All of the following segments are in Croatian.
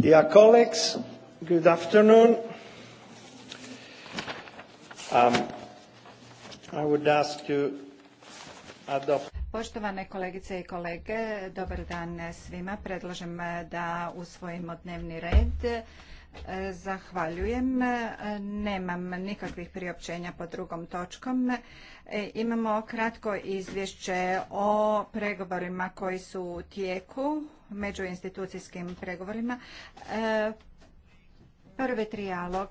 Dear colleagues, good afternoon. Um, I would ask adopt... Poštovane kolegice i kolege, dobar dan svima. Predlažem da usvojimo dnevni red. E, zahvaljujem. Nemam nikakvih priopćenja po drugom točkom. E, imamo kratko izvješće o pregovorima koji su u tijeku međuinstitucijskim pregovorima. E, prvi trijalog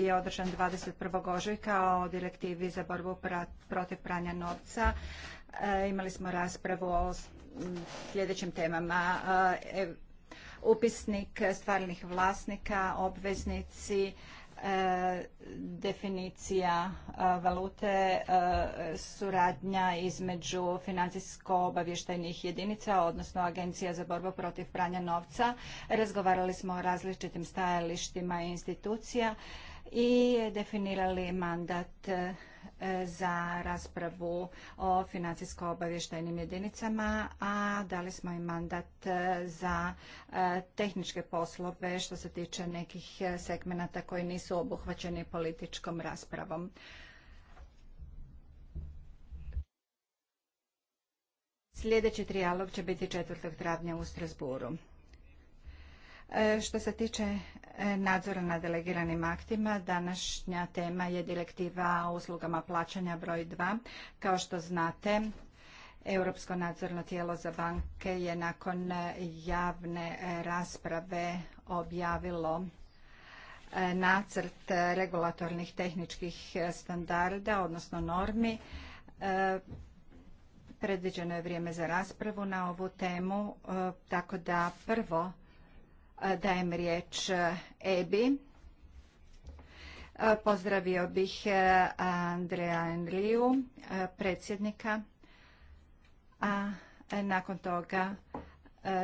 je održan 21. ožujka o direktivi za borbu protiv pranja novca. E, imali smo raspravu o sljedećim temama. E, upisnik stvarnih vlasnika, obveznici, E, definicija e, valute, e, suradnja između financijsko-obavještajnih jedinica, odnosno Agencija za borbu protiv pranja novca. Razgovarali smo o različitim stajalištima institucija i definirali mandat za raspravu o financijsko-obavještajnim jedinicama, a dali smo i mandat e, za e, tehničke poslove što se tiče nekih e, segmenata koji nisu obuhvaćeni političkom raspravom. Sljedeći trijalog će biti 4. travnja u Strasburu. E, što se tiče e, nadzora na delegiranim aktima, današnja tema je direktiva o uslugama plaćanja broj 2. Kao što znate, Europsko nadzorno tijelo za banke je nakon javne rasprave objavilo e, nacrt regulatornih tehničkih standarda, odnosno normi. Predviđeno je vrijeme za raspravu na ovu temu, tako da prvo Dajem riječ e, Ebi. E, pozdravio bih e, Andreja Enriju, predsjednika, a nakon toga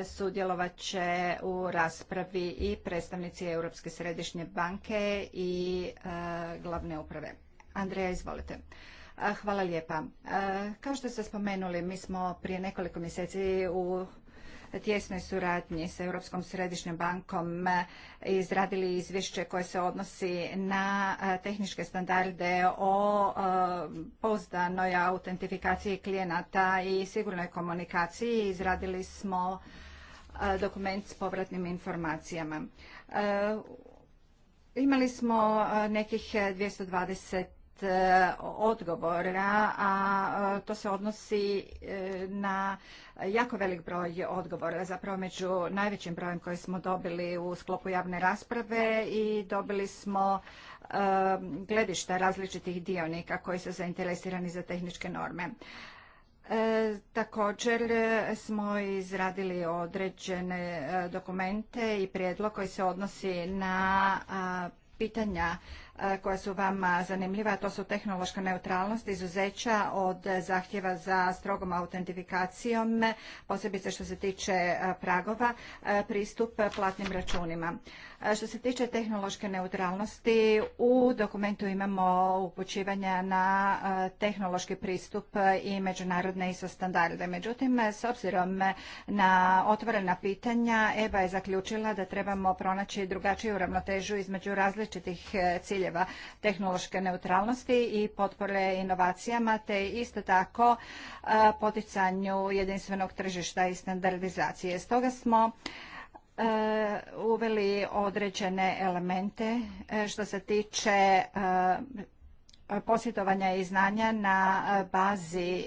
sudjelovat će u raspravi i predstavnici Europske središnje banke i glavne uprave. Andreja, izvolite. Hvala lijepa. Kao što ste spomenuli, mi smo prije nekoliko mjeseci u tjesnoj suradnji sa Europskom središnjom bankom e, izradili izvješće koje se odnosi na e, tehničke standarde o e, pozdanoj autentifikaciji klijenata i sigurnoj komunikaciji. Izradili smo dokument s povratnim informacijama. Imali smo nekih 220 E, odgovora, a e, to se odnosi e, na jako velik broj odgovora, zapravo među najvećim brojem koji smo dobili u sklopu javne rasprave i dobili smo gledišta različitih dionika koji su zainteresirani za tehničke norme. također smo izradili određene dokumente i prijedlog koji se odnosi na pitanja koja su vama zanimljiva, a to su tehnološka neutralnost, izuzeća od zahtjeva za strogom autentifikacijom, posebice što se tiče pragova, pristup platnim računima. Što se tiče tehnološke neutralnosti, u dokumentu imamo upućivanja na e, tehnološki pristup i međunarodne ISO standarde. Međutim, s obzirom na otvorena pitanja, EBA je zaključila da trebamo pronaći drugačiju ravnotežu između različitih e, ciljeva tehnološke neutralnosti i potpore inovacijama, te isto tako e, poticanju jedinstvenog tržišta i standardizacije. Stoga smo E, uveli određene elemente e, što se tiče e, posjetovanja i znanja na bazi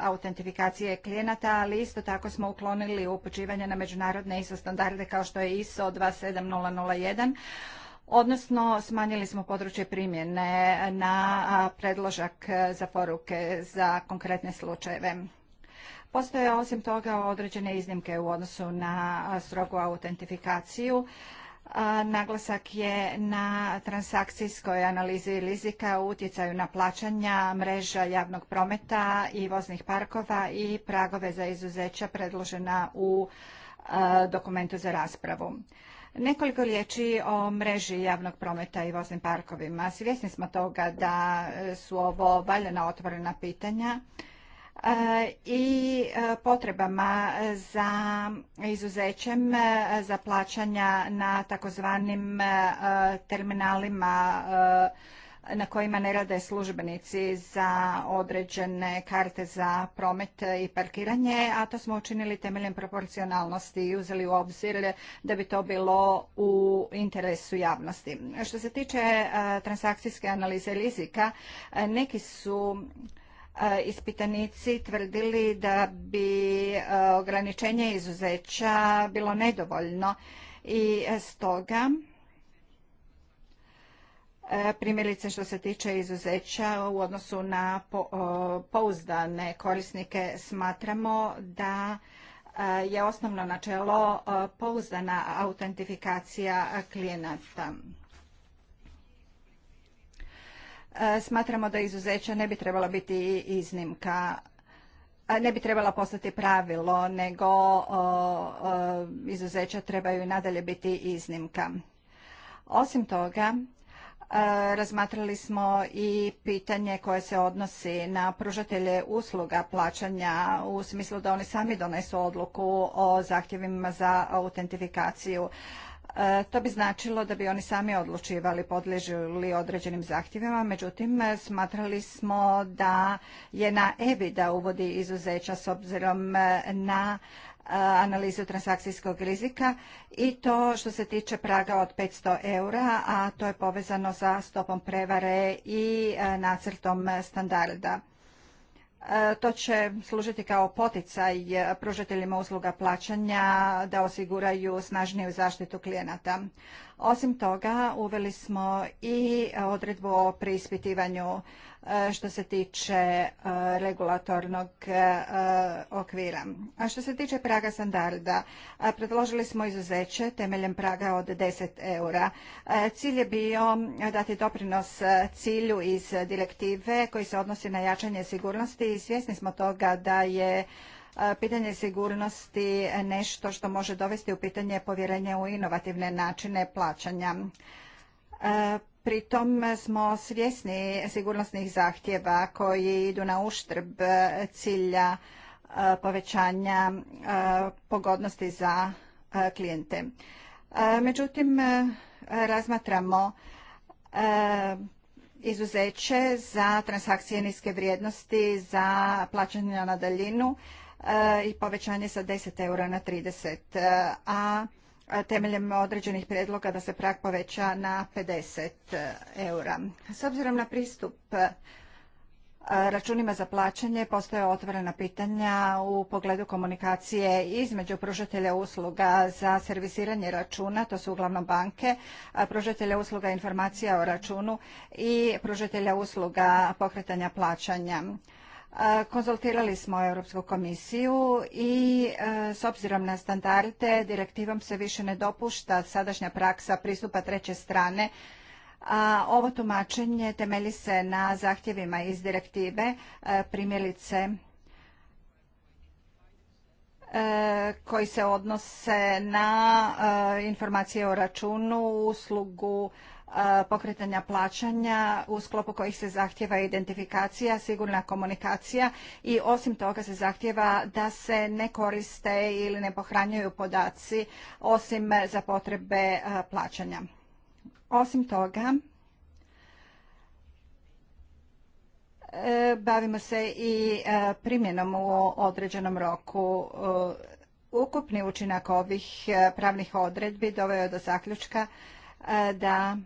autentifikacije klijenata, ali isto tako smo uklonili upućivanje na međunarodne ISO standarde kao što je ISO 27001, odnosno smanjili smo područje primjene na predložak za poruke za konkretne slučajeve. Postoje osim toga određene iznimke u odnosu na strogu autentifikaciju. Naglasak je na transakcijskoj analizi rizika, utjecaju na plaćanja, mreža javnog prometa i voznih parkova i pragove za izuzeća predložena u dokumentu za raspravu. Nekoliko riječi o mreži javnog prometa i voznim parkovima. Svjesni smo toga da su ovo valjana otvorena pitanja i e, potrebama za izuzećem e, za plaćanja na takozvanim e, terminalima na kojima ne rade službenici za određene karte za promet i parkiranje, a to smo učinili temeljem proporcionalnosti i uzeli u obzir da bi to bilo u interesu javnosti. Što se tiče transakcijske analize rizika, neki su E, ispitanici tvrdili da bi e, ograničenje izuzeća bilo nedovoljno i stoga e, primjerice što se tiče izuzeća u odnosu na pouzdane korisnike smatramo da je osnovno načelo pouzdana autentifikacija klijenata. E, smatramo da izuzeća ne bi trebala biti iznimka, ne bi trebala postati pravilo, nego izuzeća trebaju i nadalje biti iznimka. Osim toga, e, razmatrali smo i pitanje koje se odnosi na pružatelje usluga plaćanja u smislu da oni sami donesu odluku o zahtjevima za autentifikaciju E, to bi značilo da bi oni sami odlučivali podliježu li određenim zahtjevima, međutim e, smatrali smo da je na EBI da uvodi izuzeća s obzirom e, na analizu transakcijskog rizika i to što se tiče praga od 500 eura, a to je povezano sa stopom prevare i nacrtom standarda. E, to će služiti kao poticaj pružateljima usluga plaćanja da osiguraju snažniju zaštitu klijenata. Osim toga, uveli smo i odredbu o preispitivanju što se tiče e, regulatornog e, okvira. A što se tiče praga standarda, predložili smo izuzeće temeljem praga od 10 eura. E, cilj je bio dati doprinos cilju iz direktive koji se odnosi na jačanje sigurnosti i svjesni smo toga da je pitanje sigurnosti nešto što može dovesti u pitanje povjerenje u inovativne načine plaćanja. Pritom smo svjesni sigurnosnih zahtjeva koji idu na uštrb cilja e, povećanja e, pogodnosti za e, klijente. Međutim, razmatramo izuzeće za transakcije niske vrijednosti, za plaćanje na daljinu i povećanje sa 10 eura na 30, a temeljem određenih prijedloga da se prag poveća na 50 eura. S obzirom na pristup e, računima za plaćanje postoje otvorena pitanja u pogledu komunikacije između pružatelja usluga za servisiranje računa, to su uglavnom banke, pružatelja usluga informacija o računu i pružatelja usluga pokretanja plaćanja. Konzultirali smo Europsku komisiju i e, s obzirom na standarde direktivom se više ne dopušta sadašnja praksa pristupa treće strane. A ovo tumačenje temelji se na zahtjevima iz direktive e, primjerice e, koji se odnose na informacije o računu, uslugu pokretanja plaćanja u sklopu kojih se zahtjeva identifikacija, sigurna komunikacija i osim toga se zahtjeva da se ne koriste ili ne pohranjuju podaci osim za potrebe plaćanja. Osim toga, e, bavimo se i e, primjenom u određenom roku. E, ukupni učinak ovih pravnih odredbi doveo je do zaključka da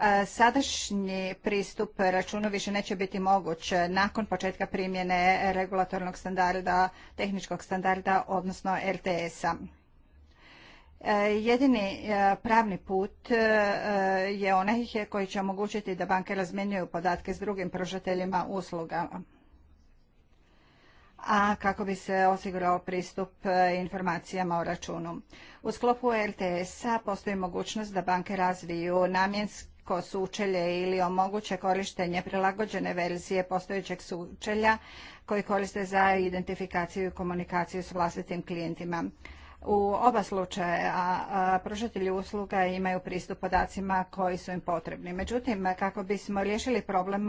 E, sadašnji pristup računu više neće biti moguć nakon početka primjene regulatornog standarda, tehničkog standarda, odnosno RTS-a. E, jedini e, pravni put je onaj koji će omogućiti da banke razmjenjuju podatke s drugim pružateljima usluga a kako bi se osigurao pristup informacijama o računu. U sklopu RTS-a postoji mogućnost da banke razviju namjenski kratko sučelje ili omoguće korištenje prilagođene verzije postojećeg sučelja koji koriste za identifikaciju i komunikaciju s vlastitim klijentima. U oba slučaja pružatelji usluga imaju pristup podacima koji su im potrebni. Međutim, kako bismo riješili problem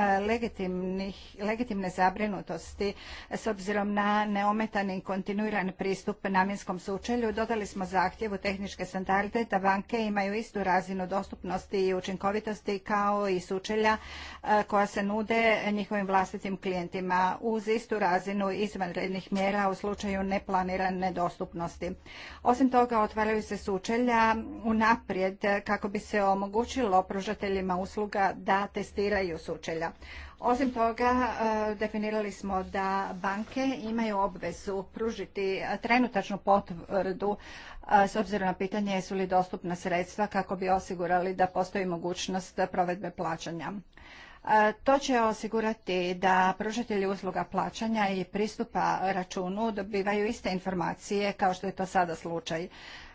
legitimne zabrinutosti s obzirom na neometan i kontinuiran pristup namjenskom sučelju, dodali smo zahtjevu tehničke standarde da banke imaju istu razinu dostupnosti i učinkovitosti kao i sučelja koja se nude njihovim vlastitim klijentima uz istu razinu izvanrednih mjera u slučaju neplanirane dostupnosti. Osim toga, otvaraju se sučelja unaprijed kako bi se omogućilo pružateljima usluga da testiraju sučelja. Osim toga, e, definirali smo da banke imaju obvezu pružiti trenutačnu potvrdu e, s obzirom na pitanje jesu li dostupna sredstva kako bi osigurali da postoji mogućnost provedbe plaćanja. E, to će osigurati da pružatelji usluga plaćanja i pristupa računu dobivaju iste informacije kao što je to sada slučaj.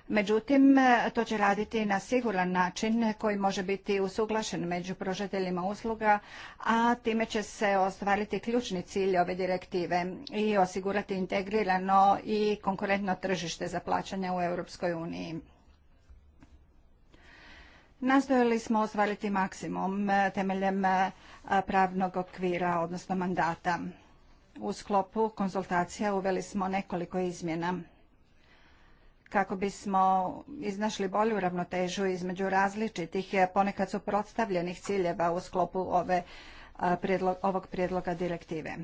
Međutim, to će raditi na siguran način koji može biti usuglašen među pružateljima usluga, a time će se ostvariti ključni cilj ove direktive i osigurati integrirano i konkurentno tržište za plaćanja u Europskoj uniji. Nastojali smo ostvariti maksimum e, temeljem e, pravnog okvira, odnosno mandata. U sklopu konzultacija uveli smo nekoliko izmjena kako bismo iznašli bolju ravnotežu između različitih, e, ponekad suprotstavljenih ciljeva u sklopu ove, ovog prijedloga direktive.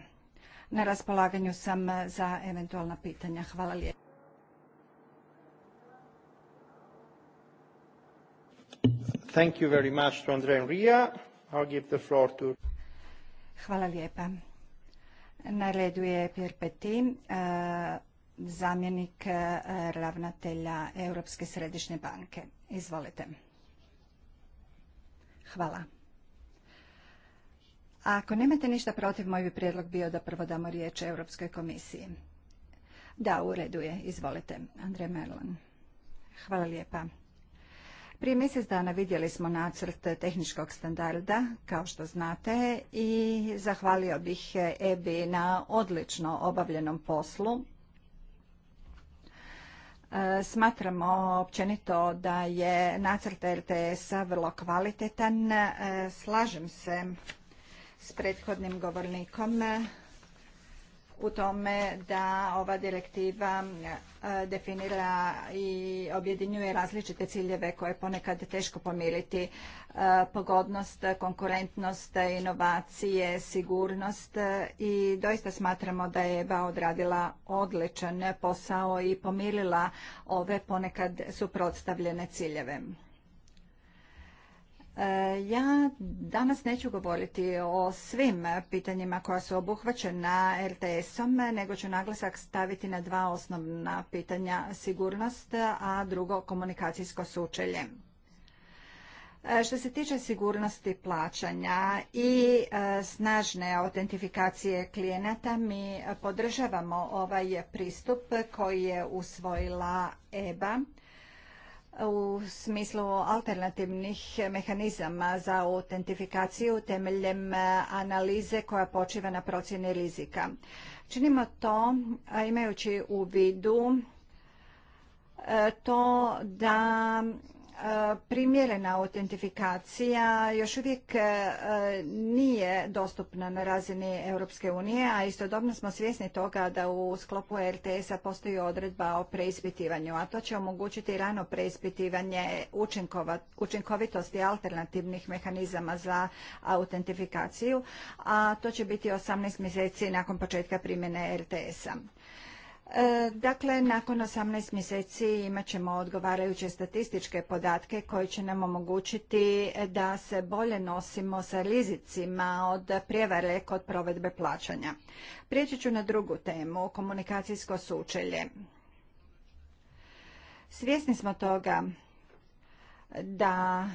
Na raspolaganju sam za eventualna pitanja. Hvala lijepo. Thank you very Hvala lijepa. Na redu je Pierre Petit, eh, zamjenik eh, ravnatelja Europske središnje banke. Izvolite. Hvala. Ako nemate ništa protiv, moj bi prijedlog bio da prvo damo riječ Europskoj komisiji. Da, u redu je. Izvolite, Andre Merlan. Hvala lijepa. Prije mjesec dana vidjeli smo nacrt tehničkog standarda, kao što znate, i zahvalio bih EBI na odlično obavljenom poslu. E, smatramo općenito da je nacrt RTS-a vrlo kvalitetan. E, slažem se s prethodnim govornikom u tome da ova direktiva e, definira i objedinjuje različite ciljeve koje ponekad teško pomiriti. E, pogodnost, konkurentnost, inovacije, sigurnost e, i doista smatramo da je EBA odradila odličan posao i pomirila ove ponekad suprotstavljene ciljeve. E, ja danas neću govoriti o svim pitanjima koja su obuhvaćena RTS-om, nego ću naglasak staviti na dva osnovna pitanja sigurnost, a drugo komunikacijsko sučelje. E, što se tiče sigurnosti plaćanja i e, snažne autentifikacije klijenata, mi podržavamo ovaj pristup koji je usvojila EBA u smislu alternativnih mehanizama za autentifikaciju temeljem e, analize koja počiva na procjeni rizika. Činimo to imajući u vidu e, to da primjerena autentifikacija još uvijek e, nije dostupna na razini Europske unije, a istodobno smo svjesni toga da u sklopu RTS-a postoji odredba o preispitivanju, a to će omogućiti rano preispitivanje učinkovitosti alternativnih mehanizama za autentifikaciju, a to će biti 18 mjeseci nakon početka primjene RTS-a. E, dakle, nakon 18 mjeseci imat ćemo odgovarajuće statističke podatke koji će nam omogućiti da se bolje nosimo sa rizicima od prijevare kod provedbe plaćanja. Prijeći ću na drugu temu, komunikacijsko sučelje. Svjesni smo toga da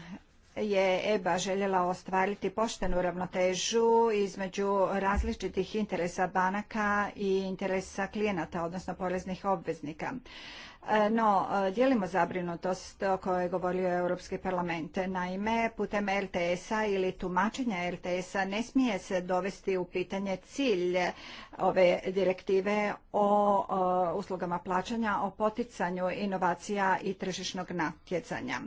je EBA željela ostvariti poštenu ravnotežu između različitih interesa banaka i interesa klijenata, odnosno poreznih obveznika. E, no, e, dijelimo zabrinutost o kojoj je govorio Europski parlament. Naime, putem RTS-a ili tumačenja RTS-a ne smije se dovesti u pitanje cilj ove direktive o, o uslugama plaćanja, o poticanju inovacija i tržišnog natjecanja.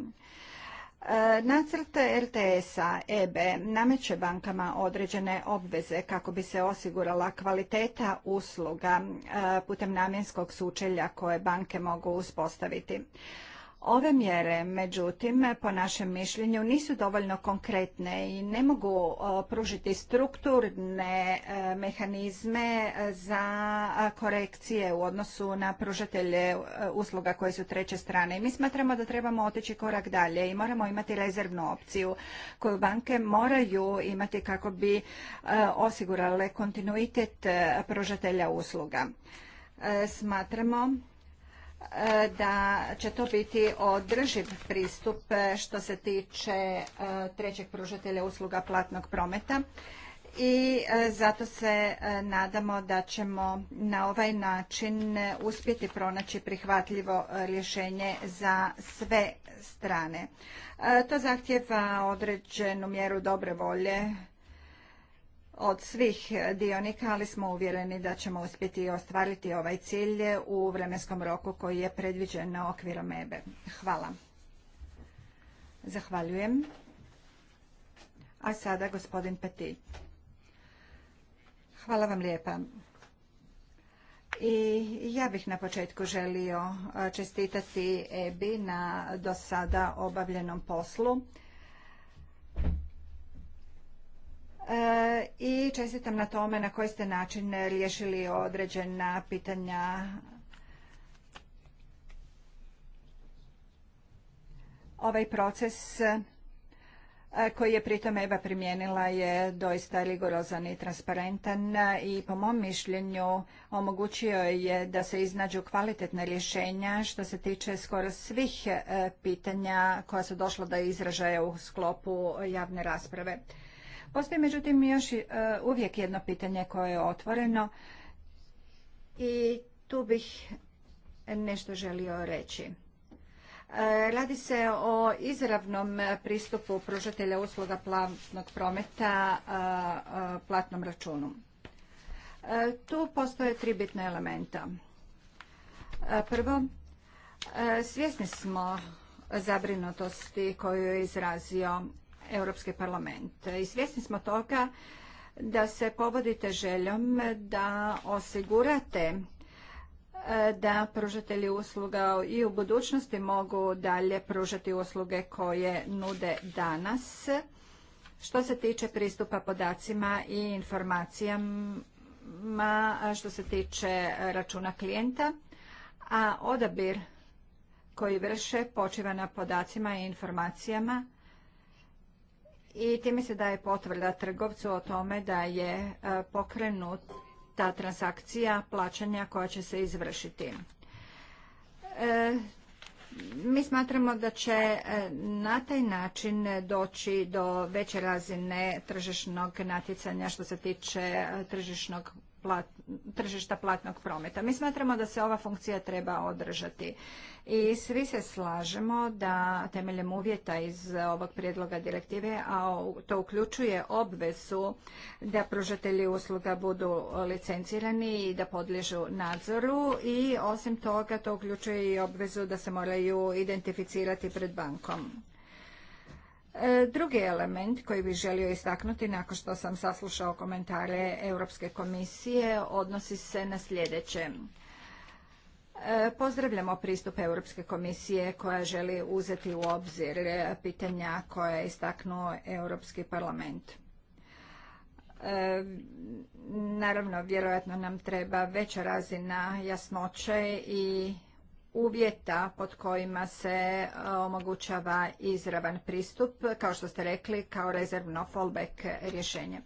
Nacrt LTS-a EBE nameće bankama određene obveze kako bi se osigurala kvaliteta usluga e, putem namjenskog sučelja koje banke mogu uspostaviti. Ove mjere, međutim, po našem mišljenju nisu dovoljno konkretne i ne mogu pružiti strukturne e, mehanizme e, za korekcije u odnosu na pružatelje e, usluga koje su treće strane. I mi smatramo da trebamo otići korak dalje i moramo imati rezervnu opciju koju banke moraju imati kako bi osigurale kontinuitet pružatelja usluga. Smatramo da će to biti održiv pristup e, što se tiče e, trećeg pružatelja usluga platnog prometa i e, zato se nadamo da ćemo na ovaj način uspjeti pronaći prihvatljivo rješenje za sve strane. To zahtjeva određenu mjeru dobre volje od svih dionika, ali smo uvjereni da ćemo uspjeti ostvariti ovaj cilj u vremenskom roku koji je predviđen na okvirom EBE. Hvala. Zahvaljujem. A sada gospodin Petit. Hvala vam lijepa. I ja bih na početku želio e, čestitati EBI na do sada obavljenom poslu i čestitam na tome na koji ste način riješili određena pitanja ovaj proces e, koji je pritom EBA primijenila je doista rigorozan i transparentan i po mom mišljenju omogućio je da se iznađu kvalitetna rješenja što se tiče skoro svih e, pitanja koja su došla do izražaja u sklopu javne rasprave. Postoji međutim još e, uvijek jedno pitanje koje je otvoreno i tu bih nešto želio reći. E, radi se o izravnom pristupu pružatelja usluga platnog prometa e, platnom računu. Tu postoje tri bitna elementa. Prvo, svjesni smo zabrinutosti koju je izrazio Europski parlament. I svjesni smo toga da se povodite željom da osigurate e, da pružatelji usluga i u budućnosti mogu dalje pružati usluge koje nude danas. Što se tiče pristupa podacima i informacijama, što se tiče računa klijenta, a odabir koji vrše počiva na podacima i informacijama i time se daje potvrda trgovcu o tome da je e, pokrenut ta transakcija plaćanja koja će se izvršiti. E, mi smatramo da će e, na taj način doći do veće razine tržišnog natjecanja što se tiče tržišnog plat, tržišta platnog prometa. Mi smatramo da se ova funkcija treba održati. I svi se slažemo da temeljem uvjeta iz ovog prijedloga direktive, a to uključuje obvezu da pružatelji usluga budu licencirani i da podliježu nadzoru i osim toga to uključuje i obvezu da se moraju identificirati pred bankom. E, drugi element koji bih želio istaknuti nakon što sam saslušao komentare Europske komisije odnosi se na sljedeće. E, pozdravljamo pristup Europske komisije koja želi uzeti u obzir pitanja koja je istaknuo Europski parlament. E, naravno, vjerojatno nam treba veća razina jasnoće i uvjeta pod kojima se e, omogućava izravan pristup, kao što ste rekli, kao rezervno fallback rješenje.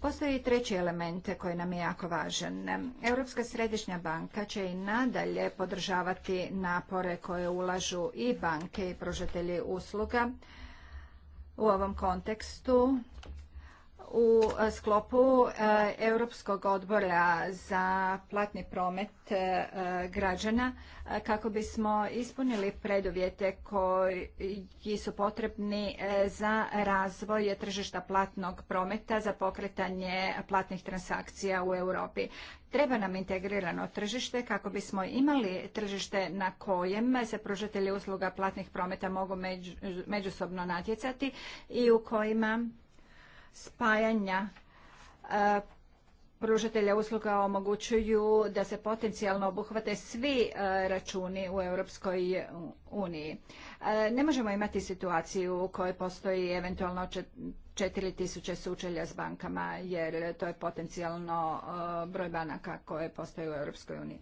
Postoji i treći element koji nam je jako važan. Europska središnja banka će i nadalje podržavati napore koje ulažu i banke i pružatelji usluga u ovom kontekstu u sklopu e, Europskog odbora za platni promet e, građana e, kako bismo ispunili preduvjete koji su potrebni za razvoj tržišta platnog prometa za pokretanje platnih transakcija u Europi. Treba nam integrirano tržište kako bismo imali tržište na kojem se pružatelji usluga platnih prometa mogu međusobno natjecati i u kojima spajanja e, pružatelja usluga omogućuju da se potencijalno obuhvate svi e, računi u Europskoj uniji. E, ne možemo imati situaciju u kojoj postoji eventualno 4000 sučelja s bankama, jer to je potencijalno broj banaka koje postoje u Europskoj uniji.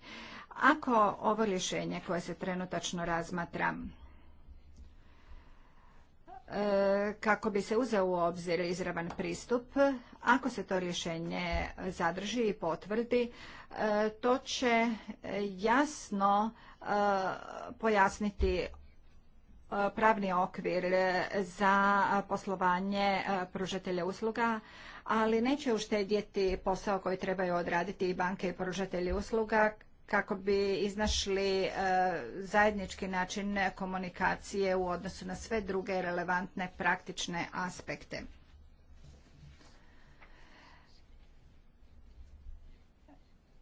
Ako ovo rješenje koje se trenutačno razmatra E, kako bi se uzeo u obzir izravan pristup. Ako se to rješenje zadrži i potvrdi, e, to će jasno e, pojasniti pravni okvir za poslovanje pružatelja usluga, ali neće uštedjeti posao koji trebaju odraditi i banke i pružatelji usluga kako bi iznašli e, zajednički način komunikacije u odnosu na sve druge relevantne praktične aspekte.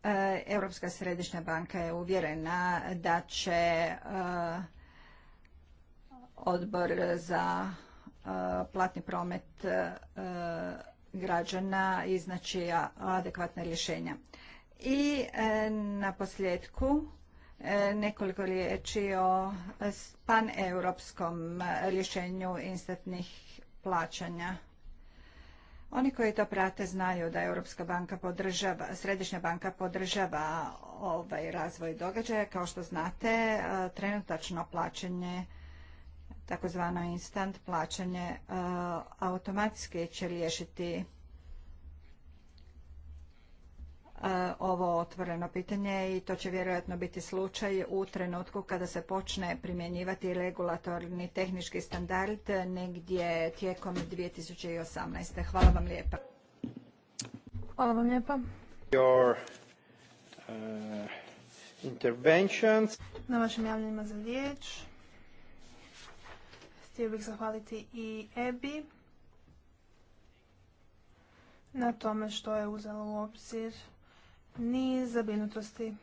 E, Europska središnja banka je uvjerena da će e, odbor za platni promet građana iznaći adekvatna rješenja. I e, na posljedku e, nekoliko riječi o paneuropskom rješenju instantnih plaćanja. Oni koji to prate znaju da Europska banka podržava, Središnja banka podržava ovaj razvoj događaja. Kao što znate, e, trenutačno plaćanje, takozvano instant plaćanje, automatski će riješiti E, ovo otvoreno pitanje i to će vjerojatno biti slučaj u trenutku kada se počne primjenjivati regulatorni tehnički standard negdje tijekom 2018. Hvala vam lijepa. Hvala vam lijepa. Uh, na vašim javljanjima za riječ. Htio bih zahvaliti i EBI na tome što je uzela u obzir niz zabrinutosti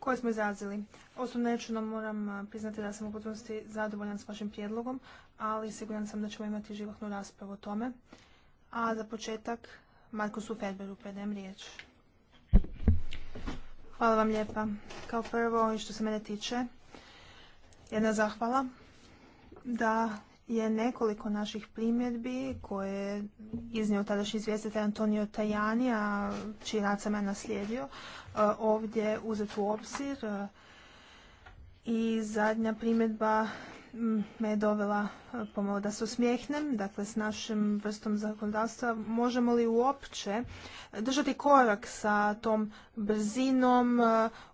koje smo izrazili. Osobno moram priznati da sam u potpunosti zadovoljan s vašim prijedlogom, ali siguran sam da ćemo imati živahnu raspravu o tome. A za početak, Marko Ferberu predajem riječ. Hvala vam lijepa. Kao prvo, što se mene tiče, jedna zahvala da je nekoliko naših primjedbi koje je iznio tadašnji izvjestitelj Antonio Tajani, a čiji rad sam ja naslijedio, e, ovdje uzet u obzir. E, I zadnja primjedba me je dovela e, pomalo da se osmijehnem, dakle s našim vrstom zakonodavstva, možemo li uopće držati korak sa tom brzinom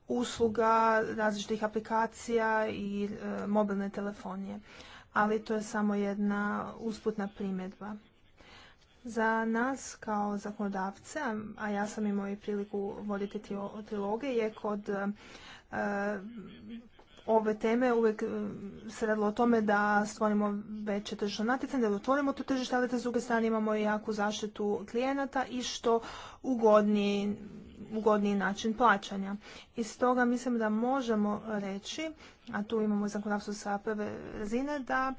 usluga različitih aplikacija i mobilne telefonije ali to je samo jedna usputna primjedba. Za nas kao zakonodavce, a ja sam imao i priliku voditi triloge, je kod e, ove teme uvijek e, se radilo o tome da stvorimo veće tržišno natjecanje, da otvorimo to tržište, ali da s druge strane imamo i jaku zaštitu klijenata i što ugodniji ugodniji način plaćanja. I stoga mislim da možemo reći, a tu imamo zakonodavstvo sa prve razine, da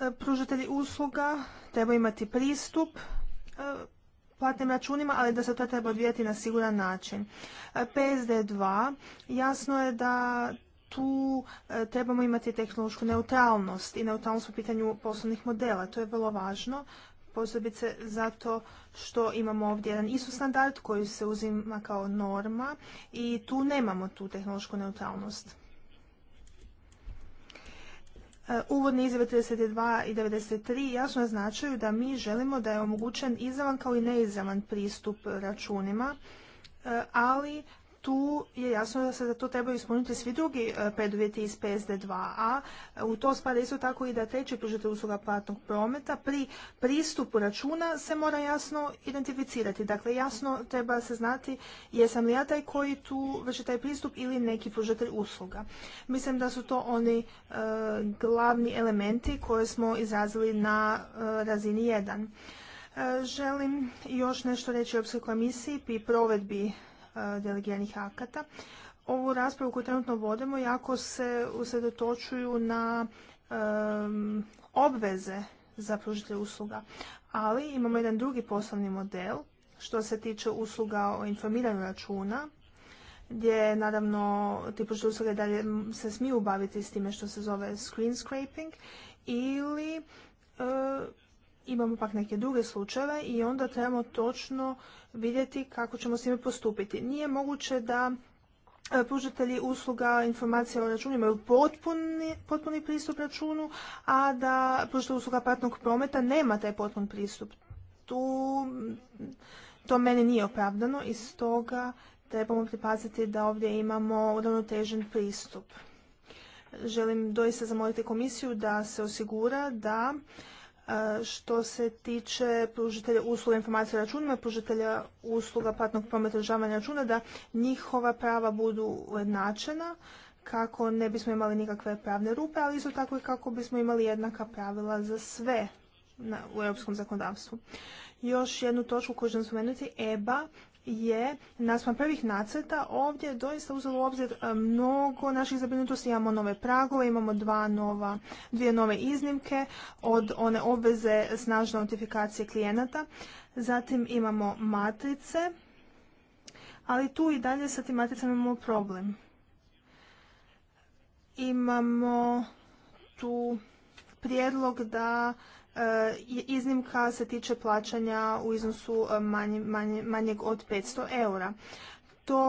e, pružatelji usluga trebaju imati pristup e, platnim računima, ali da se to treba odvijati na siguran način. E, PSD2 jasno je da tu trebamo imati tehnološku neutralnost i neutralnost u pitanju poslovnih modela. To je vrlo važno posebice zato što imamo ovdje jedan ISO standard koji se uzima kao norma i tu nemamo tu tehnološku neutralnost. E, uvodne izjave 32 i 93 jasno značaju da mi želimo da je omogućen izravan kao i neizravan pristup računima, e, ali tu je jasno da se za to trebaju ispuniti svi drugi e, preduvjeti iz PSD2a. U to spada isto tako i da treći pružatelj usluga platnog prometa pri pristupu računa se mora jasno identificirati. Dakle, jasno treba se znati jesam li ja taj koji tu vrši taj pristup ili neki pružatelj usluga. Mislim da su to oni e, glavni elementi koje smo izrazili na e, razini 1. Želim još nešto reći o Europskoj komisiji pri provedbi E, delegiranih akata. Ovu raspravu koju trenutno vodimo jako se usredotočuju na obveze za pružitelje usluga, ali imamo jedan drugi poslovni model što se tiče usluga o informiranju računa, gdje naravno ti pružitelji usluge dalje se smiju baviti s time što se zove screen scraping ili e, imamo pak neke druge slučajeve i onda trebamo točno vidjeti kako ćemo s njima postupiti. Nije moguće da e, pružatelji usluga informacija o računu imaju potpuni, pristup računu, a da pružatelj usluga platnog prometa nema taj potpun pristup. Tu, to meni nije opravdano i stoga trebamo pripaziti da ovdje imamo uravnotežen pristup. Želim doista zamoliti komisiju da se osigura da što se tiče pružitelja usluga o računima, pružitelja usluga platnog prometa održavanja računa, da njihova prava budu ujednačena kako ne bismo imali nikakve pravne rupe, ali isto tako i kako bismo imali jednaka pravila za sve u europskom zakonodavstvu. Još jednu točku koju želim spomenuti, EBA je naspram prvih nacrta ovdje doista uzelo u obzir e, mnogo naših zabrinutosti. Imamo nove pragove, imamo dva nova, dvije nove iznimke od one obveze snažne notifikacije klijenata. Zatim imamo matrice, ali tu i dalje sa tim matricama imamo problem. Imamo tu prijedlog da E, iznimka se tiče plaćanja u iznosu e, manjeg od 500 eura. To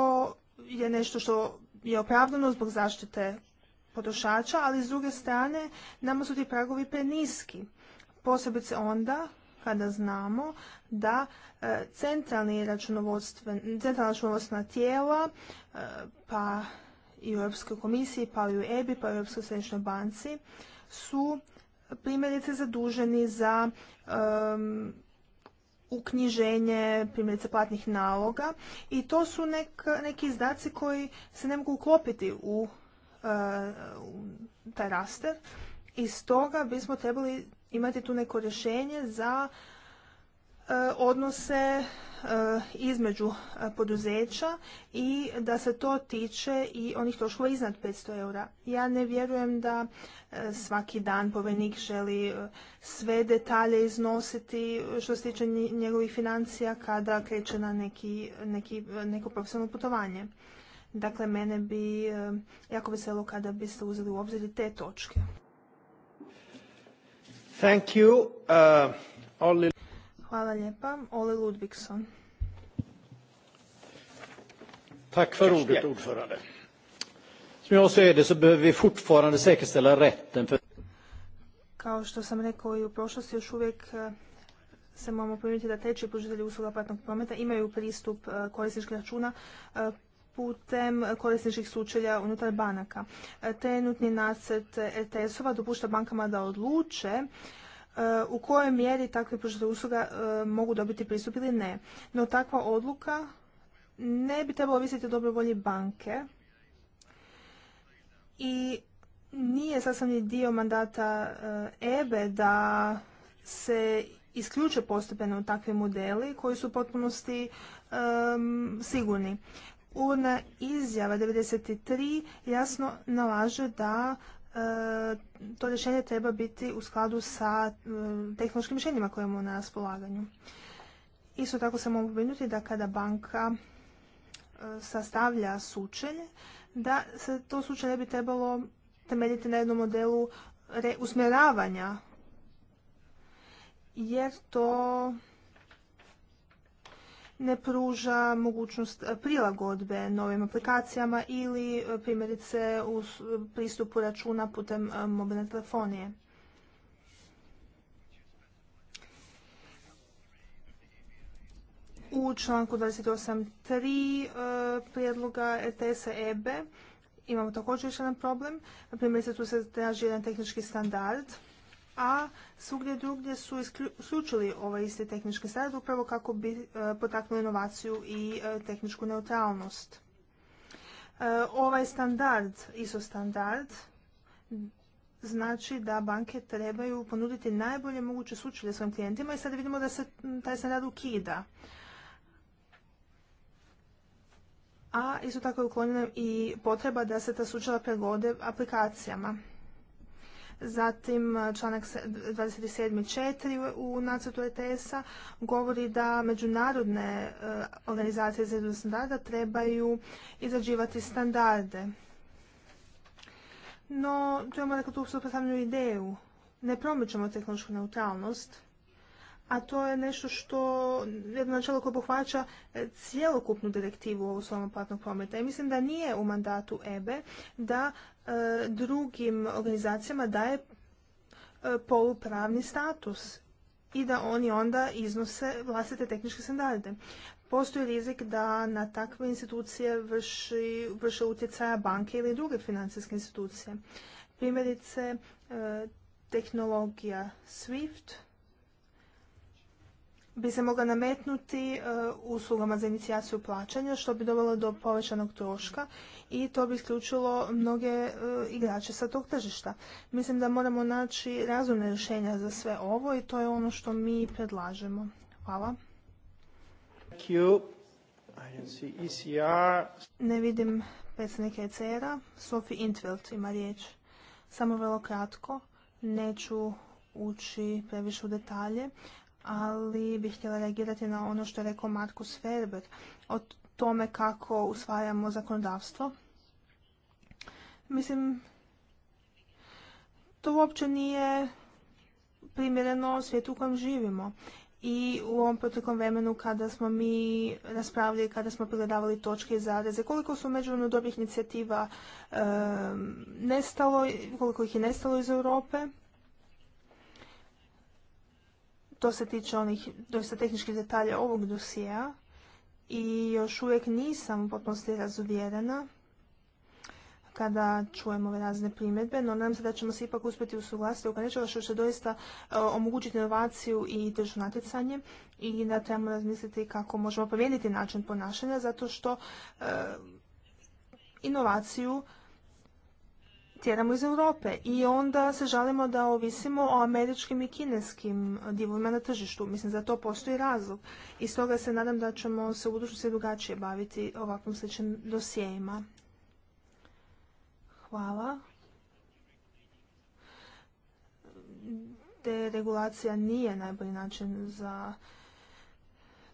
je nešto što je opravdano zbog zaštite potrošača, ali s druge strane nama su ti pragovi preniski. Posebice onda kada znamo da e, centralni centralna računovodstvena tijela pa i u Europskoj komisiji, pa i u EBI, pa i u Europskoj središnjoj banci su primjerice zaduženi za uknjiženje primjerice platnih naloga i to su neki izdaci koji se ne mogu uklopiti u, eh, u taj raster i stoga bismo trebali imati tu neko rješenje za E, odnose e, između e, poduzeća i da se to tiče i onih troškova iznad 500 eura. Ja ne vjerujem da svaki dan povenik želi sve detalje iznositi što se tiče njegovih financija kada kreće na neki, neki, neko profesionalno putovanje. Dakle, mene bi jako veselo kada biste uzeli u obzir te točke. Thank you. Uh, Hvala lijepa. Ole Ludvigson. Tack för ordet, ordförande. Som jag ser det så behöver vi fortfarande säkerställa rätten för... Kao što sam rekao i u prošlosti, još uvijek eh, se moramo primiti da treći pružitelji usluga platnog prometa imaju pristup eh, korisničkih računa eh, putem korisničkih sučelja unutar banaka. Trenutni nacet ets ova dopušta bankama da odluče E, u kojoj mjeri takve pružate usluga e, mogu dobiti pristup ili ne. No takva odluka ne bi trebalo ovisiti o dobroj volji banke i nije sastavni dio mandata e, EBE da se isključe postepeno takvi modeli koji su u potpunosti sigurni. Uvodna izjava 93 jasno nalaže da E, to rješenje treba biti u skladu sa e, tehnološkim rješenjima koje imamo na raspolaganju. Isto tako se mogu brinuti da kada banka e, sastavlja sučelje, da se to sučenje bi trebalo temeljiti na jednom modelu usmjeravanja, jer to ne pruža mogućnost prilagodbe novim aplikacijama ili e, primjerice u pristupu računa putem e, mobilne telefonije. U članku 28.3 e, prijedloga ETS-a EBE imamo također još jedan problem. Primjerice tu se traži jedan tehnički standard a svugdje drugdje su isključili ovaj iste tehnički standarde upravo kako bi e, potaknuli inovaciju i e, tehničku neutralnost. E, ovaj standard, ISO standard, znači da banke trebaju ponuditi najbolje moguće sučelje svojim klijentima i sad vidimo da se taj standard ukida. A isto tako je uklonjena i potreba da se ta sučela pregode aplikacijama. Zatim e, članak 27.4 u nacrtu ETSa a govori da međunarodne e, organizacije za standarda trebaju izrađivati standarde. No, tu imamo tu suprotavljanju ideju. Ne promičemo tehnološku neutralnost, a to je nešto što jedno načelo koje obuhvaća e, cjelokupnu direktivu o svom platnog prometa. I mislim da nije u mandatu EBE e da e, drugim organizacijama daje polupravni status i da oni onda iznose vlastite tehničke standarde. Postoji rizik da na takve institucije vrši, vrše utjecaja banke ili druge financijske institucije. Primjerice, tehnologija SWIFT, bi se mogla nametnuti e, uslugama za inicijaciju plaćanja, što bi dovelo do povećanog troška i to bi isključilo mnoge e, igrače sa tog tržišta. Mislim da moramo naći razumne rješenja za sve ovo i to je ono što mi predlažemo. Hvala. E ne vidim predsjednika ECR-a. Sophie Intveld ima riječ. Samo vrlo kratko. Neću ući previše u detalje, ali bih htjela reagirati na ono što je rekao Markus Ferber o tome kako usvajamo zakonodavstvo. Mislim, to uopće nije primjereno svijetu u kojem živimo. I u ovom proteklom vremenu kada smo mi raspravljali, kada smo pregledavali točke i zareze, koliko su međuvremenu dobrih inicijativa nestalo, koliko ih je nestalo iz Europe to se tiče onih doista tehničkih detalja ovog dosija i još uvijek nisam potpunosti razuvjerena kada čujemo ove razne primjedbe, no nadam se da ćemo se ipak uspjeti usuglasiti oko nečega što će doista e, omogućiti inovaciju i tržno natjecanje i da trebamo razmisliti kako možemo promijeniti način ponašanja zato što e, inovaciju tjeramo iz Europe i onda se žalimo da ovisimo o američkim i kineskim divovima na tržištu. Mislim, za to postoji razlog. I stoga se nadam da ćemo se u budućnosti drugačije baviti ovakvim sličnim dosijejima. Hvala. Deregulacija nije najbolji način za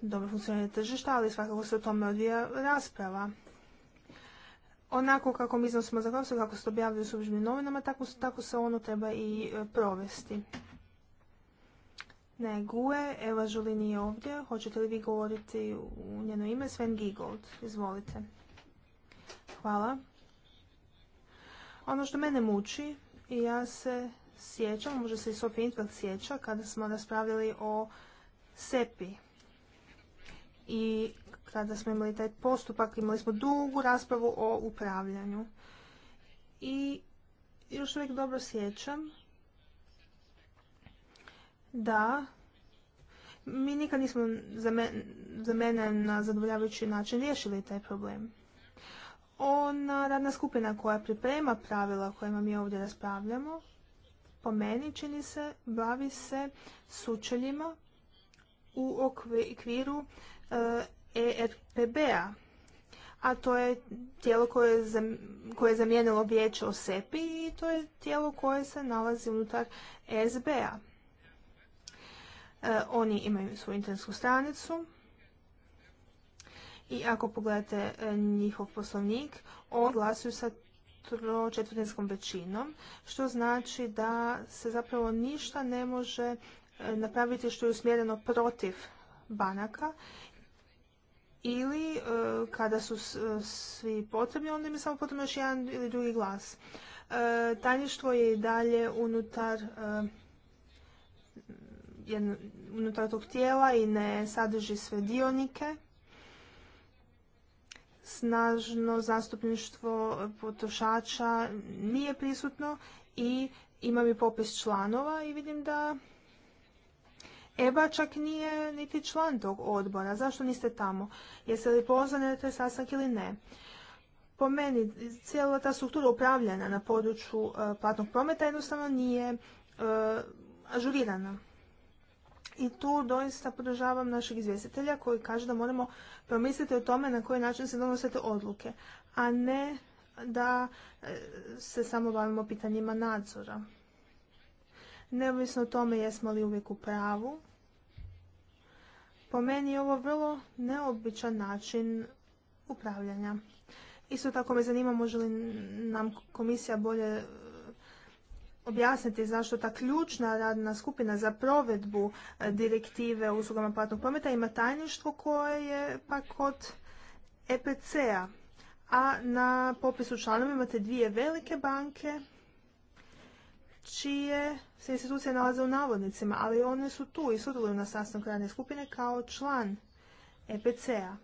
dobro funkcioniranje tržišta, ali svakako se o tome odvija rasprava onako kako mi smo zakonstvo, kako se objavili objavljuje u službenim novinama, tako, tako se ono treba i e, provesti. Ne, Gue, Eva Žuli nije ovdje. Hoćete li vi govoriti u njeno ime? Sven Gigold, izvolite. Hvala. Ono što mene muči, i ja se sjećam, možda se i Sofie sjeća, kada smo raspravljali o SEPI, i kada smo imali taj postupak imali smo dugu raspravu o upravljanju. I još uvijek dobro sjećam da mi nikad nismo za, mene na zadovoljavajući način riješili taj problem. Ona radna skupina koja priprema pravila kojima mi ovdje raspravljamo, po meni čini se, bavi se sučeljima u okviru ERPB-a, e a to je tijelo koje je zamijenilo vijeće o SEPI i to je tijelo koje se nalazi unutar e SB-a. E, oni imaju svoju internetsku stranicu i ako pogledate njihov poslovnik, on glasuju sa četvrtinskom većinom, što znači da se zapravo ništa ne može napraviti što je usmjereno protiv banaka ili e, kada su e, svi potrebni, onda im je samo potrebno još jedan ili drugi glas. E, tajništvo je i dalje unutar unutar tog tijela i ne sadrži sve dionike. Snažno zastupništvo potrošača nije prisutno i imam i popis članova i vidim da EBA čak nije niti član tog odbora. Zašto niste tamo? Jeste li pozvani na taj sastanak ili ne? Po meni, cijela ta struktura upravljanja na području e, platnog prometa jednostavno nije e, ažurirana. I tu doista podržavam našeg izvjestitelja koji kaže da moramo promisliti o tome na koji način se donose te odluke, a ne da e, se samo bavimo pitanjima nadzora neovisno o tome jesmo li uvijek u pravu. Po meni je ovo vrlo neobičan način upravljanja. Isto tako me zanima može li nam komisija bolje e, objasniti zašto ta ključna radna skupina za provedbu e, direktive o uslugama platnog prometa ima tajništvo koje je pak od EPC-a. A na popisu članova imate dvije velike banke čije se institucije nalaze u navodnicima, ali one su tu i sudjeluju na sastanku radne skupine kao član EPC-a,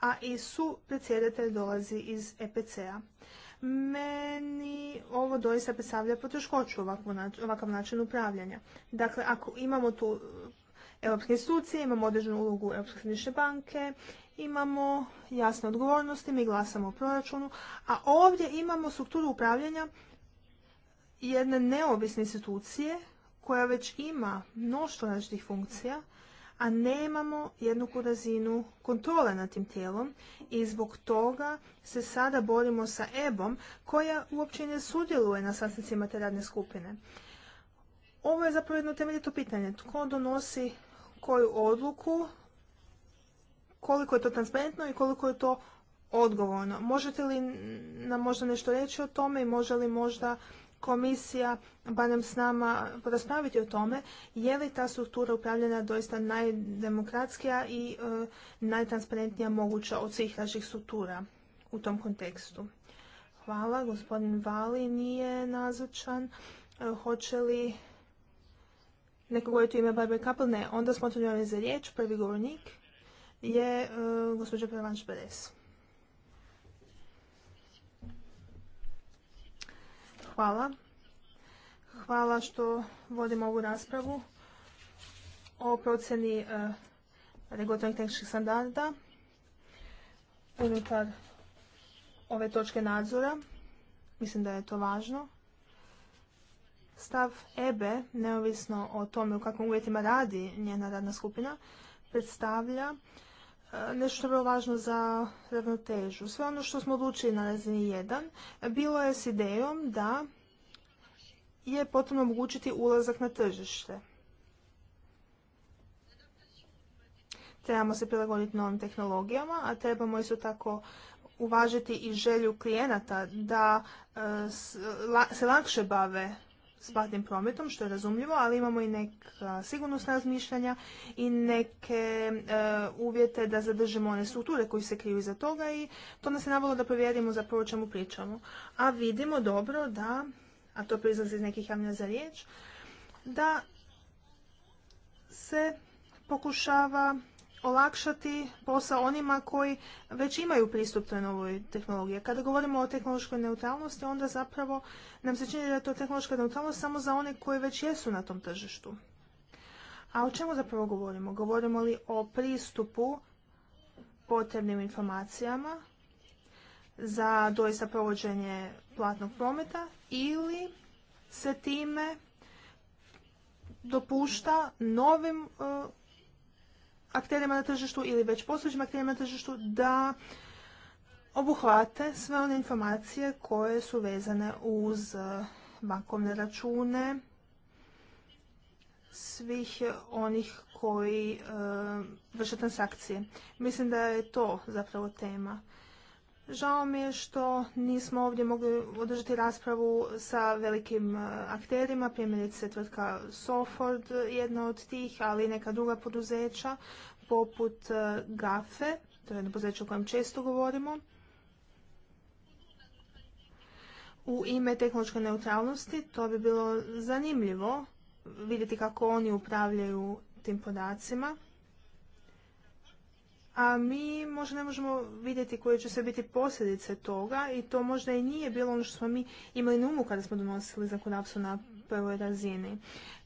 a i su predsjedatelj dolazi iz EPC-a. Meni ovo doista predstavlja poteškoću ovakav način upravljanja. Dakle, ako imamo tu europske institucije, imamo određenu ulogu Europske središnje banke, imamo jasne odgovornosti, mi glasamo o proračunu, a ovdje imamo strukturu upravljanja jedne neovisne institucije koja već ima mnoštvo različitih funkcija, a nemamo jednaku razinu kontrole nad tim tijelom i zbog toga se sada borimo sa EBOM koja uopće ne sudjeluje na sastancima te radne skupine. Ovo je zapravo jedno temeljito pitanje. Tko donosi koju odluku, koliko je to transparentno i koliko je to odgovorno. Možete li nam možda nešto reći o tome i može li možda komisija barem s nama poraspraviti o tome je li ta struktura upravljena doista najdemokratskija i e, najtransparentnija moguća od svih naših struktura u tom kontekstu. Hvala. Gospodin Vali nije nazočan. E, hoće li neko govoriti u ime Barbara Kappel? Ne. Onda smo otvorili za riječ. Prvi govornik je e, gospođa Prevanš Beres. hvala. Hvala što vodimo ovu raspravu o procjeni e, regulatornih tehničkih standarda unutar ove točke nadzora. Mislim da je to važno. Stav EBE, neovisno o tome u kakvim uvjetima radi njena radna skupina, predstavlja nešto je bilo važno za ravnotežu. Sve ono što smo odlučili na razini 1 bilo je s idejom da je potrebno omogućiti ulazak na tržište. Trebamo se prilagoditi novim tehnologijama, a trebamo isto tako uvažiti i želju klijenata da e, se lakše bave s platnim prometom, što je razumljivo, ali imamo i neka sigurnosna razmišljanja i neke e, uvjete da zadržimo one strukture koji se kriju iza toga i to nas je navalo da provjerimo zapravo čemu pričamo. A vidimo dobro da, a to proizlazi iz nekih javnja za riječ, da se pokušava olakšati posao onima koji već imaju pristup toj novoj tehnologiji. Kada govorimo o tehnološkoj neutralnosti, onda zapravo nam se čini da je to tehnološka neutralnost samo za one koji već jesu na tom tržištu. A o čemu zapravo govorimo? Govorimo li o pristupu potrebnim informacijama za doista provođenje platnog prometa ili se time dopušta novim e, akterima na tržištu ili već postojećim akterima na tržištu da obuhvate sve one informacije koje su vezane uz e, bankovne račune svih onih koji e, vrše transakcije. Mislim da je to zapravo tema. Žao mi je što nismo ovdje mogli održati raspravu sa velikim e, akterima, primjerice tvrtka Soford, jedna od tih, ali i neka druga poduzeća poput e, GAFE, to je jedno poduzeće o kojem često govorimo. U ime tehnološke neutralnosti to bi bilo zanimljivo vidjeti kako oni upravljaju tim podacima a mi možda ne možemo vidjeti koje će sve biti posljedice toga i to možda i nije bilo ono što smo mi imali na umu kada smo donosili zakonodavstvo na prvoj razini.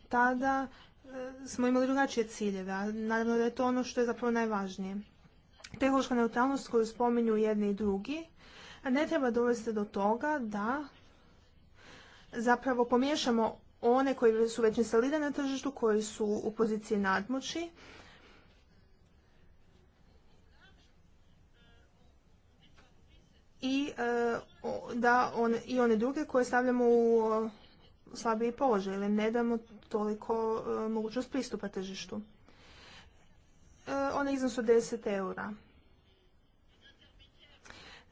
Tada e, smo imali drugačije ciljeve, a naravno da je to ono što je zapravo najvažnije. Tehnološka neutralnost koju spominju jedni i drugi ne treba dovesti do toga da zapravo pomiješamo one koji su već instalirani na tržištu, koji su u poziciji nadmoći i e, da i one druge koje stavljamo u slabiji položaj ili ne damo toliko e, mogućnost pristupa tržištu. E, one iznos od 10 eura.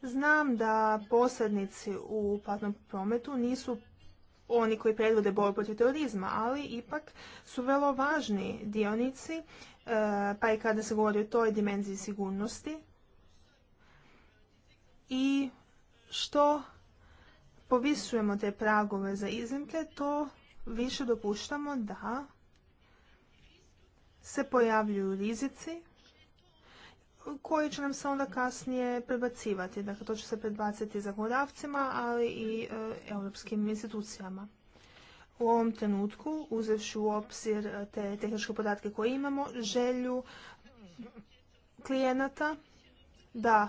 Znam da posrednici u platnom prometu nisu oni koji predvode borbu protiv terorizma, ali ipak su vrlo važni dionici, pa i kada se govori o toj dimenziji sigurnosti i što povisujemo te pragove za iznimke, to više dopuštamo da se pojavljuju rizici koji će nam se onda kasnije prebacivati. Dakle, to će se prebaciti zakonodavcima, ali i e, europskim institucijama. U ovom trenutku, uzevši u obzir e, te tehničke podatke koje imamo, želju klijenata da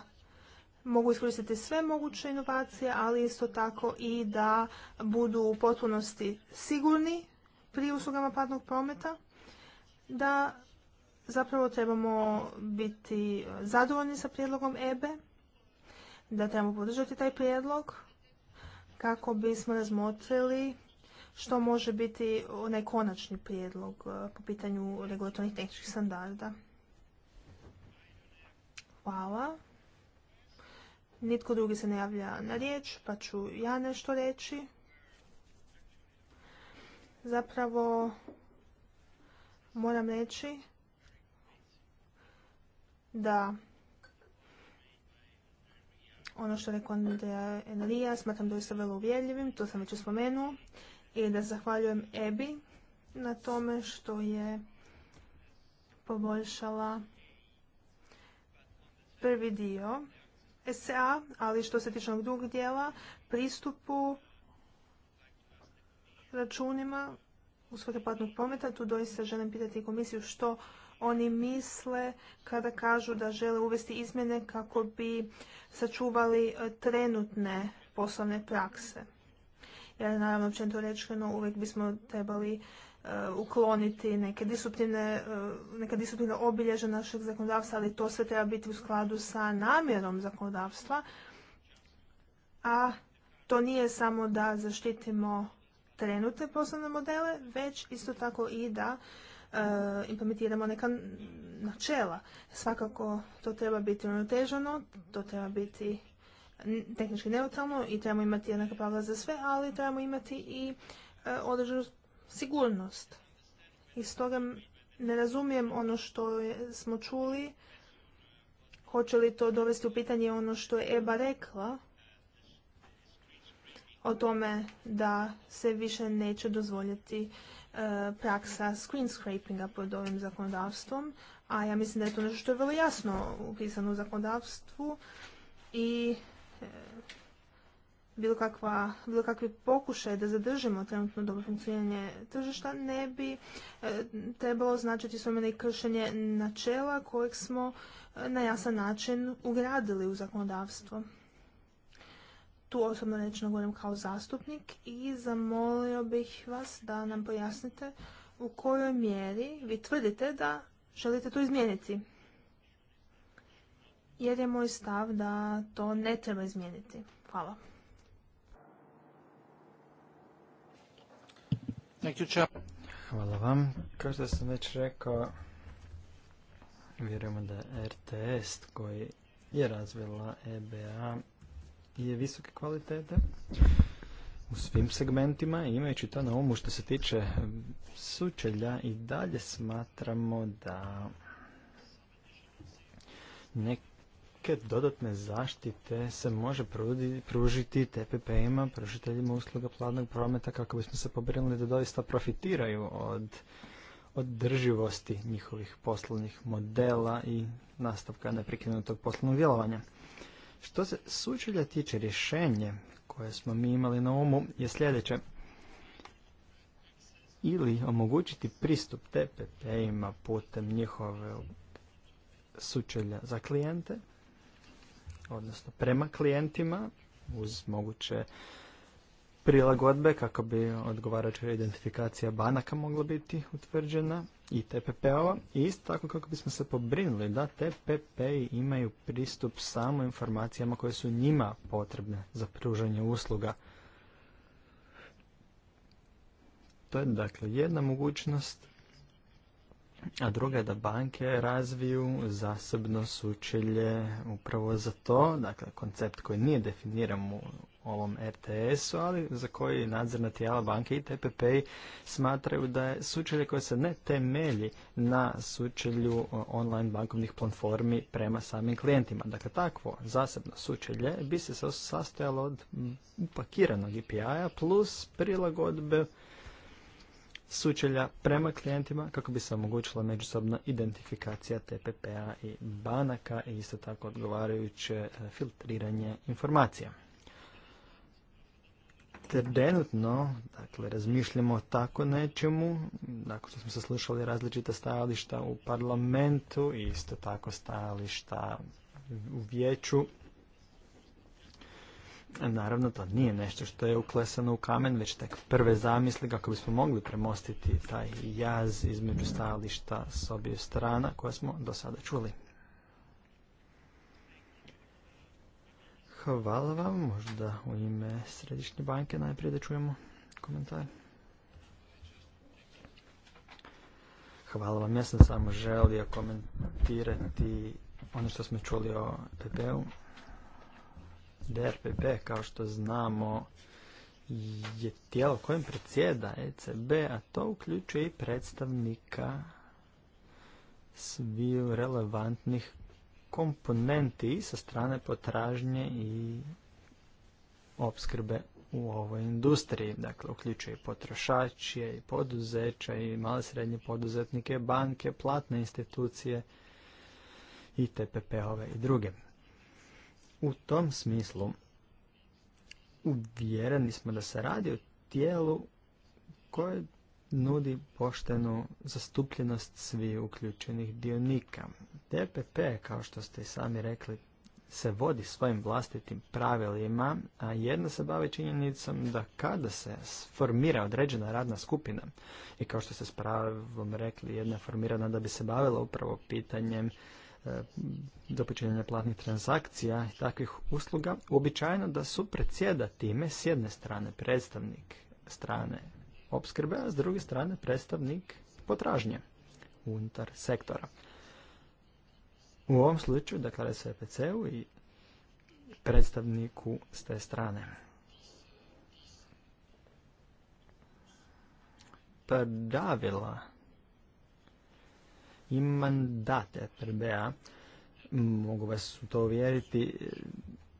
mogu iskoristiti sve moguće inovacije, ali isto tako i da budu u potpunosti sigurni pri uslugama platnog prometa, da zapravo trebamo biti zadovoljni sa prijedlogom EBE, da trebamo podržati taj prijedlog kako bismo razmotrili što može biti onaj konačni prijedlog e, po pitanju regulatornih tehničkih standarda. Hvala. Nitko drugi se ne javlja na riječ, pa ću ja nešto reći. Zapravo moram reći da ono što rekao Andrea, Enrija smatram doista vrlo uvjerljivim, to sam već spomenuo, i da zahvaljujem Ebi na tome što je poboljšala prvi dio SA, ali što se tiče onog drugog dijela, pristupu računima u svrhe platnog prometa, tu doista želim pitati komisiju što oni misle kada kažu da žele uvesti izmjene kako bi sačuvali e, trenutne poslovne prakse. Jer naravno općenito rečeno uvijek bismo trebali Eh, ukloniti neke disciplinne, eh, neka obilježja našeg zakonodavstva, ali to sve treba biti u skladu sa namjerom zakonodavstva, a to nije samo da zaštitimo trenutne poslovne modele, već isto tako i da eh, implementiramo neka načela. Svakako to treba biti uravnoteženo, to treba biti tehnički neutralno i trebamo imati jednaka pravila za sve, ali trebamo imati i određenost sigurnost. I stoga ne razumijem ono što smo čuli, hoće li to dovesti u pitanje ono što je Eba rekla o tome da se više neće dozvoljeti e, praksa screen scrapinga pod ovim zakonodavstvom, a ja mislim da je to nešto što je vrlo jasno upisano u zakonodavstvu i e, bilo, kakva, bilo kakvi pokušaj da zadržimo trenutno dobro funkcioniranje tržišta ne bi e, trebalo značiti su kršenje načela kojeg smo e, na jasan način ugradili u zakonodavstvo. Tu osobno rečeno govorim kao zastupnik i zamolio bih vas da nam pojasnite u kojoj mjeri vi tvrdite da želite to izmijeniti. Jer je moj stav da to ne treba izmijeniti. Hvala. Hvala vam. Kao što sam već rekao, vjerujemo da RTS koji je razvila EBA je visoke kvalitete u svim segmentima i imajući to na umu što se tiče sučelja i dalje smatramo da neki dodatne zaštite se može pružiti TPP-ima, pružiteljima usluga plavnog prometa kako bismo se pobrinuli da doista profitiraju od održivosti njihovih poslovnih modela i nastavka neprekinutog poslovnog djelovanja. Što se sučelja tiče rješenje koje smo mi imali na umu je sljedeće. Ili omogućiti pristup TPP-ima putem njihove sučelja za klijente odnosno prema klijentima uz moguće prilagodbe kako bi odgovarajuća identifikacija banaka mogla biti utvrđena i TPP-ova i isto tako kako bismo se pobrinuli da TPP imaju pristup samo informacijama koje su njima potrebne za pružanje usluga. To je dakle jedna mogućnost a druga je da banke razviju zasebno sučelje upravo za to, dakle koncept koji nije definiran u ovom RTS-u, ali za koji nadzorna tijela banke i TPP smatraju da je sučelje koje se ne temelji na sučelju online bankovnih platformi prema samim klijentima. Dakle, takvo zasebno sučelje bi se sastojalo od upakiranog API-a plus prilagodbe sučelja prema klijentima kako bi se omogućila međusobna identifikacija TPP-a i banaka i isto tako odgovarajuće e, filtriranje informacija. Trenutno, dakle, razmišljamo o tako nečemu, nakon što smo saslušali različita stajališta u parlamentu i isto tako stajališta u vijeću Naravno, to nije nešto što je uklesano u kamen, već tek prve zamisli kako bismo mogli premostiti taj jaz između stajališta s obje strana koje smo do sada čuli. Hvala vam, možda u ime Središnje banke najprije da čujemo komentar. Hvala vam, ja sam samo želio komentirati ono što smo čuli o pp DRPP, kao što znamo, je tijelo kojim predsjeda ECB, a to uključuje i predstavnika sviju relevantnih komponenti i sa strane potražnje i opskrbe u ovoj industriji. Dakle, uključuje i potrošačije, i poduzeća, i male srednje poduzetnike, banke, platne institucije i TPP-ove i druge. U tom smislu uvjereni smo da se radi o tijelu koje nudi poštenu zastupljenost svih uključenih dionika. TPP, kao što ste i sami rekli, se vodi svojim vlastitim pravilima, a jedna se bavi činjenicom da kada se formira određena radna skupina, i kao što ste s pravom rekli, jedna formirana da bi se bavila upravo pitanjem E, do platnih transakcija i takvih usluga, uobičajeno da su predsjeda time s jedne strane predstavnik strane opskrbe, a s druge strane predstavnik potražnje unutar sektora. U ovom slučaju, dakle, epc u i predstavniku s te strane. Pravila i mandate PRBA, mogu vas u to uvjeriti,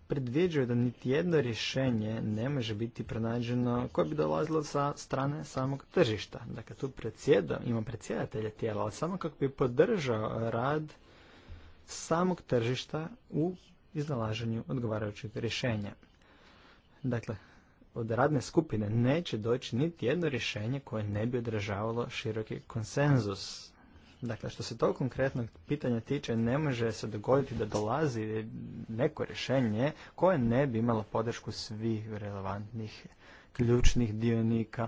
predviđuje da niti jedno rješenje ne može biti pronađeno koje bi dolazilo sa strane samog tržišta. Dakle, tu predsjeda, ima predsjedatelja tijela, ali samo kako bi podržao rad samog tržišta u iznalaženju odgovarajućeg rješenja. Dakle, od radne skupine neće doći niti jedno rješenje koje ne bi odražavalo široki konsenzus Dakle, što se tog konkretnog pitanja tiče, ne može se dogoditi da dolazi neko rješenje koje ne bi imalo podršku svih relevantnih ključnih dionika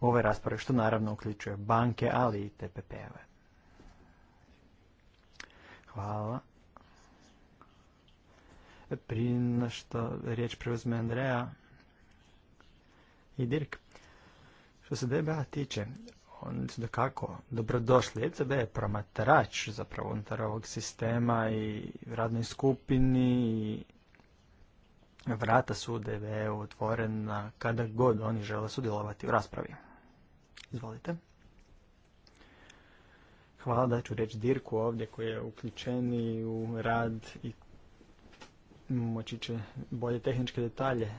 ove rasprave, što naravno uključuje banke, ali i TPP-ove. Hvala. Prije na što riječ preuzme Andreja i Dirk. Što se DBA tiče, oni su kako dobrodošli. ECB je promatrač zapravo unutar ovog sistema i radnoj skupini i vrata su dve otvorena kada god oni žele sudjelovati u raspravi. Izvolite. Hvala da ću reći Dirku ovdje koji je uključeni u rad i moći će bolje tehničke detalje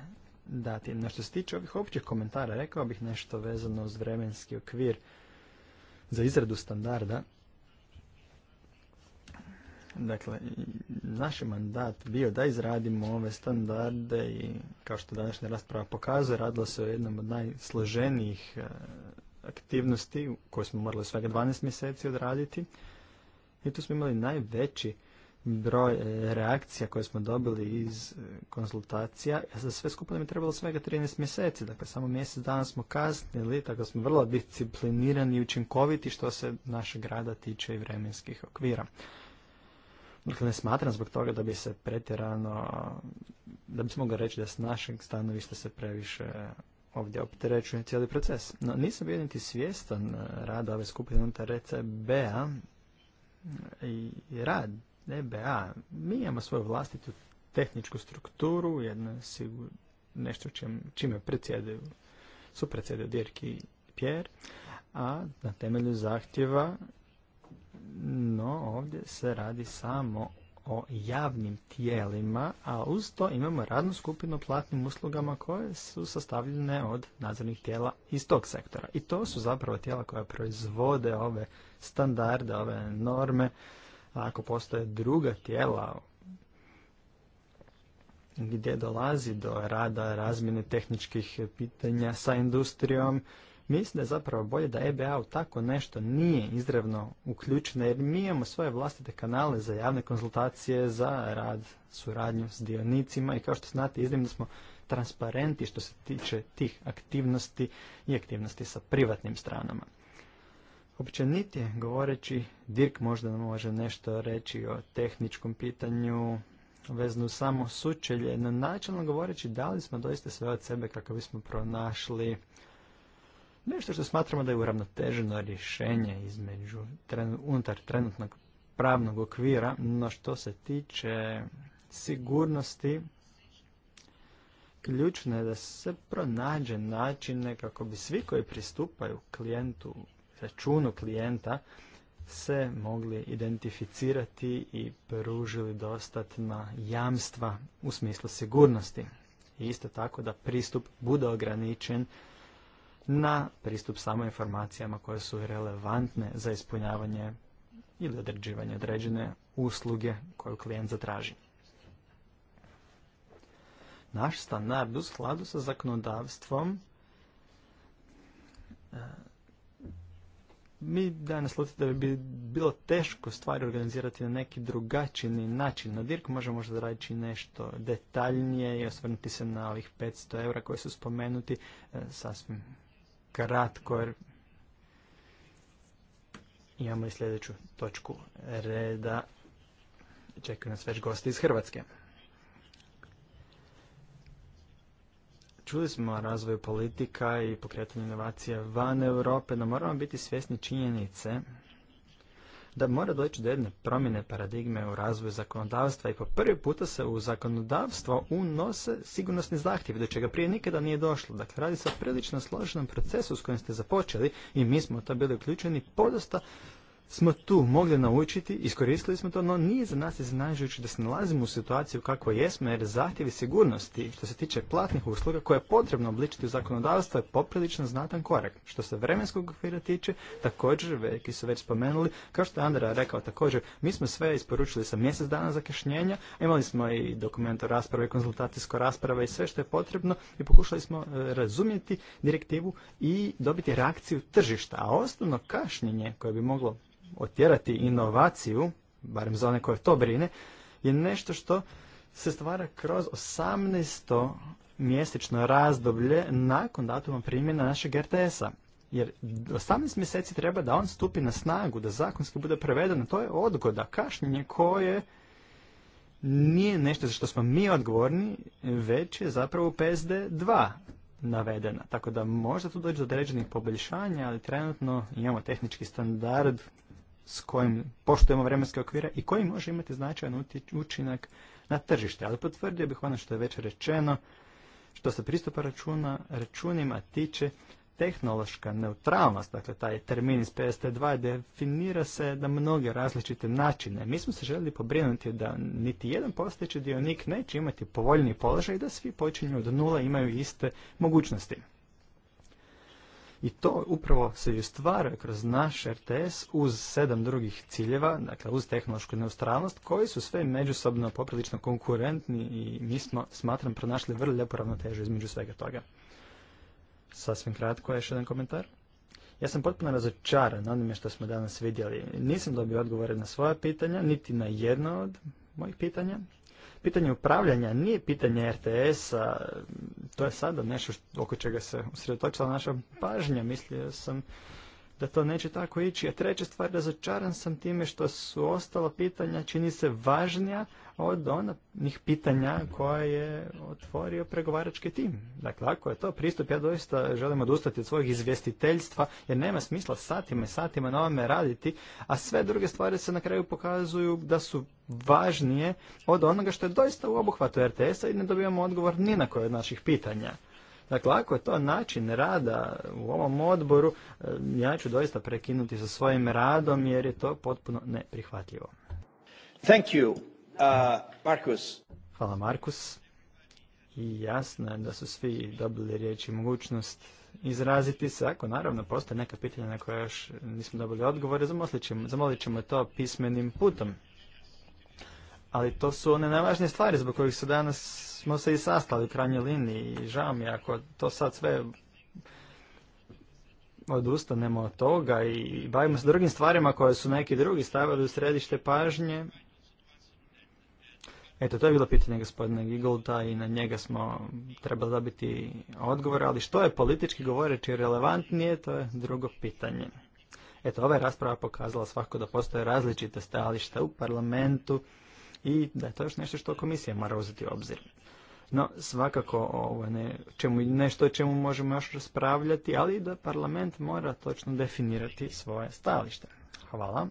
dati. Na što se tiče ovih općih komentara, rekao bih nešto vezano uz vremenski okvir za izradu standarda. Dakle, naš je mandat bio da izradimo ove standarde i kao što današnja rasprava pokazuje, radilo se o jednom od najsloženijih e, aktivnosti koje smo morali svega 12 mjeseci odraditi. I tu smo imali najveći broj e, reakcija koje smo dobili iz e, konzultacija, e, za sve skupa nam je trebalo svega 13 mjeseci, dakle samo mjesec dana smo kasnili, tako smo vrlo disciplinirani i učinkoviti što se našeg rada tiče i vremenskih okvira. Dakle, ne smatram zbog toga da bi se pretjerano, da bi se mogli reći da s našeg stanovišta se previše ovdje opterećuje cijeli proces. No, nisam bio niti svjestan rada ove skupine unutar ECB-a i rad mi imamo svoju vlastitu tehničku strukturu, jedno sigur, nešto čim, čime predsjedaju, su predsjedaju Dirk i Pierre, a na temelju zahtjeva, no ovdje se radi samo o javnim tijelima, a uz to imamo radnu skupinu platnim uslugama koje su sastavljene od nadzornih tijela iz tog sektora. I to su zapravo tijela koja proizvode ove standarde, ove norme a ako postoje druga tijela gdje dolazi do rada razmjene tehničkih pitanja sa industrijom, mislim da je zapravo bolje da EBA u tako nešto nije izravno uključena jer mi imamo svoje vlastite kanale za javne konzultacije, za rad, suradnju s dionicima i kao što znate iznimno smo transparenti što se tiče tih aktivnosti i aktivnosti sa privatnim stranama. Općenitije govoreći, Dirk možda može nešto reći o tehničkom pitanju vezno samo sučelje, Na načelno govoreći dali smo doista sve od sebe kako bismo pronašli nešto što smatramo da je uravnoteženo rješenje između unutar trenutnog pravnog okvira, no što se tiče sigurnosti, ključno je da se pronađe načine kako bi svi koji pristupaju klijentu računu klijenta se mogli identificirati i pružili dostatna jamstva u smislu sigurnosti. I isto tako da pristup bude ograničen na pristup samo informacijama koje su relevantne za ispunjavanje ili određivanje određene usluge koju klijent zatraži. Naš standard u skladu sa zakonodavstvom e, mi danas naslutiti da bi bilo teško stvari organizirati na neki drugačiji način. Na dirku možemo možda raditi nešto detaljnije i osvrnuti se na ovih 500 eura koji su spomenuti e, sasvim kratko jer imamo i sljedeću točku reda. Čekaju nas već gosti iz Hrvatske. Čuli smo o razvoju politika i pokretanju inovacija van Europe, no moramo biti svjesni činjenice da mora doći do jedne promjene paradigme u razvoju zakonodavstva i po prvi puta se u zakonodavstvo unose sigurnosni zahtjevi, do čega prije nikada nije došlo. Dakle, radi se o prilično složenom procesu s kojim ste započeli i mi smo to bili uključeni podosta smo tu mogli naučiti, iskoristili smo to, no nije za nas iznenađujuće da se nalazimo u situaciju kako jesmo, jer zahtjevi sigurnosti što se tiče platnih usluga koje je potrebno obličiti u zakonodavstvo je poprilično znatan korak. Što se vremenskog okvira tiče, također, veliki su već spomenuli, kao što je Andra rekao također, mi smo sve isporučili sa mjesec dana za kašnjenja, imali smo i dokument o raspravi, konzultacijsko rasprava i sve što je potrebno i pokušali smo e, razumjeti direktivu i dobiti reakciju tržišta, a osnovno kašnjenje koje bi moglo otjerati inovaciju, barem za one koje to brine, je nešto što se stvara kroz 18. mjesečno razdoblje nakon datuma primjena našeg RTS-a. Jer 18 mjeseci treba da on stupi na snagu, da zakonski bude prevedeno, to je odgoda, kašnjenje koje nije nešto za što smo mi odgovorni, već je zapravo PSD 2 navedena. Tako da možda tu dođe do određenih poboljšanja, ali trenutno imamo tehnički standard s kojim poštujemo vremenske okvire i koji može imati značajan učinak na tržište. Ali potvrdio bih ono što je već rečeno, što se pristupa računa, računima tiče tehnološka neutralnost, dakle taj termin iz PST2 definira se na mnoge različite načine. Mi smo se željeli pobrinuti da niti jedan postojeći dionik neće imati povoljni položaj i da svi počinju od nula imaju iste mogućnosti. I to upravo se i ostvaruje kroz naš RTS uz sedam drugih ciljeva, dakle uz tehnološku neustralnost, koji su sve međusobno poprilično konkurentni i mi smo, smatram, pronašli vrlo lijepu ravnotežu između svega toga. Sasvim kratko, još jedan komentar. Ja sam potpuno razočaran onime što smo danas vidjeli. Nisam dobio odgovore na svoja pitanja, niti na jedno od mojih pitanja. Pitanje upravljanja nije pitanje RTS-a, to je sada nešto oko čega se usredotočila naša pažnja. Mislio sam da to neće tako ići. A treća stvar, razočaran sam time što su ostala pitanja, čini se važnija od onih pitanja koje je otvorio pregovarački tim. Dakle, ako je to pristup, ja doista želim odustati od svojih izvjestiteljstva, jer nema smisla satima i satima na ovome raditi, a sve druge stvari se na kraju pokazuju da su važnije od onoga što je doista u obuhvatu RTS-a i ne dobijamo odgovor ni na koje od naših pitanja. Dakle, ako je to način rada u ovom odboru, eh, ja ću doista prekinuti sa svojim radom jer je to potpuno neprihvatljivo. Thank you, uh, Markus. Hvala, Markus. I jasno je da su svi dobili riječ i mogućnost izraziti se. Ako naravno postoje neka pitanja na koja još nismo dobili odgovore, zamolit ćemo, zamolit ćemo to pismenim putom. Ali to su one najvažnije stvari zbog kojih se danas smo se i sastali u krajnjoj liniji i žao mi ako to sad sve odustanemo od toga i bavimo se drugim stvarima koje su neki drugi stavili u središte pažnje. Eto, to je bilo pitanje gospodina Gigolta i na njega smo trebali dobiti odgovor, ali što je politički govoreći relevantnije, to je drugo pitanje. Eto, ova je rasprava pokazala svako da postoje različite stajališta u parlamentu i da je to još nešto što komisija mora uzeti u obzir. No, svakako ovo ne čemu, nešto o čemu možemo još raspravljati, ali da parlament mora točno definirati svoje stajalište. Hvala.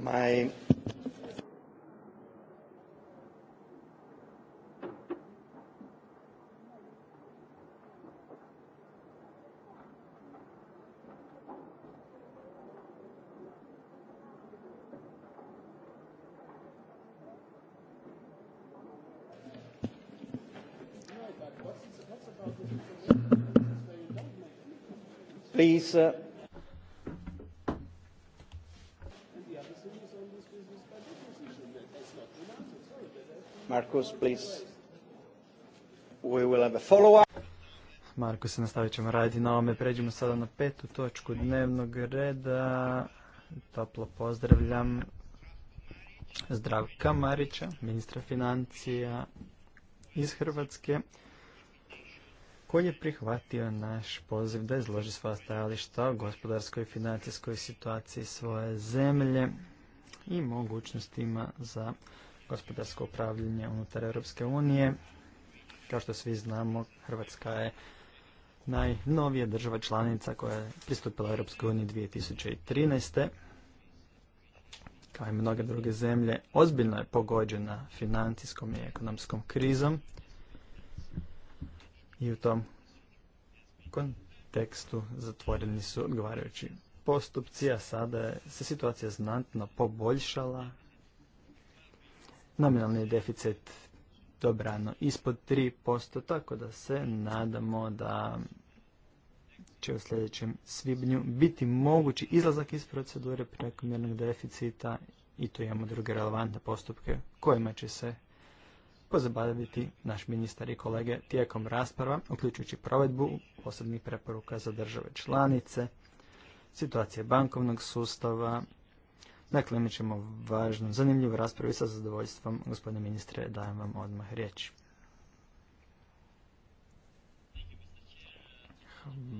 My Please, uh... Markus, please. We will have a follow up. nastavit ćemo raditi na ovome. Pređemo sada na petu točku dnevnog reda. Toplo pozdravljam Zdravka Marića, ministra financija iz Hrvatske, koji je prihvatio naš poziv da izloži svoja stajališta o gospodarskoj i financijskoj situaciji svoje zemlje i mogućnostima za gospodarsko upravljanje unutar Europske unije. Kao što svi znamo, Hrvatska je najnovija država članica koja je pristupila Europske uniji 2013. Kao i mnoge druge zemlje, ozbiljno je pogođena financijskom i ekonomskom krizom. I u tom kontekstu zatvoreni su odgovarajući postupci, a sada se situacija znatno poboljšala nominalni deficit dobrano ispod 3%, tako da se nadamo da će u sljedećem svibnju biti mogući izlazak iz procedure prekomjernog deficita i tu imamo druge relevantne postupke kojima će se pozabaviti naš ministar i kolege tijekom rasprava, uključujući provedbu posebnih preporuka za države članice, situacije bankovnog sustava, Dakle, imat ćemo važnu, zanimljivu raspravu i sa zadovoljstvom, gospodine ministre, dajem vam odmah riječ.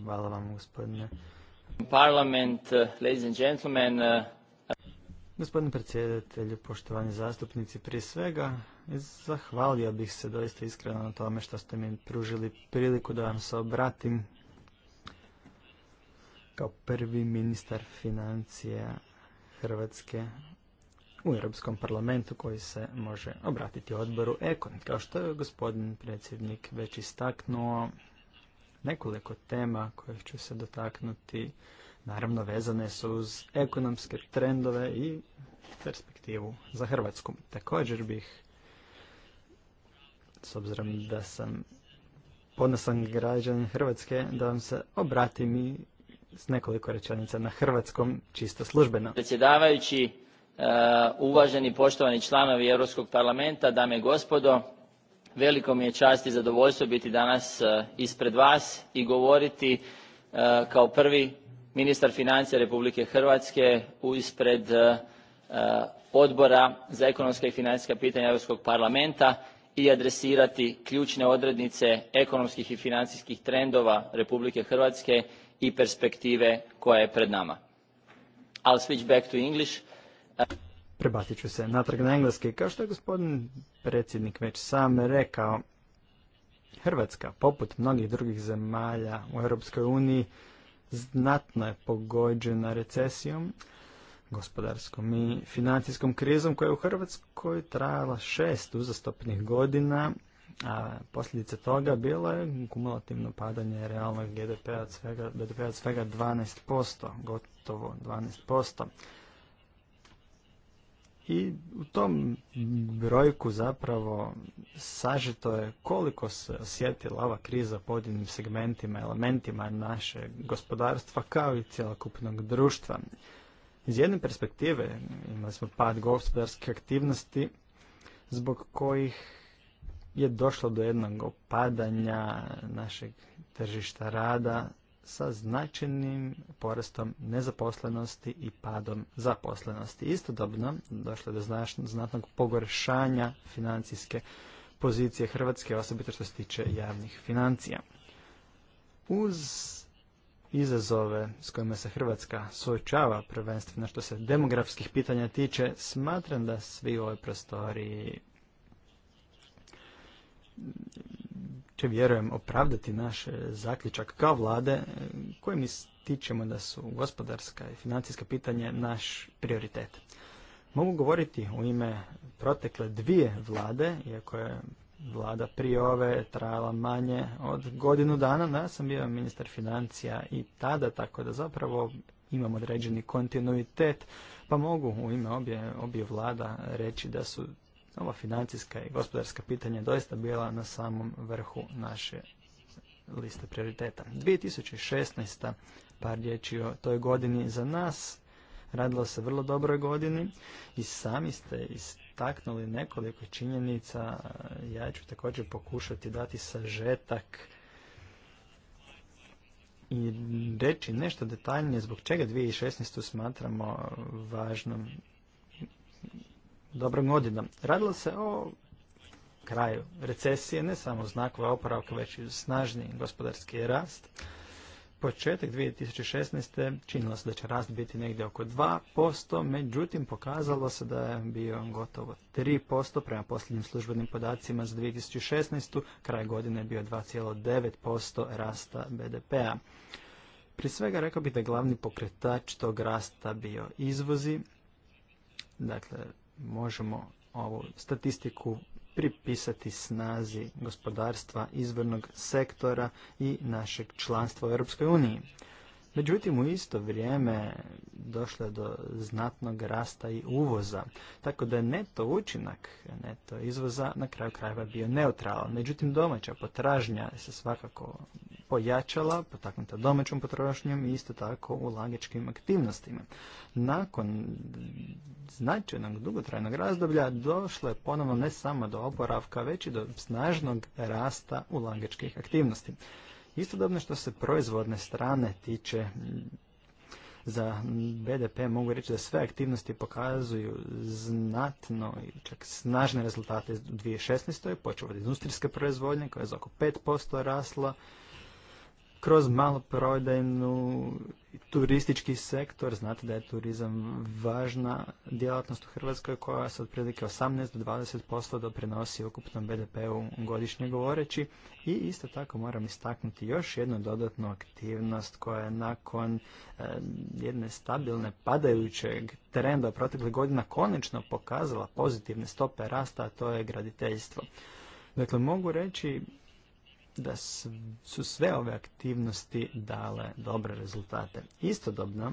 Hvala vam, gospodine. Parlament, eh, ladies and gentlemen. Eh, gospodine predsjedatelju, poštovani zastupnici, prije svega zahvalio bih se doista iskreno na tome što ste mi pružili priliku da vam se obratim kao prvi ministar financija Hrvatske u Europskom parlamentu koji se može obratiti odboru Ekon. Kao što je gospodin predsjednik već istaknuo, nekoliko tema koje ću se dotaknuti naravno vezane su uz ekonomske trendove i perspektivu za Hrvatsku. Također bih, s obzirom da sam ponosan građan Hrvatske, da vam se obratim i s nekoliko rečenica na hrvatskom, čisto službeno. Predsjedavajući, e, uvaženi poštovani članovi Europskog parlamenta, dame i gospodo, veliko mi je čast i zadovoljstvo biti danas e, ispred vas i govoriti e, kao prvi ministar financija Republike Hrvatske ispred odbora za ekonomska i financijska pitanja Europskog parlamenta i adresirati ključne odrednice ekonomskih i financijskih trendova Republike Hrvatske i perspektive koja je pred nama. I'll switch back to English. Prebatit ću se natrag na engleski. Kao što je gospodin predsjednik već sam rekao, Hrvatska, poput mnogih drugih zemalja u Europskoj uniji, znatno je pogođena recesijom, gospodarskom i financijskom krizom koja je u Hrvatskoj trajala šest uzastopnih godina a posljedica toga bilo je kumulativno padanje realnog GDP-a od svega, BDP p-a od svega 12%, gotovo 12%. I u tom brojku zapravo sažito je koliko se osjetila ova kriza pojedinim segmentima, elementima naše gospodarstva kao i cjelokupnog društva. Iz jedne perspektive imali smo pad gospodarske aktivnosti zbog kojih je došlo do jednog opadanja našeg tržišta rada sa značajnim porastom nezaposlenosti i padom zaposlenosti. Istodobno došlo je do znatnog pogoršanja financijske pozicije Hrvatske, osobito što se tiče javnih financija. Uz izazove s kojima se Hrvatska suočava, prvenstveno što se demografskih pitanja tiče, smatram da svi u ovoj prostoriji će vjerujem opravdati naš zaključak kao vlade e, mi ističemo da su gospodarska i financijska pitanja naš prioritet. Mogu govoriti u ime protekle dvije vlade, iako je vlada prije ove trajala manje od godinu dana, da sam bio ministar financija i tada, tako da zapravo imam određeni kontinuitet, pa mogu u ime obje, obje vlada reći da su ova financijska i gospodarska pitanja doista bila na samom vrhu naše liste prioriteta. 2016. par riječi o toj godini za nas. Radilo se vrlo dobroj godini i sami ste istaknuli nekoliko činjenica. Ja ću također pokušati dati sažetak i reći nešto detaljnije zbog čega 2016. smatramo važnom dobrom godinom. Radilo se o kraju recesije, ne samo znakova oporavka, već i snažni gospodarski rast. Početak 2016. činilo se da će rast biti negdje oko 2%, međutim pokazalo se da je bio gotovo 3% prema posljednjim službenim podacima za 2016. Kraj godine je bio 2,9% rasta BDP-a. Prije svega rekao bih da je glavni pokretač tog rasta bio izvozi, dakle možemo ovu statistiku pripisati snazi gospodarstva izvornog sektora i našeg članstva u Europskoj uniji. Međutim, u isto vrijeme došlo je do znatnog rasta i uvoza, tako da je neto učinak neto izvoza na kraju krajeva bio neutralan. Međutim, domaća potražnja se svakako pojačala, potaknuta domaćom potrošnjom i isto tako u ulagačkim aktivnostima. Nakon značajnog dugotrajnog razdoblja došlo je ponovno ne samo do oporavka, već i do snažnog rasta ulagačkih aktivnosti. Istodobno što se proizvodne strane tiče za BDP mogu reći da sve aktivnosti pokazuju znatno i čak snažne rezultate u 2016. počeo od industrijske proizvodnje koja je za oko 5% rasla kroz maloprodajnu turistički sektor, znate da je turizam važna djelatnost u Hrvatskoj koja se otprilike 18 do 20% doprinosi ukupnom BDP-u godišnje govoreći i isto tako moram istaknuti još jednu dodatnu aktivnost koja je nakon eh, jedne stabilne padajućeg trenda proteklih godina konačno pokazala pozitivne stope rasta, a to je graditeljstvo. Dakle, mogu reći da su sve ove aktivnosti dale dobre rezultate. Istodobno,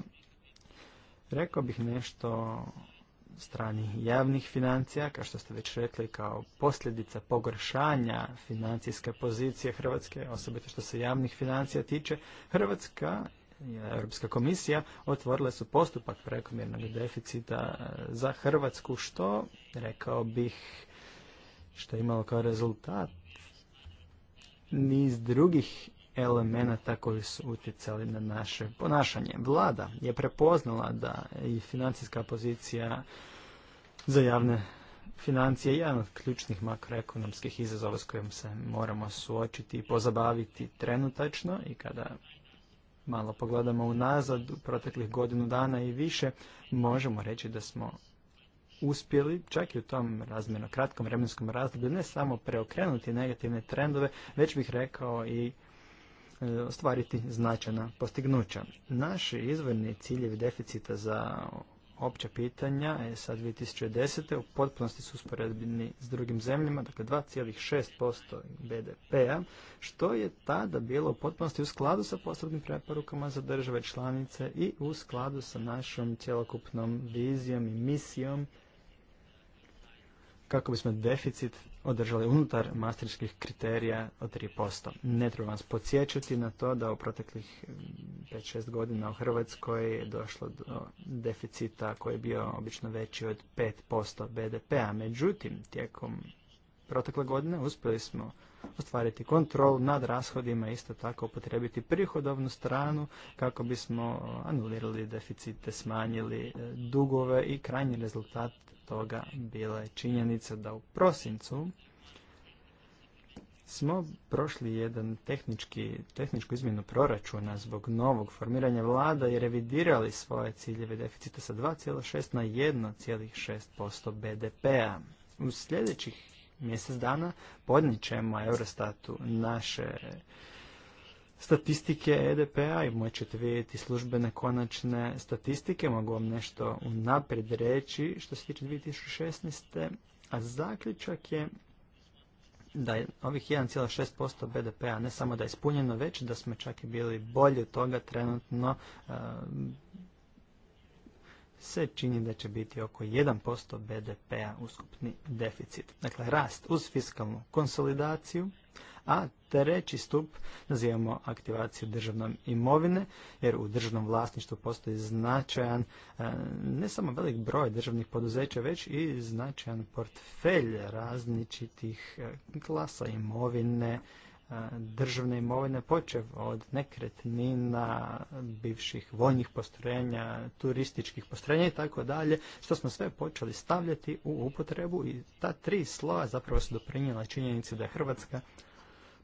rekao bih nešto strani javnih financija, kao što ste već rekli, kao posljedica pogoršanja financijske pozicije Hrvatske, osobito što se javnih financija tiče, Hrvatska i Europska komisija otvorile su postupak prekomjernog deficita e, za Hrvatsku, što, rekao bih, što je imalo kao rezultat niz drugih elemenata koji su utjecali na naše ponašanje. Vlada je prepoznala da i financijska pozicija za javne financije je jedan od ključnih makroekonomskih izazova s kojim se moramo suočiti i pozabaviti trenutačno i kada malo pogledamo unazad u proteklih godinu dana i više, možemo reći da smo uspjeli, čak i u tom razmjerno kratkom vremenskom razdoblju, ne samo preokrenuti negativne trendove, već bih rekao i e, ostvariti značajna postignuća. Naši izvorni ciljevi deficita za opća pitanja je sa 2010. u potpunosti su usporedbeni s drugim zemljama, dakle 2,6% BDP-a, što je tada bilo u potpunosti u skladu sa posebnim preporukama za države članice i u skladu sa našom cjelokupnom vizijom i misijom kako bismo deficit održali unutar masterskih kriterija od 3%. Ne treba vas podsjećati na to da u proteklih 5-6 mm, godina u Hrvatskoj je došlo do deficita koji je bio obično veći od 5% BDP-a. Međutim, tijekom protekle godine uspjeli smo ostvariti kontrol nad rashodima, isto tako upotrebiti prihodovnu stranu kako bismo anulirali deficite, smanjili e, dugove i krajnji rezultat toga bila je činjenica da u prosincu smo prošli jedan tehnički, tehničku izmjenu proračuna zbog novog formiranja vlada i revidirali svoje ciljeve deficita sa 2,6 na 1,6% BDP-a. U sljedećih mjesec dana podnijet ćemo Eurostatu naše statistike EDP-a i moći ćete vidjeti službene konačne statistike. Mogu vam nešto unaprijed reći što se tiče 2016. A zaključak je da je ovih 1,6% BDP-a ne samo da je ispunjeno, već da smo čak i bili bolji od toga trenutno se čini da će biti oko 1% BDP-a uskupni deficit. Dakle, rast uz fiskalnu konsolidaciju, a treći stup nazivamo aktivaciju državne imovine, jer u državnom vlasništvu postoji značajan, e, ne samo velik broj državnih poduzeća, već i značajan portfelj različitih e, klasa imovine, državne imovine, počev od nekretnina, bivših vojnih postrojenja, turističkih postrojenja i tako dalje, što smo sve počeli stavljati u upotrebu i ta tri sloja zapravo su doprinijela činjenici da je Hrvatska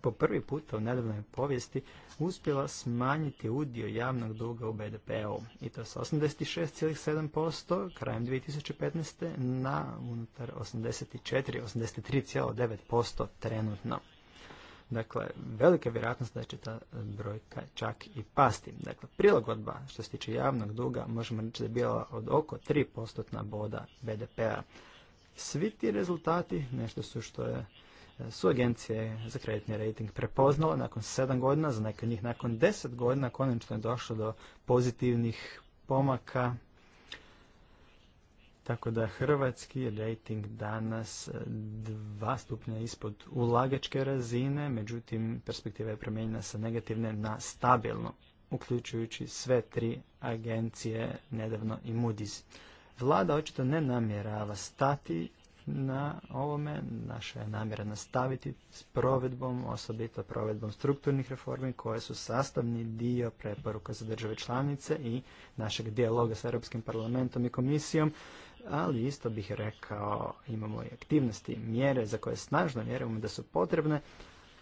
po prvi puta u nedavnoj povijesti uspjela smanjiti udio javnog duga u BDP-u i to sa 86,7% krajem 2015. na unutar 84, 83,9% trenutno. Dakle, velika je vjerojatnost da će ta brojka čak i pasti. Dakle, prilagodba što se tiče javnog duga možemo reći da je bila od oko 3% boda BDP-a. Svi ti rezultati nešto su što je su agencije za kreditni rating prepoznale nakon 7 godina, za neke njih nakon 10 godina konačno je došlo do pozitivnih pomaka tako da hrvatski rating danas e, dva stupnja ispod ulagačke razine, međutim perspektiva je promijenjena sa negativne na stabilno, uključujući sve tri agencije nedavno i Moody's. Vlada očito ne namjerava stati na ovome, naša je namjera nastaviti s provedbom, osobito provedbom strukturnih reformi koje su sastavni dio preporuka za države članice i našeg dijaloga s Europskim parlamentom i komisijom ali isto bih rekao imamo i aktivnosti, mjere za koje snažno vjerujemo da su potrebne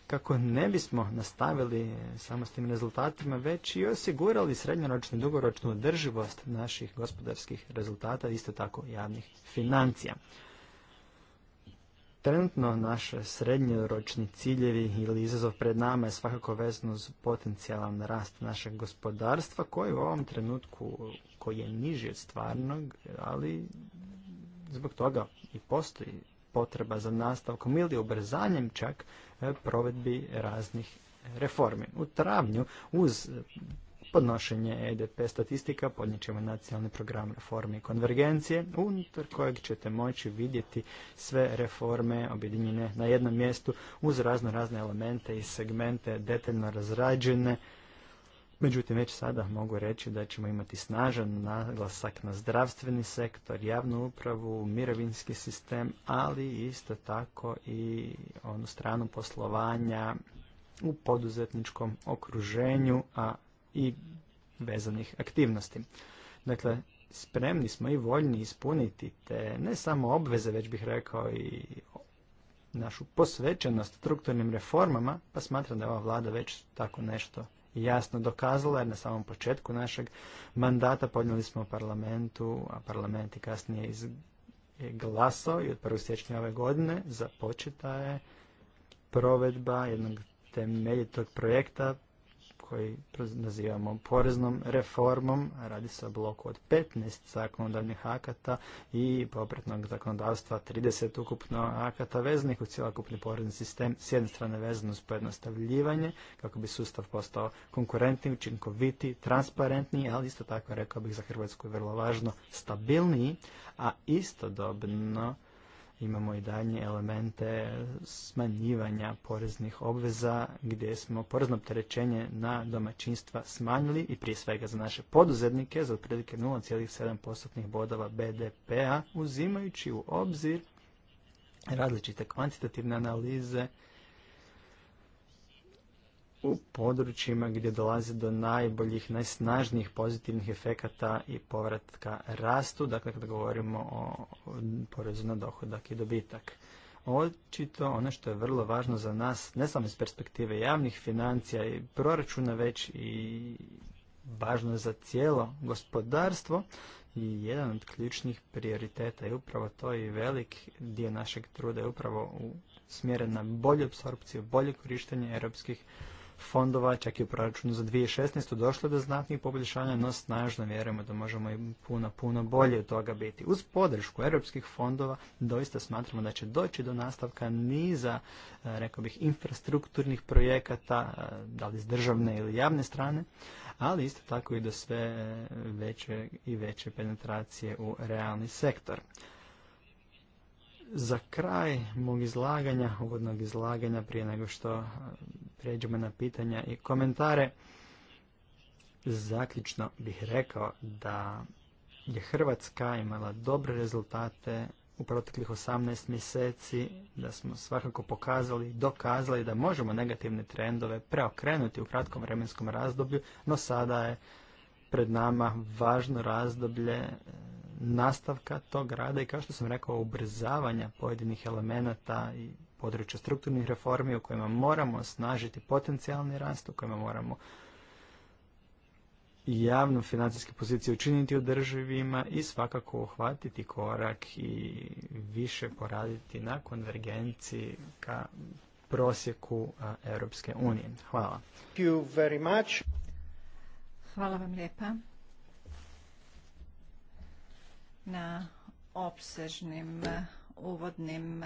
kako ne bismo nastavili samo s tim rezultatima, već i osigurali srednjoročnu i dugoročnu održivost naših gospodarskih rezultata, isto tako javnih financija. Trenutno naše srednjoročni ciljevi ili izazov pred nama je svakako vezano uz potencijalan rast našeg gospodarstva koji u ovom trenutku koji je niži od stvarnog, ali zbog toga i postoji potreba za nastavkom ili ubrzanjem čak e, provedbi raznih reformi. U travnju uz podnošenje EDP statistika podnijet ćemo nacionalni program reforme i konvergencije unutar kojeg ćete moći vidjeti sve reforme objedinjene na jednom mjestu uz razno razne elemente i segmente detaljno razrađene Međutim, već sada mogu reći da ćemo imati snažan naglasak na zdravstveni sektor, javnu upravu, mirovinski sistem, ali isto tako i onu stranu poslovanja u poduzetničkom okruženju, a i vezanih aktivnosti. Dakle, spremni smo i voljni ispuniti te ne samo obveze, već bih rekao i našu posvećenost strukturnim reformama, pa smatram da je ova vlada već tako nešto jasno dokazala jer na samom početku našeg mandata podnijeli smo parlamentu, a parlament je kasnije iz glasao i od 1. siječnja ove godine započeta je provedba jednog temeljitog projekta koji nazivamo poreznom reformom. Radi se o bloku od 15 zakonodavnih akata i popretnog zakonodavstva 30 ukupno akata veznih u cjelokupni porezni sistem. S jedne strane vezano uz pojednostavljivanje kako bi sustav postao konkurentni, učinkoviti, transparentniji, ali isto tako rekao bih za Hrvatsku vrlo važno stabilniji, a istodobno imamo i dalje elemente smanjivanja poreznih obveza gdje smo porezno opterećenje na domaćinstva smanjili i prije svega za naše poduzetnike za otprilike 0,7% bodova BDP-a uzimajući u obzir različite kvantitativne analize u područjima gdje dolazi do najboljih, najsnažnijih pozitivnih efekata i povratka rastu, dakle kada govorimo o porezu na dohodak i dobitak. Očito ono što je vrlo važno za nas, ne samo iz perspektive javnih financija i proračuna, već i važno za cijelo gospodarstvo i jedan od ključnih prioriteta je upravo to i velik dio našeg truda je upravo smjeren na bolju apsorpciju, bolje korištenje europskih fondova, čak i u proračunu za 2016. došlo do znatnih poboljšanja, no snažno vjerujemo da možemo i puno, puno bolje od toga biti. Uz podršku europskih fondova doista smatramo da će doći do nastavka niza, e, rekao bih, infrastrukturnih projekata, e, da li s državne ili javne strane, ali isto tako i do sve veće i veće penetracije u realni sektor. Za kraj mog izlaganja, uvodnog izlaganja, prije nego što pređemo na pitanja i komentare, zaključno bih rekao da je Hrvatska imala dobre rezultate u proteklih 18 mjeseci, da smo svakako pokazali i dokazali da možemo negativne trendove preokrenuti u kratkom vremenskom razdoblju, no sada je pred nama važno razdoblje nastavka tog rada i kao što sam rekao ubrzavanja pojedinih elemenata i područja strukturnih reformi u kojima moramo snažiti potencijalni rast, u kojima moramo javnu financijsku poziciju učiniti održivima i svakako uhvatiti korak i više poraditi na konvergenciji ka prosjeku Europske unije. Hvala. Hvala vam lijepa na opsežnim uvodnim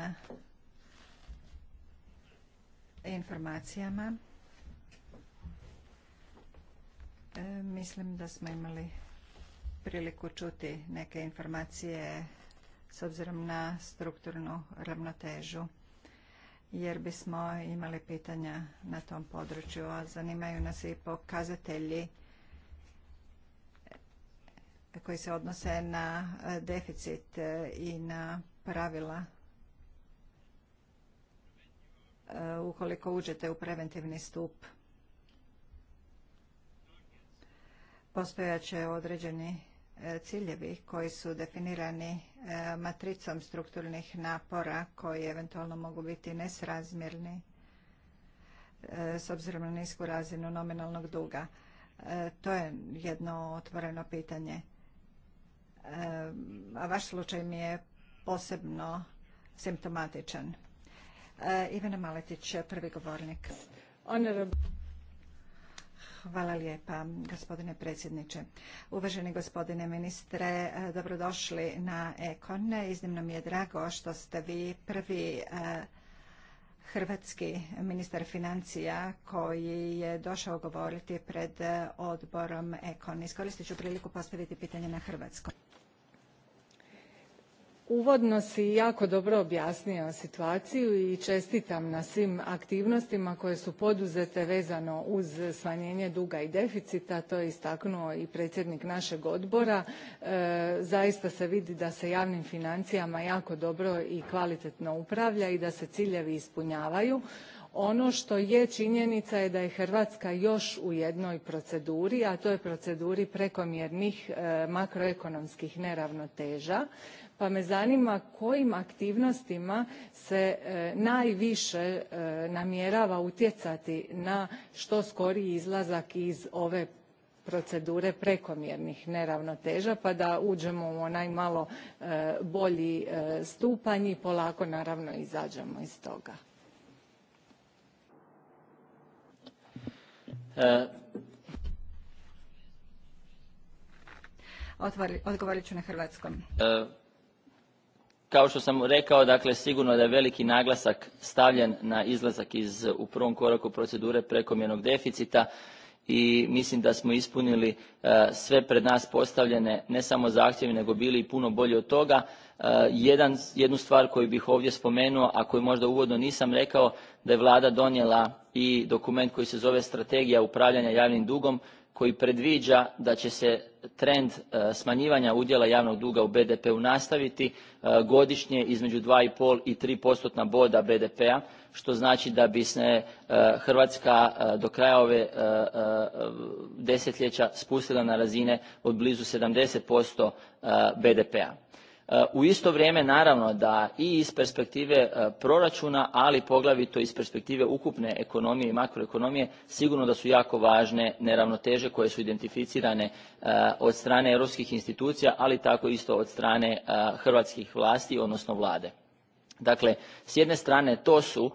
informacijama. E, mislim da smo imali priliku čuti neke informacije s obzirom na strukturnu ravnotežu jer bismo imali pitanja na tom području, a zanimaju nas i pokazatelji koji se odnose na e, deficit e, i na pravila e, ukoliko uđete u preventivni stup. Postojaće određeni ciljevi koji su definirani matricom strukturnih napora koji eventualno mogu biti nesrazmjerni s obzirom na nisku razinu nominalnog duga. To je jedno otvoreno pitanje a vaš slučaj mi je posebno simptomatičan. E, Ivana Maletić, prvi govornik. Hvala lijepa, gospodine predsjedniče. Uvaženi gospodine ministre, e, dobrodošli na Ekon. Iznimno mi je drago što ste vi prvi e, hrvatski ministar financija koji je došao govoriti pred odborom Ekon. Iskoristit ću priliku postaviti pitanje na hrvatskom uvodno si jako dobro objasnio situaciju i čestitam na svim aktivnostima koje su poduzete vezano uz smanjenje duga i deficita to je istaknuo i predsjednik našeg odbora e, zaista se vidi da se javnim financijama jako dobro i kvalitetno upravlja i da se ciljevi ispunjavaju ono što je činjenica je da je hrvatska još u jednoj proceduri a to je proceduri prekomjernih e, makroekonomskih neravnoteža pa me zanima kojim aktivnostima se e, najviše e, namjerava utjecati na što skoriji izlazak iz ove procedure prekomjernih neravnoteža pa da uđemo u onaj malo e, bolji stupanj i polako naravno izađemo iz toga. Odgovorit ću na hrvatskom kao što sam rekao dakle sigurno da je veliki naglasak stavljen na izlazak iz u prvom koraku procedure prekomjernog deficita i mislim da smo ispunili e, sve pred nas postavljene ne samo zahtjeve nego bili i puno bolji od toga. E, jedan, jednu stvar koju bih ovdje spomenuo a koju možda uvodno nisam rekao da je vlada donijela i dokument koji se zove strategija upravljanja javnim dugom koji predviđa da će se trend e, smanjivanja udjela javnog duga u BDP-u nastaviti e, godišnje između 2,5 i 3 postotna boda BDP-a, što znači da bi se e, Hrvatska do kraja ove desetljeća spustila na razine od blizu 70% BDP-a. U isto vrijeme naravno da i iz perspektive e, proračuna, ali poglavito iz perspektive ukupne ekonomije i makroekonomije sigurno da su jako važne neravnoteže koje su identificirane e, od strane europskih institucija, ali tako isto od strane e, hrvatskih vlasti odnosno Vlade. Dakle, s jedne strane to su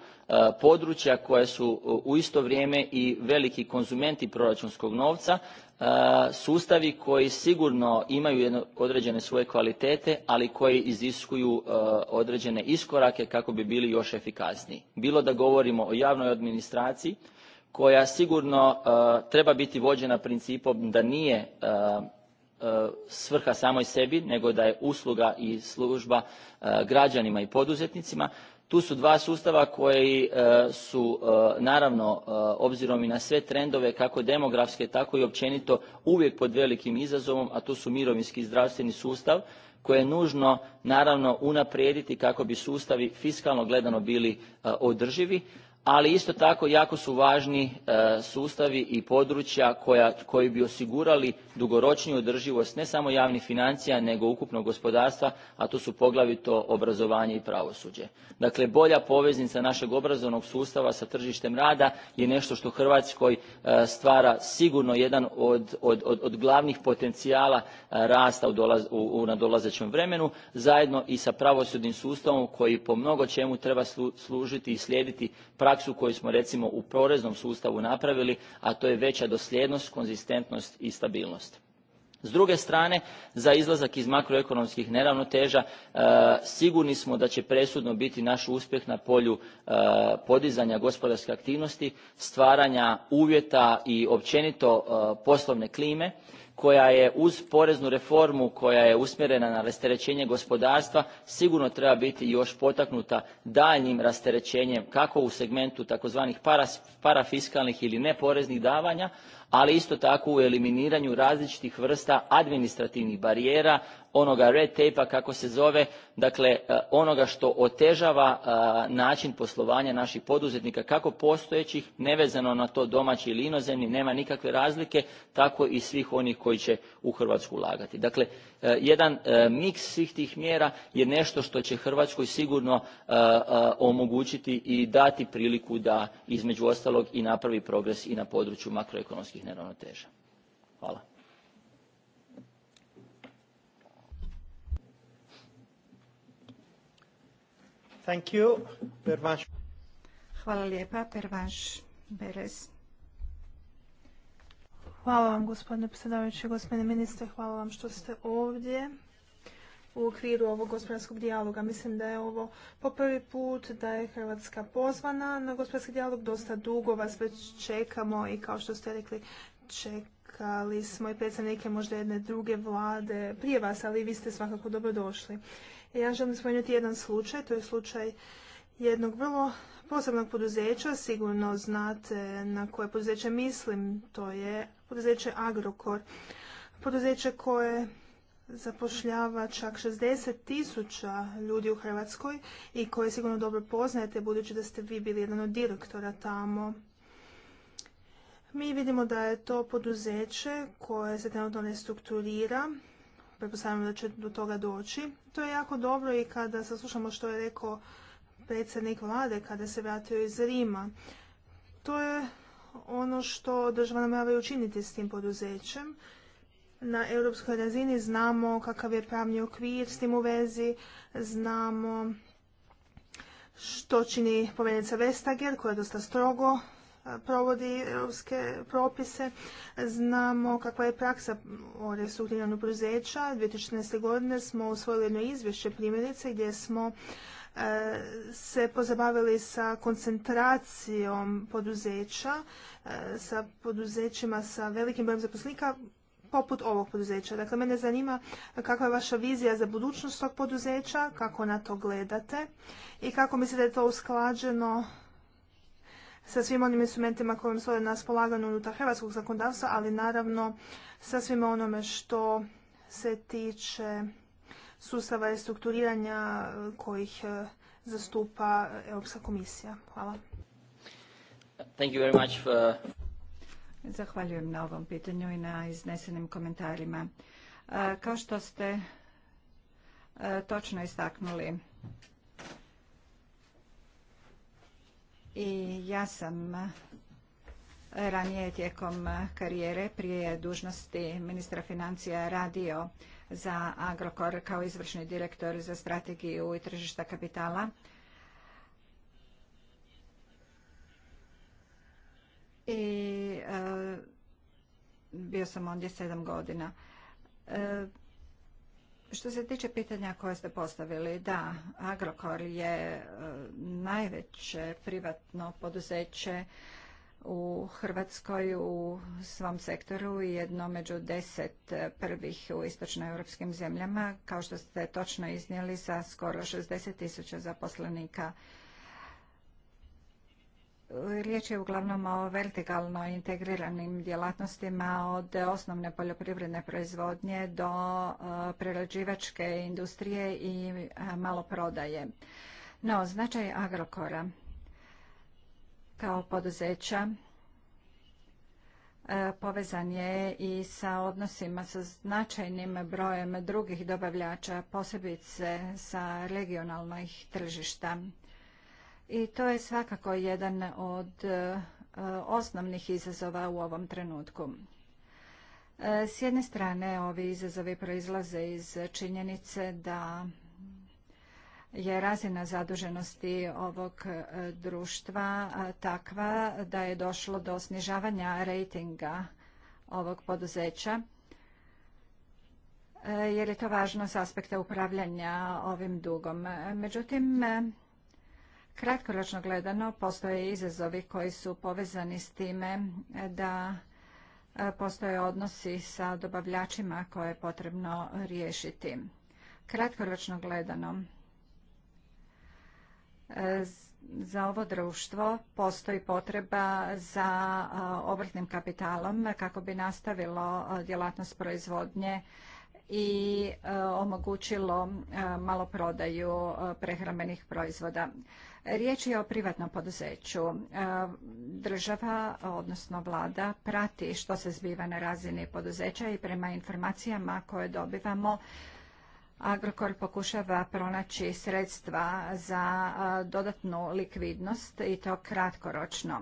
područja koja su u isto vrijeme i veliki konzumenti proračunskog novca E, sustavi koji sigurno imaju određene svoje kvalitete ali koji iziskuju e, određene iskorake kako bi bili još efikasniji bilo da govorimo o javnoj administraciji koja sigurno e, treba biti vođena principom da nije svrha samoj sebi nego da je usluga i služba građanima i poduzetnicima tu su dva sustava koji e, su e, naravno e, obzirom i na sve trendove kako demografske tako i općenito uvijek pod velikim izazovom a to su mirovinski i zdravstveni sustav koje je nužno naravno unaprijediti kako bi sustavi fiskalno gledano bili održivi ali isto tako jako su važni e, sustavi i područja koja, koji bi osigurali dugoročniju održivost ne samo javnih financija nego ukupnog gospodarstva a to su poglavito obrazovanje i pravosuđe. dakle bolja poveznica našeg obrazovnog sustava sa tržištem rada je nešto što hrvatskoj e, stvara sigurno jedan od, od, od, glavnih potencijala e, rasta u, dolaz, nadolazećem vremenu zajedno i sa pravosudnim sustavom koji po mnogo čemu treba služiti i slijediti praksu koju smo recimo u poreznom sustavu napravili a to je veća dosljednost konzistentnost i stabilnost s druge strane za izlazak iz makroekonomskih neravnoteža e, sigurni smo da će presudno biti naš uspjeh na polju e, podizanja gospodarske aktivnosti stvaranja uvjeta i općenito e, poslovne klime koja je uz poreznu reformu koja je usmjerena na rasterećenje gospodarstva sigurno treba biti još potaknuta daljnjim rasterećenjem kako u segmentu tzv. parafiskalnih ili neporeznih davanja ali isto tako u eliminiranju različitih vrsta administrativnih barijera onoga red tape kako se zove, dakle e, onoga što otežava e, način poslovanja naših poduzetnika kako postojećih nevezano na to domaći ili inozemni, nema nikakve razlike, tako i svih onih koji će u Hrvatsku ulagati. Dakle, e, jedan miks svih tih mjera je nešto što će Hrvatskoj sigurno omogućiti i dati priliku da između ostalog i napravi progres i na području makroekonomskih neravnoteža. Hvala. Thank Hvala lijepa, Hvala vam gospodine predsjedavajući, gospodine ministre, hvala vam što ste ovdje u okviru ovog gospodarskog dijaloga. Mislim da je ovo po prvi put da je Hrvatska pozvana na gospodarski dijalog. Dosta dugo vas već čekamo i kao što ste rekli čekali smo i predstavnike možda jedne druge vlade prije vas, ali vi ste svakako dobrodošli. došli. Ja želim spomenuti jedan slučaj, to je slučaj jednog vrlo posebnog poduzeća, sigurno znate na koje poduzeće mislim, to je poduzeće Agrokor. Poduzeće koje zapošljava čak 60 tisuća ljudi u Hrvatskoj i koje sigurno dobro poznajete budući da ste vi bili jedan od direktora tamo. Mi vidimo da je to poduzeće koje se trenutno restrukturira pretpostavljam da će do toga doći. To je jako dobro i kada saslušamo što je rekao predsjednik vlade kada se vratio iz Rima. To je ono što država namjerava učiniti s tim poduzećem. Na europskoj razini znamo kakav je pravni okvir s tim u vezi, znamo što čini povedenica Vestager koja je dosta strogo provodi europske propise. Znamo kakva je praksa o restrukturiranju poduzeća. 2014. godine smo usvojili jedno izvješće primjerice gdje smo e, se pozabavili sa koncentracijom poduzeća, e, sa poduzećima sa velikim brojem zaposlenika poput ovog poduzeća. Dakle, mene zanima kakva je vaša vizija za budućnost tog poduzeća, kako na to gledate i kako mislite da je to usklađeno sa svim onim instrumentima kojim stoje na raspolaganju unutar hrvatskog zakonodavstva, ali naravno sa svime onome što se tiče sustava restrukturiranja kojih e, zastupa Europska komisija. Hvala. Thank you very much Zahvaljujem na ovom pitanju i na iznesenim komentarima. E, kao što ste e, točno istaknuli, i ja sam ranije tijekom karijere prije dužnosti ministra financija radio za Agrokor kao izvršni direktor za strategiju i tržišta kapitala. I e, bio sam ondje sedam godina. E, što se tiče pitanja koje ste postavili, da, Agrokor je e, najveće privatno poduzeće u Hrvatskoj u svom sektoru i jedno među deset prvih u europskim zemljama, kao što ste točno iznijeli, sa skoro 60 tisuća zaposlenika Riječ je uglavnom o vertikalno integriranim djelatnostima od osnovne poljoprivredne proizvodnje do e, prerađivačke industrije i e, maloprodaje. No, značaj Agrokora kao poduzeća e, povezan je i sa odnosima sa značajnim brojem drugih dobavljača, posebice sa regionalnih tržišta. I to je svakako jedan od e, osnovnih izazova u ovom trenutku. E, s jedne strane, ovi izazovi proizlaze iz činjenice da je razina zaduženosti ovog e, društva takva da je došlo do snižavanja rejtinga ovog poduzeća, jer je to važno s aspekta upravljanja ovim dugom. Međutim, Kratkoročno gledano postoje izazovi koji su povezani s time da e, postoje odnosi sa dobavljačima koje je potrebno riješiti. Kratkoročno gledano e, za ovo društvo postoji potreba za e, obrtnim kapitalom kako bi nastavilo djelatnost proizvodnje i e, omogućilo e, prodaju e, prehrambenih proizvoda. Riječ je o privatnom poduzeću. Država, odnosno vlada, prati što se zbiva na razini poduzeća i prema informacijama koje dobivamo, Agrokor pokušava pronaći sredstva za dodatnu likvidnost i to kratkoročno.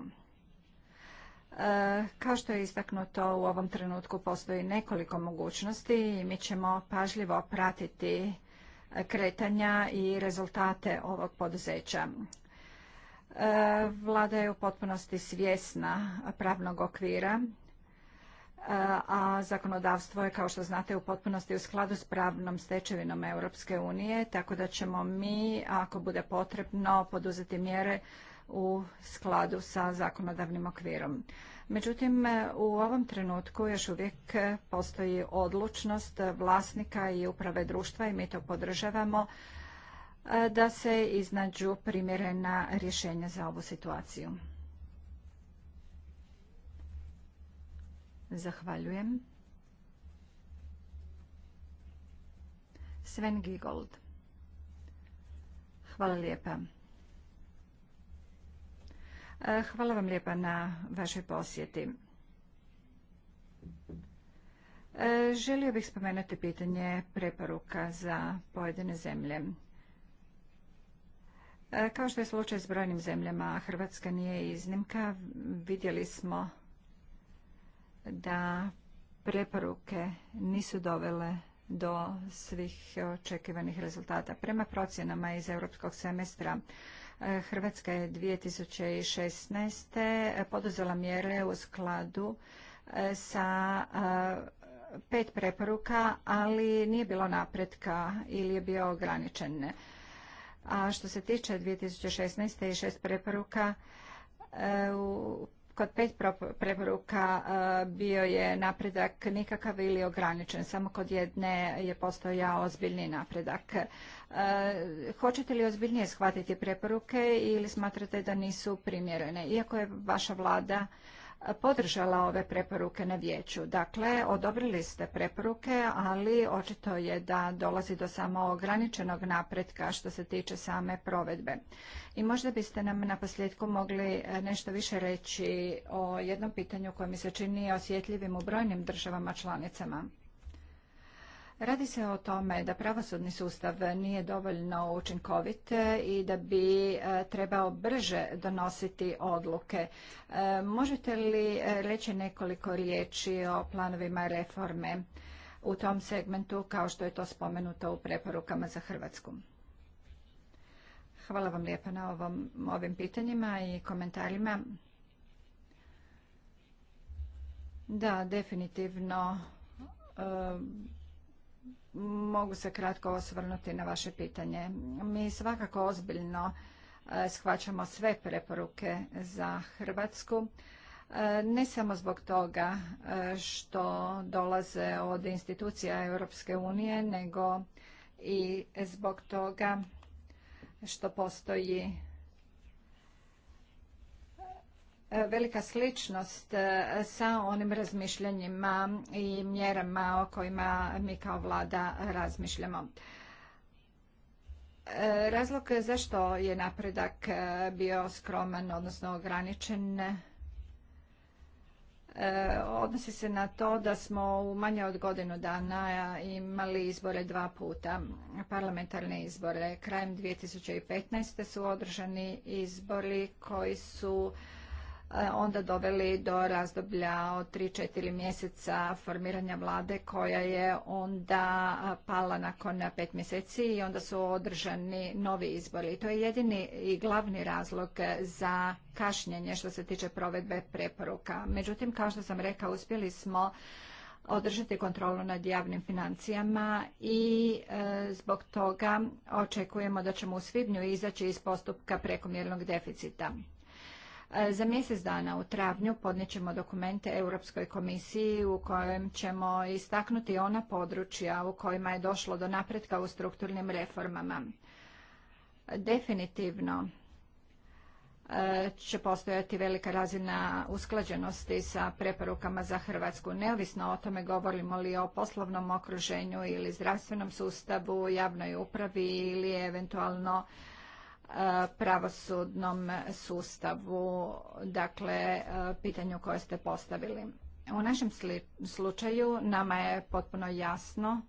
Kao što je istaknuto, u ovom trenutku postoji nekoliko mogućnosti i mi ćemo pažljivo pratiti kretanja i rezultate ovog poduzeća. E, Vlada je u potpunosti svjesna pravnog okvira, e, a zakonodavstvo je, kao što znate, u potpunosti u skladu s pravnom stečevinom Europske unije, tako da ćemo mi, ako bude potrebno, poduzeti mjere u skladu sa zakonodavnim okvirom. Međutim, u ovom trenutku još uvijek postoji odlučnost vlasnika i uprave društva i mi to podržavamo da se iznađu primjerena rješenja za ovu situaciju. Zahvaljujem. Sven Gigold. Hvala lijepa. Eh, hvala vam lijepa na vašoj posjeti. Eh, želio bih spomenuti pitanje preporuka za pojedine zemlje. Eh, kao što je slučaj s brojnim zemljama, Hrvatska nije iznimka. Vidjeli smo da preporuke nisu dovele do svih očekivanih rezultata. Prema procjenama iz europskog semestra, Hrvatska je 2016. poduzela mjere u skladu e, sa e, pet preporuka, ali nije bilo napretka ili je bio ograničen. A što se tiče 2016. i šest preporuka, e, u Kod pet preporuka e, bio je napredak nikakav ili ograničen, samo kod jedne je postojao ozbiljni napredak. E, hoćete li ozbiljnije shvatiti preporuke ili smatrate da nisu primjerene? Iako je vaša vlada podržala ove preporuke na vijeću. Dakle, odobrili ste preporuke, ali očito je da dolazi do samo ograničenog napretka što se tiče same provedbe. I možda biste nam na posljedku mogli eh, nešto više reći o jednom pitanju koje mi se čini osjetljivim u brojnim državama članicama. Radi se o tome da pravosudni sustav nije dovoljno učinkovit e, i da bi e, trebao brže donositi odluke. E, možete li reći nekoliko riječi o planovima reforme u tom segmentu kao što je to spomenuto u preporukama za Hrvatsku? Hvala vam lijepa na ovom, ovim pitanjima i komentarima. Da, definitivno mogu se kratko osvrnuti na vaše pitanje. Mi svakako ozbiljno e, shvaćamo sve preporuke za Hrvatsku. E, ne samo zbog toga e, što dolaze od institucija Europske unije, nego i zbog toga što postoji velika sličnost e, sa onim razmišljanjima i mjerama o kojima mi kao vlada razmišljamo. E, razlog zašto je napredak e, bio skroman, odnosno ograničen, odnosi se na to da smo u manje od godinu dana imali izbore dva puta, parlamentarne izbore. Krajem 2015. su održani izbori koji su E, onda doveli do razdoblja od 3-4 mjeseca formiranja vlade koja je onda pala nakon 5 mjeseci i onda su održani novi izbori. I to je jedini i glavni razlog za kašnjenje što se tiče provedbe preporuka. Međutim, kao što sam rekao, uspjeli smo održati kontrolu nad javnim financijama i e, zbog toga očekujemo da ćemo u svibnju izaći iz postupka prekomjernog deficita. E, za mjesec dana u travnju podnećemo dokumente Europskoj komisiji u kojem ćemo istaknuti ona područja u kojima je došlo do napretka u strukturnim reformama. Definitivno e, će postojati velika razina usklađenosti sa preporukama za Hrvatsku, neovisno o tome govorimo li o poslovnom okruženju ili zdravstvenom sustavu, javnoj upravi ili eventualno pravosudnom sustavu, dakle e, pitanju koje ste postavili. U našem slučaju nama je potpuno jasno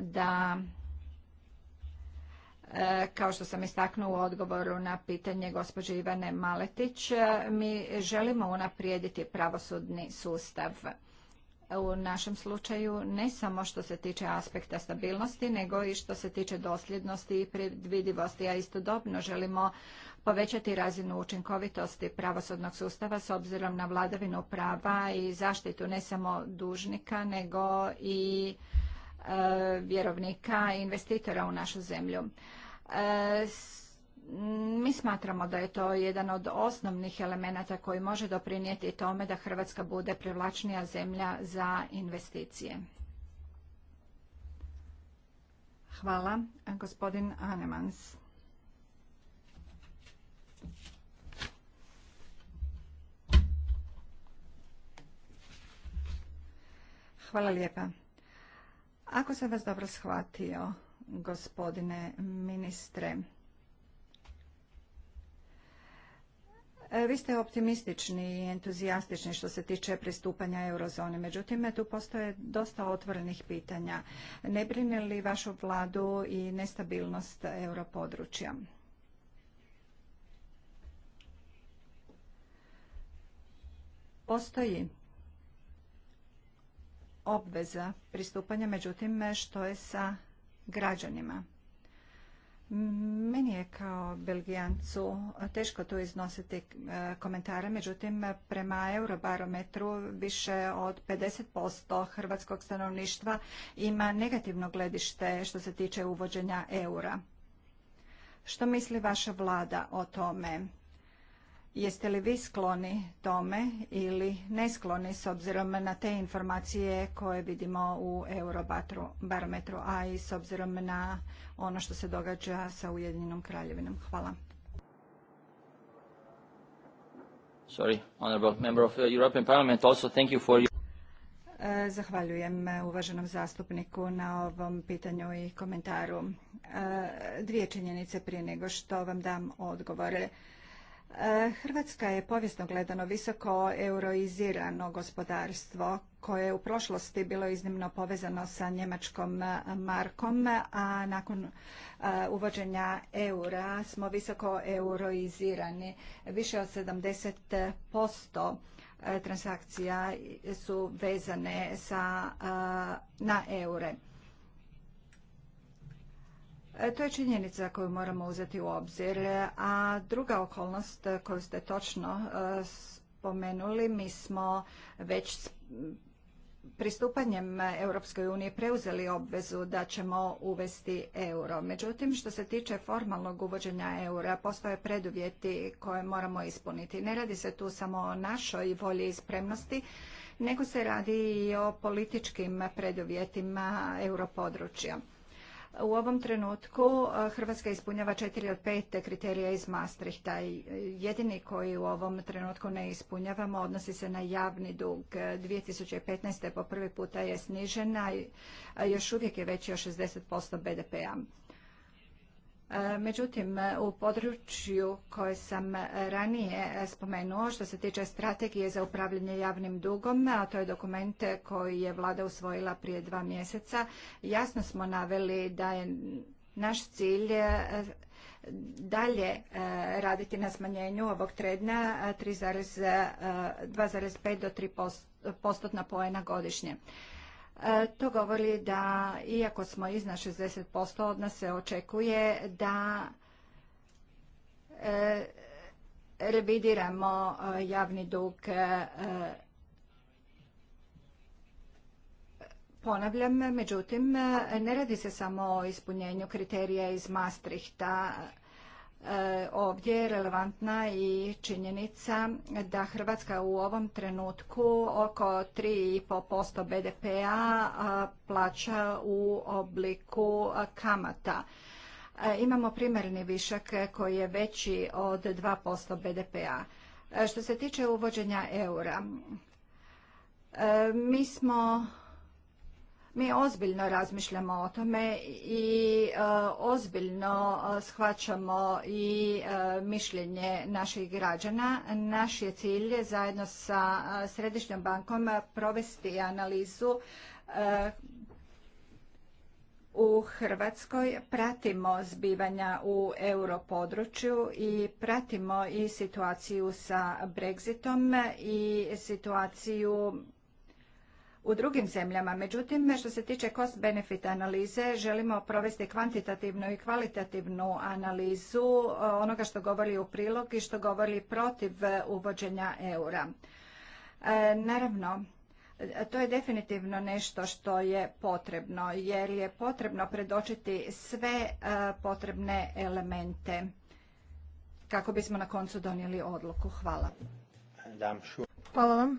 da e, kao što sam istaknuo u odgovoru na pitanje gospođe Ivane Maletić, e, mi želimo unaprijediti pravosudni sustav u našem slučaju ne samo što se tiče aspekta stabilnosti, nego i što se tiče dosljednosti i predvidivosti, a istodobno želimo povećati razinu učinkovitosti pravosudnog sustava s obzirom na vladavinu prava i zaštitu ne samo dužnika, nego i e, vjerovnika i investitora u našu zemlju. E, mi smatramo da je to jedan od osnovnih elemenata koji može doprinijeti tome da Hrvatska bude privlačnija zemlja za investicije. Hvala. Gospodin Anemans. Hvala lijepa. Ako sam vas dobro shvatio, gospodine ministre, E, vi ste optimistični i entuzijastični što se tiče pristupanja eurozoni, međutim tu postoje dosta otvorenih pitanja. Ne brine li vašu vladu i nestabilnost europodručja? Postoji obveza pristupanja, međutim što je sa građanima? Meni je kao Belgijancu teško tu iznositi e, komentare, međutim prema Eurobarometru više od 50% hrvatskog stanovništva ima negativno gledište što se tiče uvođenja eura. Što misli vaša vlada o tome? Jeste li vi skloni tome ili neskloni s obzirom na te informacije koje vidimo u Eurobarometru, a i s obzirom na ono što se događa sa Ujedinjenom kraljevinom? Hvala. Sorry, honorable member of European Parliament, also thank you for e, Zahvaljujem e, uvaženom zastupniku na ovom pitanju i komentaru. E, dvije činjenice prije nego što vam dam odgovore. Hrvatska je povijesno gledano visoko euroizirano gospodarstvo koje je u prošlosti bilo iznimno povezano sa njemačkom markom, a nakon e, uvođenja eura smo visoko euroizirani. Više od 70% e, transakcija su vezane e, na eure. E, to je činjenica koju moramo uzeti u obzir, a druga okolnost koju ste točno e, spomenuli, mi smo već pristupanjem Europskoj uniji preuzeli obvezu da ćemo uvesti euro. Međutim, što se tiče formalnog uvođenja eura, postoje preduvjeti koje moramo ispuniti. Ne radi se tu samo o našoj volji i spremnosti, nego se radi i o političkim preduvjetima europodručja. U ovom trenutku e, Hrvatska ispunjava četiri od pet kriterija iz Maastrichta. E, jedini koji u ovom trenutku ne ispunjavamo odnosi se na javni dug. 2015. E, po prvi puta je snižena, još uvijek je veći od 60% BDP-a. Međutim, u području koje sam ranije spomenuo što se tiče strategije za upravljanje javnim dugom, a to je dokument koji je vlada usvojila prije dva mjeseca, jasno smo naveli da je naš cilj e, dalje e, raditi na smanjenju ovog tredna 2,5 e, do 3 postotna poena godišnje. E, to govori da iako smo iznad 60% od nas se očekuje da e, revidiramo e, javni dug Ponavljam, međutim, ne radi se samo o ispunjenju kriterija iz Maastrichta, E, ovdje je relevantna i činjenica da Hrvatska u ovom trenutku oko 3,5% BDP-a plaća u obliku kamata. E, imamo primarni višak koji je veći od 2% BDP-a. E, što se tiče uvođenja eura, mi smo mi ozbiljno razmišljamo o tome i e, ozbiljno e, shvaćamo i e, mišljenje naših građana. Naš je cilj zajedno sa Središnjom bankom provesti analizu u Hrvatskoj pratimo zbivanja u europodručju i pratimo i situaciju sa Brexitom i situaciju u drugim zemljama. Međutim, što se tiče cost benefit analize, želimo provesti kvantitativnu i kvalitativnu analizu e, onoga što govori u prilog i što govori protiv e, uvođenja eura. E, naravno, to je definitivno nešto što je potrebno, jer je potrebno predočiti sve potrebne elemente kako bismo na koncu donijeli odluku. Hvala. Hvala vam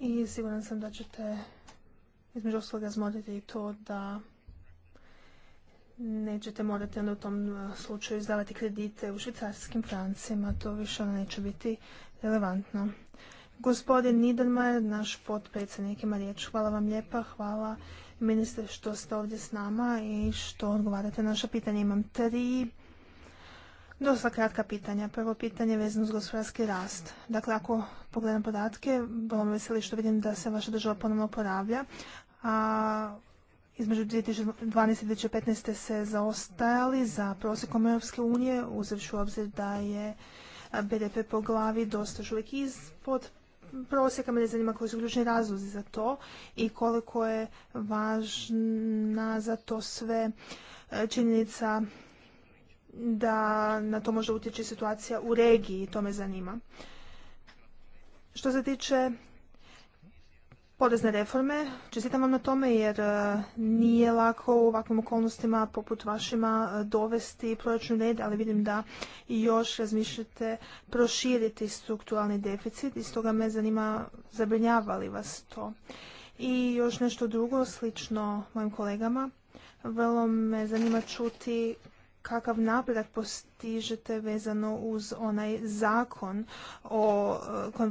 i siguran sam da ćete između ostalog razmotriti i to da nećete morati onda u tom e, slučaju izdavati kredite u švicarskim francima, to više ono neće biti relevantno. Gospodin Niedermayer, naš potpredsjednik, ima riječ. Hvala vam lijepa, hvala ministre što ste ovdje s nama i što odgovarate naša pitanja. Imam tri dosta kratka pitanja. Prvo pitanje je vezano uz gospodarski rast. Dakle, ako pogledam podatke, vrlo me veseli što vidim da se vaša država ponovno oporavlja, a između 2012. i 2015. se zaostajali za prosjekom Europske unije, uzevši u obzir da je BDP po glavi dosta uvijek ispod prosjeka. Mene zanima koji su ključni razlozi za to i koliko je važna za to sve e, činjenica da na to može utječi situacija u regiji, to me zanima. Što se tiče porezne reforme, čestitam vam na tome jer e, nije lako u ovakvim okolnostima poput vašima e, dovesti proračun red, ali vidim da još razmišljate proširiti strukturalni deficit i stoga me zanima zabrinjava li vas to. I još nešto drugo, slično mojim kolegama. Vrlo me zanima čuti kakav napredak postižete vezano uz onaj zakon o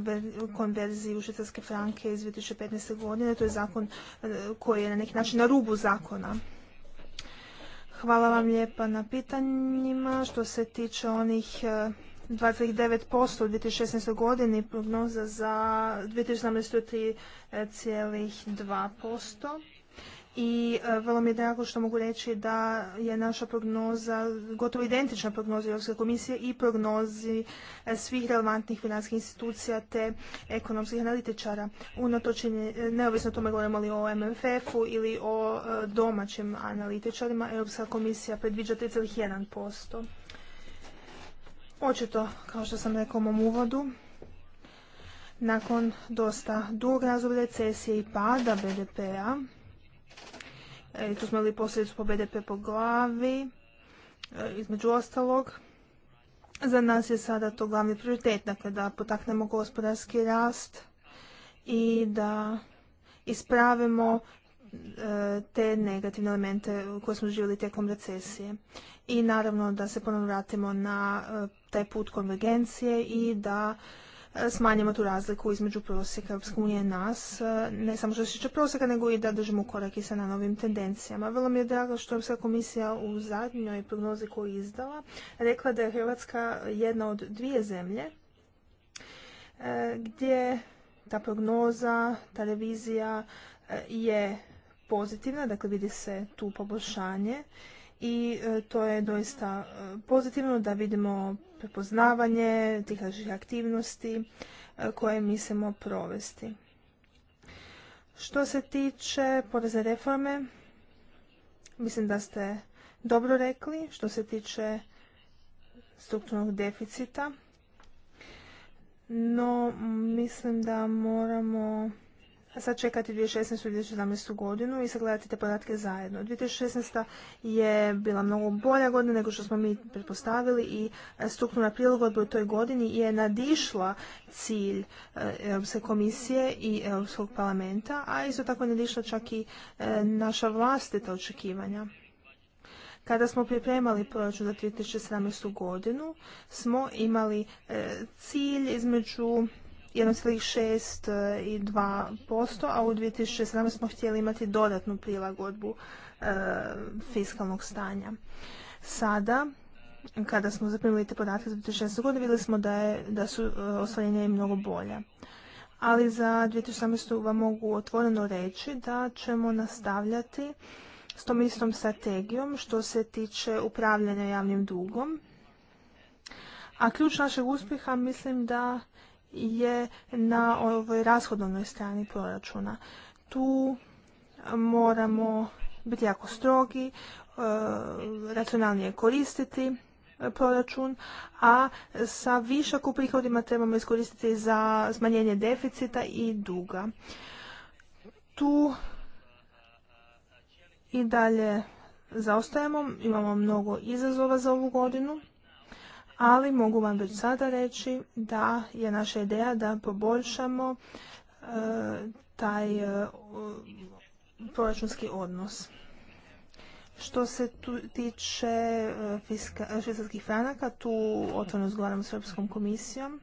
e, konverziji u švicarske franke iz 2015. godine. To je zakon e, koji je na neki način na rubu zakona. Hvala vam lijepa na pitanjima. Što se tiče onih 2,9% e, u 2016. godini, prognoza za 2017. 3,2% i e, vrlo mi je drago što mogu reći da je naša prognoza gotovo identična prognozi Europske komisije i prognozi e, svih relevantnih financijskih institucija te ekonomskih analitičara. Unatoč neovisno tome govorimo li o MFF-u ili o e, domaćim analitičarima, Europska komisija predviđa 3,1%. Očito, kao što sam rekao u mom uvodu, nakon dosta dug razdoblja recesije i pada BDP-a, E, tu smo imali posljedicu po BDP po glavi, e, između ostalog. Za nas je sada to glavni prioritet, dakle da potaknemo gospodarski rast i da ispravimo e, te negativne elemente koje smo živjeli tijekom recesije. I naravno da se ponovno vratimo na taj put konvergencije i da E, smanjimo tu razliku između prosjeka EU i nas, e, ne samo što se tiče prosjeka, nego i da držimo korak i sa na novim tendencijama. Vrlo mi je drago što Europska komisija u zadnjoj prognozi koju je izdala rekla da je Hrvatska jedna od dvije zemlje e, gdje ta prognoza, ta revizija je pozitivna, dakle vidi se tu poboljšanje i to je doista pozitivno da vidimo prepoznavanje tih naših aktivnosti e, koje mislimo provesti. Što se tiče porezne reforme, mislim da ste dobro rekli što se tiče strukturnog deficita, no mislim da moramo sad čekati 2016. i 2017. godinu i sagledati te podatke zajedno. 2016. je bila mnogo bolja godina nego što smo mi pretpostavili i e, strukturna prilagodba u toj godini je nadišla cilj e, Europske komisije i Europskog parlamenta, a isto tako je nadišla čak i e, naša vlastita očekivanja. Kada smo pripremali proračun za 2017. godinu, smo imali cilj između 1,6 e, i 2%, a u 2017 smo htjeli imati dodatnu prilagodbu e, fiskalnog stanja. Sada, kada smo zaprimili te podatke za 2016. godinu, vidjeli smo da, da su e, i mnogo bolja. Ali za 2017. vam mogu otvoreno reći da ćemo nastavljati s tom istom strategijom što se tiče upravljanja javnim dugom. A ključ našeg uspjeha mislim da je na ovoj rashodovnoj strani proračuna. Tu e, moramo biti jako strogi, e, racionalnije koristiti e, proračun, a sa višak u prihodima trebamo iskoristiti za smanjenje deficita i duga. Tu i dalje zaostajemo, imamo mnogo izazova za ovu godinu ali mogu vam već sada reći da je naša ideja da poboljšamo e, taj e, proračunski odnos. Što se tiče e, švicarskih franaka, tu otvorno zgovaramo s Europskom komisijom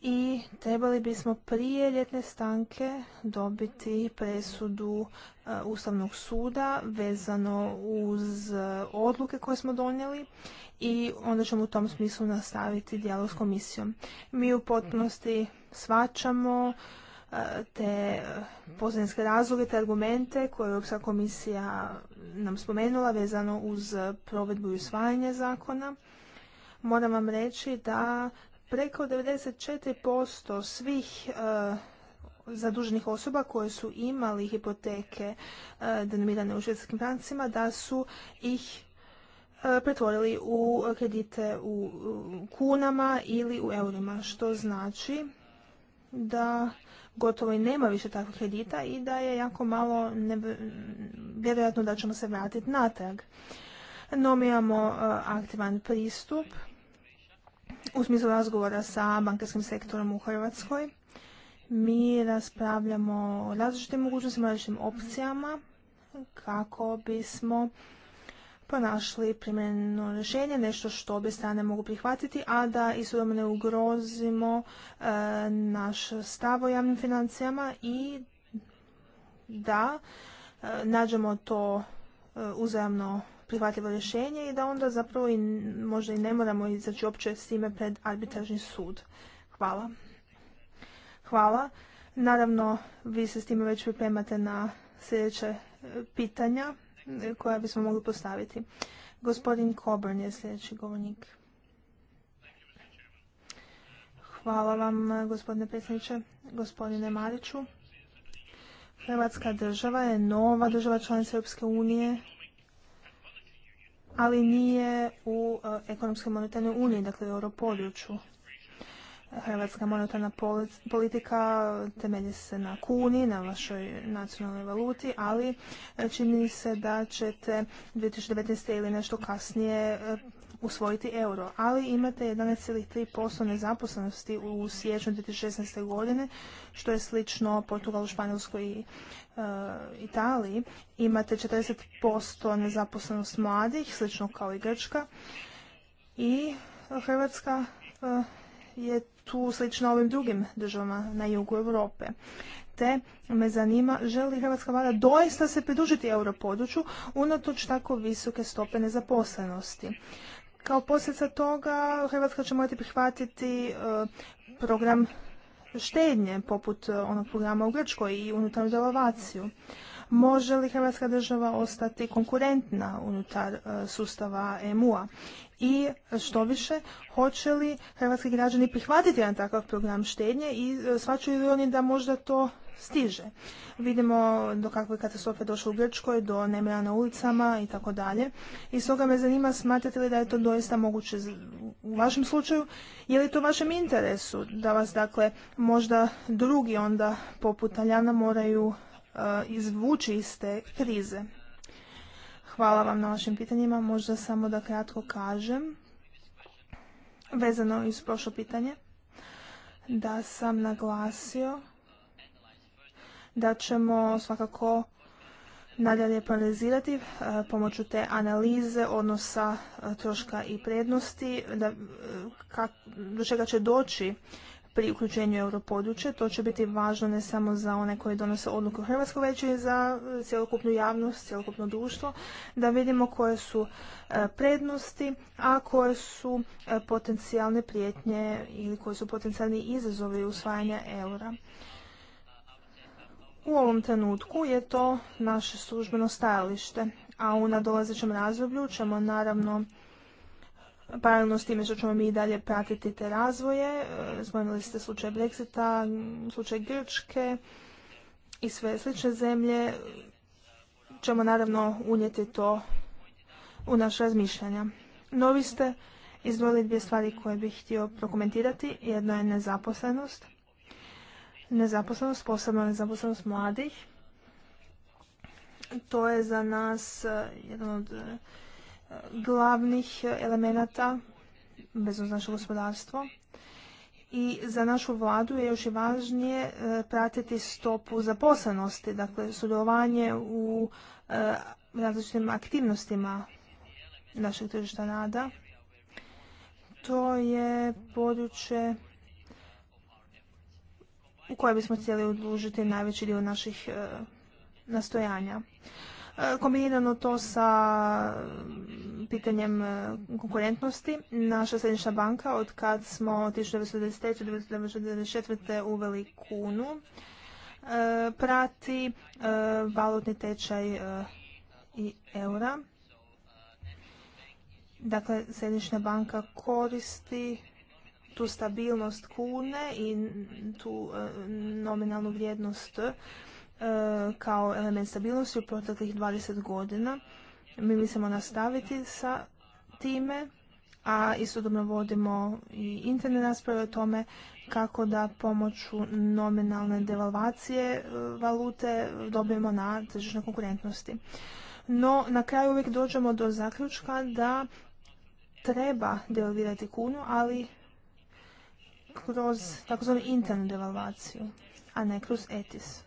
i trebali bismo prije ljetne stanke dobiti presudu e, Ustavnog suda vezano uz e, odluke koje smo donijeli i onda ćemo u tom smislu nastaviti dijalog s komisijom. Mi u potpunosti svačamo e, te pozdravinske razloge, te argumente koje je Europska komisija nam spomenula vezano uz provedbu i usvajanje zakona. Moram vam reći da preko 94% svih e, zaduženih osoba koje su imali hipoteke e, denimirane u švicarskim francima da su ih e, pretvorili u kredite u kunama ili u eurima, što znači da gotovo i nema više takvih kredita i da je jako malo vjerojatno da ćemo se vratiti natrag. No, mi imamo aktivan pristup u smislu razgovora sa bankarskim sektorom u Hrvatskoj. Mi raspravljamo o različitim mogućnostima, različitim opcijama kako bismo pronašli primjerno rješenje, nešto što obje strane mogu prihvatiti, a da istodobno ne ugrozimo e, naš stav o javnim financijama i da e, nađemo to e, uzajamno prihvatljivo rješenje i da onda zapravo i, možda i ne moramo izaći uopće s time pred arbitražni sud. Hvala. Hvala. Naravno, vi se s time već pripremate na sljedeće e, pitanja e, koja bismo mogli postaviti. Gospodin Coburn je sljedeći govornik. Hvala vam, e, gospodine predsjedniče, gospodine Mariću. Hrvatska država je nova država članica Europske unije ali nije u e, ekonomskoj monetarnoj uniji, dakle u europodručju. Hrvatska monetarna politika temelji se na kuni, na vašoj nacionalnoj valuti, ali e, čini se da ćete 2019. ili nešto kasnije e, usvojiti euro, ali imate 11,3% nezaposlenosti u siječnju 2016. godine, što je slično Portugalu, Španjolskoj i eh, Italiji. Imate 40% nezaposlenost mladih, slično kao i Grčka. I Hrvatska eh, je tu slična ovim drugim državama na jugu Europe. Te me zanima, želi Hrvatska vlada doista se pridružiti europodručju unatoč tako visoke stope nezaposlenosti? Kao posljedica toga Hrvatska će morati prihvatiti e, program štednje poput e, onog programa u Grčkoj i unutarnju devalvaciju. Može li Hrvatska država ostati konkurentna unutar e, sustava EMU-a? I što više, hoće li hrvatski građani prihvatiti jedan takav program štednje i svačuju li oni da možda to stiže. Vidimo do kakve katastrofe došlo u Grčkoj, do nemira na ulicama i tako dalje. I stoga me zanima, smatrate li da je to doista moguće u vašem slučaju? Je li to vašem interesu da vas, dakle, možda drugi onda poput Aljana, moraju eh, izvući iz te krize? Hvala vam na vašim pitanjima. Možda samo da kratko kažem, vezano iz prošlo pitanje, da sam naglasio da ćemo svakako nadalje paralizirati eh, pomoću te analize odnosa eh, troška i prednosti eh, do čega će doći pri uključenju europodručja. To će biti važno ne samo za one koji donose odluku Hrvatskoj, već i za cjelokupnu javnost, cjelokupno društvo, da vidimo koje su prednosti, a koje su potencijalne prijetnje ili koje su potencijalni izazovi usvajanja eura. U ovom trenutku je to naše službeno stajalište, a u nadolazećem razdoblju ćemo naravno paralelno s time što ćemo mi i dalje pratiti te razvoje, e, spomenuli ste slučaj Brexita, slučaj Grčke i sve slične zemlje, ćemo naravno unijeti to u naše razmišljanja. Novi ste izdvojili dvije stvari koje bih htio prokomentirati. Jedno je nezaposlenost nezaposlenost, posebno nezaposlenost mladih. To je za nas e, jedan od e, glavnih elemenata bez uz naše gospodarstvo. I za našu vladu je još i važnije e, pratiti stopu zaposlenosti, dakle sudjelovanje u različitim aktivnostima našeg tržišta rada. To je područje u koje bismo htjeli odlužiti najveći dio naših e, nastojanja. E, kombinirano to sa pitanjem e, konkurentnosti, naša središnja banka od kad smo 1993. do 1994. uveli kunu, prati valutni tečaj i eura. Dakle, središnja banka koristi tu stabilnost kune i tu e, nominalnu vrijednost e, kao element stabilnosti u proteklih 20 godina. Mi mislimo nastaviti sa time, a istodobno vodimo i interne rasprave o tome kako da pomoću nominalne devalvacije e, valute dobijemo na tržišnoj konkurentnosti. No, na kraju uvijek dođemo do zaključka da treba devalvirati kunu, ali kroz takozvani internu devalvaciju, a ne kroz ETIS.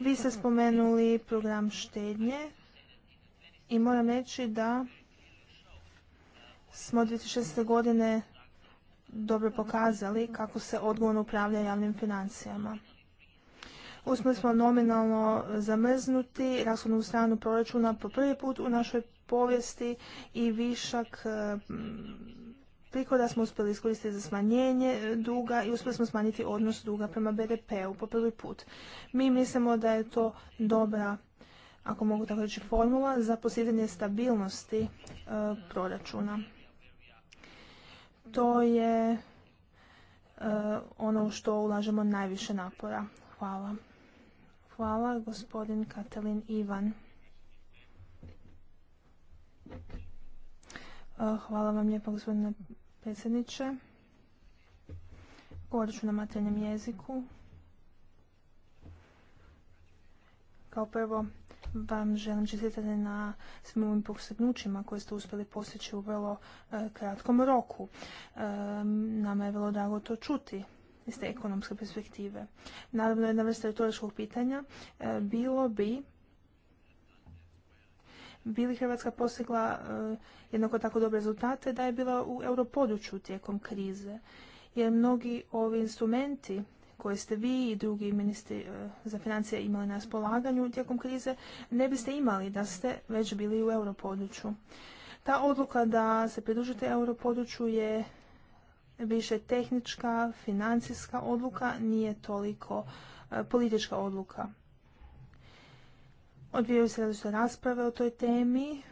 Vi ste spomenuli program štednje i moram reći da smo 2006. godine dobro pokazali kako se odgovorno upravlja javnim financijama. Uspjeli smo nominalno zamrznuti rashodnu stranu proračuna po prvi put u našoj povijesti i višak eh, prihoda smo uspjeli iskoristiti za smanjenje e, duga i uspjeli smo smanjiti odnos duga prema BDP-u po prvi put. Mi mislimo da je to dobra, ako mogu tako reći, formula za posjedanje stabilnosti e, proračuna. To je e, ono u što ulažemo najviše napora. Hvala. Hvala, gospodin Katalin Ivan. Hvala vam lijepa gospodine predsjedniče. Govorit ću na maternjem jeziku. Kao prvo vam želim čestitati na svim ovim postignućima koje ste uspjeli postići u vrlo e, kratkom roku. E, nama je vrlo drago to čuti iz te ekonomske perspektive. Naravno, jedna vrsta retoričkog pitanja e, bilo bi bili Hrvatska postigla e, jednako tako dobre rezultate da je bila u europodručju tijekom krize. Jer mnogi ovi instrumenti koje ste vi i drugi ministri e, za financije imali na raspolaganju tijekom krize ne biste imali da ste već bili u europodručju. Ta odluka da se pridružite europodručju je više tehnička, financijska odluka, nije toliko e, politička odluka. Odvijaju se različite rasprave o toj temi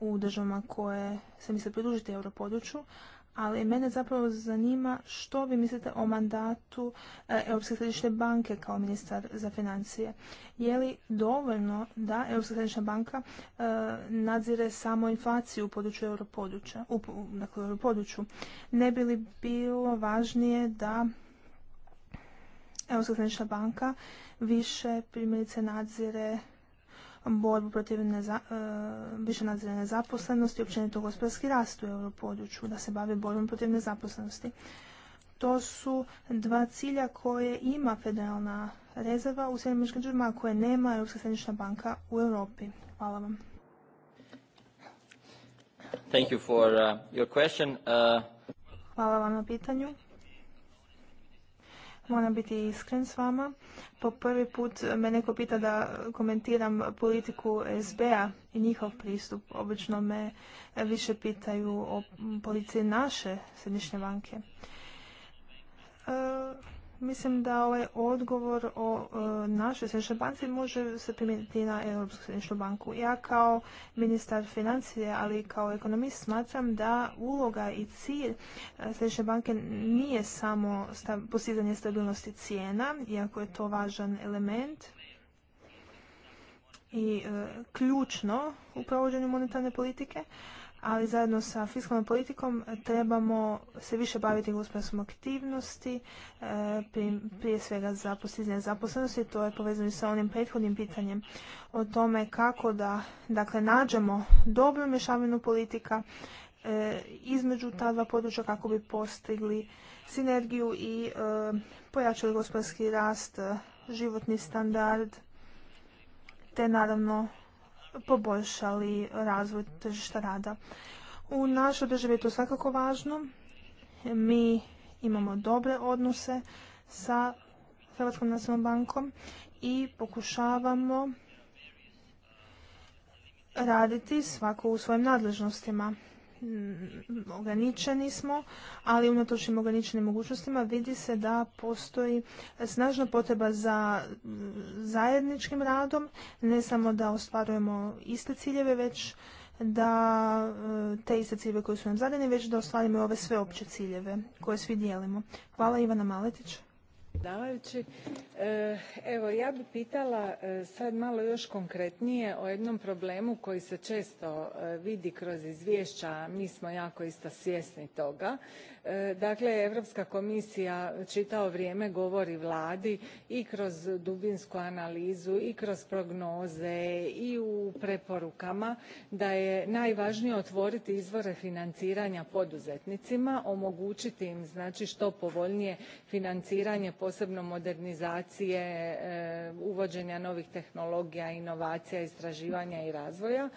u državama koje se misle pridružiti europodručju, ali mene zapravo zanima što vi mislite o mandatu e, Europske središnje banke kao ministar za financije. Je li dovoljno da Europska središnja banka e, nadzire samo inflaciju u području europodručja, u, dakle, Ne bi li bilo važnije da Europska središnja banka više primjerice nadzire borbu protiv e, više nadzire nezaposlenosti i općenito gospodarski rast u europodručju, da se bave borbom protiv nezaposlenosti. To su dva cilja koje ima federalna rezerva u Sjedinim državama, koje nema Europska središnja banka u Europi. Hvala vam. Uh, uh, Hvala vam na pitanju. Moram biti iskren s vama. Po prvi put me neko pita da komentiram politiku SBA i njihov pristup. Obično me više pitaju o policiji naše središnje banke. E, Mislim da ovaj odgovor o e, našoj središnjoj banci može se primijeniti na Europsku središnju banku. Ja kao ministar financije, ali i kao ekonomist smatram da uloga i cilj e, središnje banke nije samo postizanje stabilnosti cijena, iako je to važan element i e, ključno u provođenju monetarne politike, ali zajedno sa fiskalnom politikom e, trebamo se više baviti gospodarskom aktivnosti, e, prije svega za postizanje zaposlenosti, to je povezano i sa onim prethodnim pitanjem o tome kako da dakle, nađemo dobru mješavinu politika e, između ta dva područja kako bi postigli sinergiju i pojačali gospodarski rast, životni standard, te naravno poboljšali razvoj tržišta rada. U našoj državi je to svakako važno. Mi imamo dobre odnose sa Hrvatskom nacionalnom bankom i pokušavamo raditi svako u svojim nadležnostima ograničeni smo, ali unatoč tim ograničenim mogućnostima vidi se da postoji snažna potreba za zajedničkim radom, ne samo da ostvarujemo iste ciljeve, već da e, te iste ciljeve koje su nam zadane, već da ostvarimo ove sve opće ciljeve koje svi dijelimo. Hvala Ivana Maletić. Davajući, e, evo ja bih pitala e, sad malo još konkretnije o jednom problemu koji se često e, vidi kroz izvješća, a mi smo jako isto svjesni toga, dakle europska komisija čitavo vrijeme govori vladi i kroz dubinsku analizu i kroz prognoze i u preporukama da je najvažnije otvoriti izvore financiranja poduzetnicima omogućiti im znači što povoljnije financiranje posebno modernizacije e, uvođenja novih tehnologija inovacija istraživanja i razvoja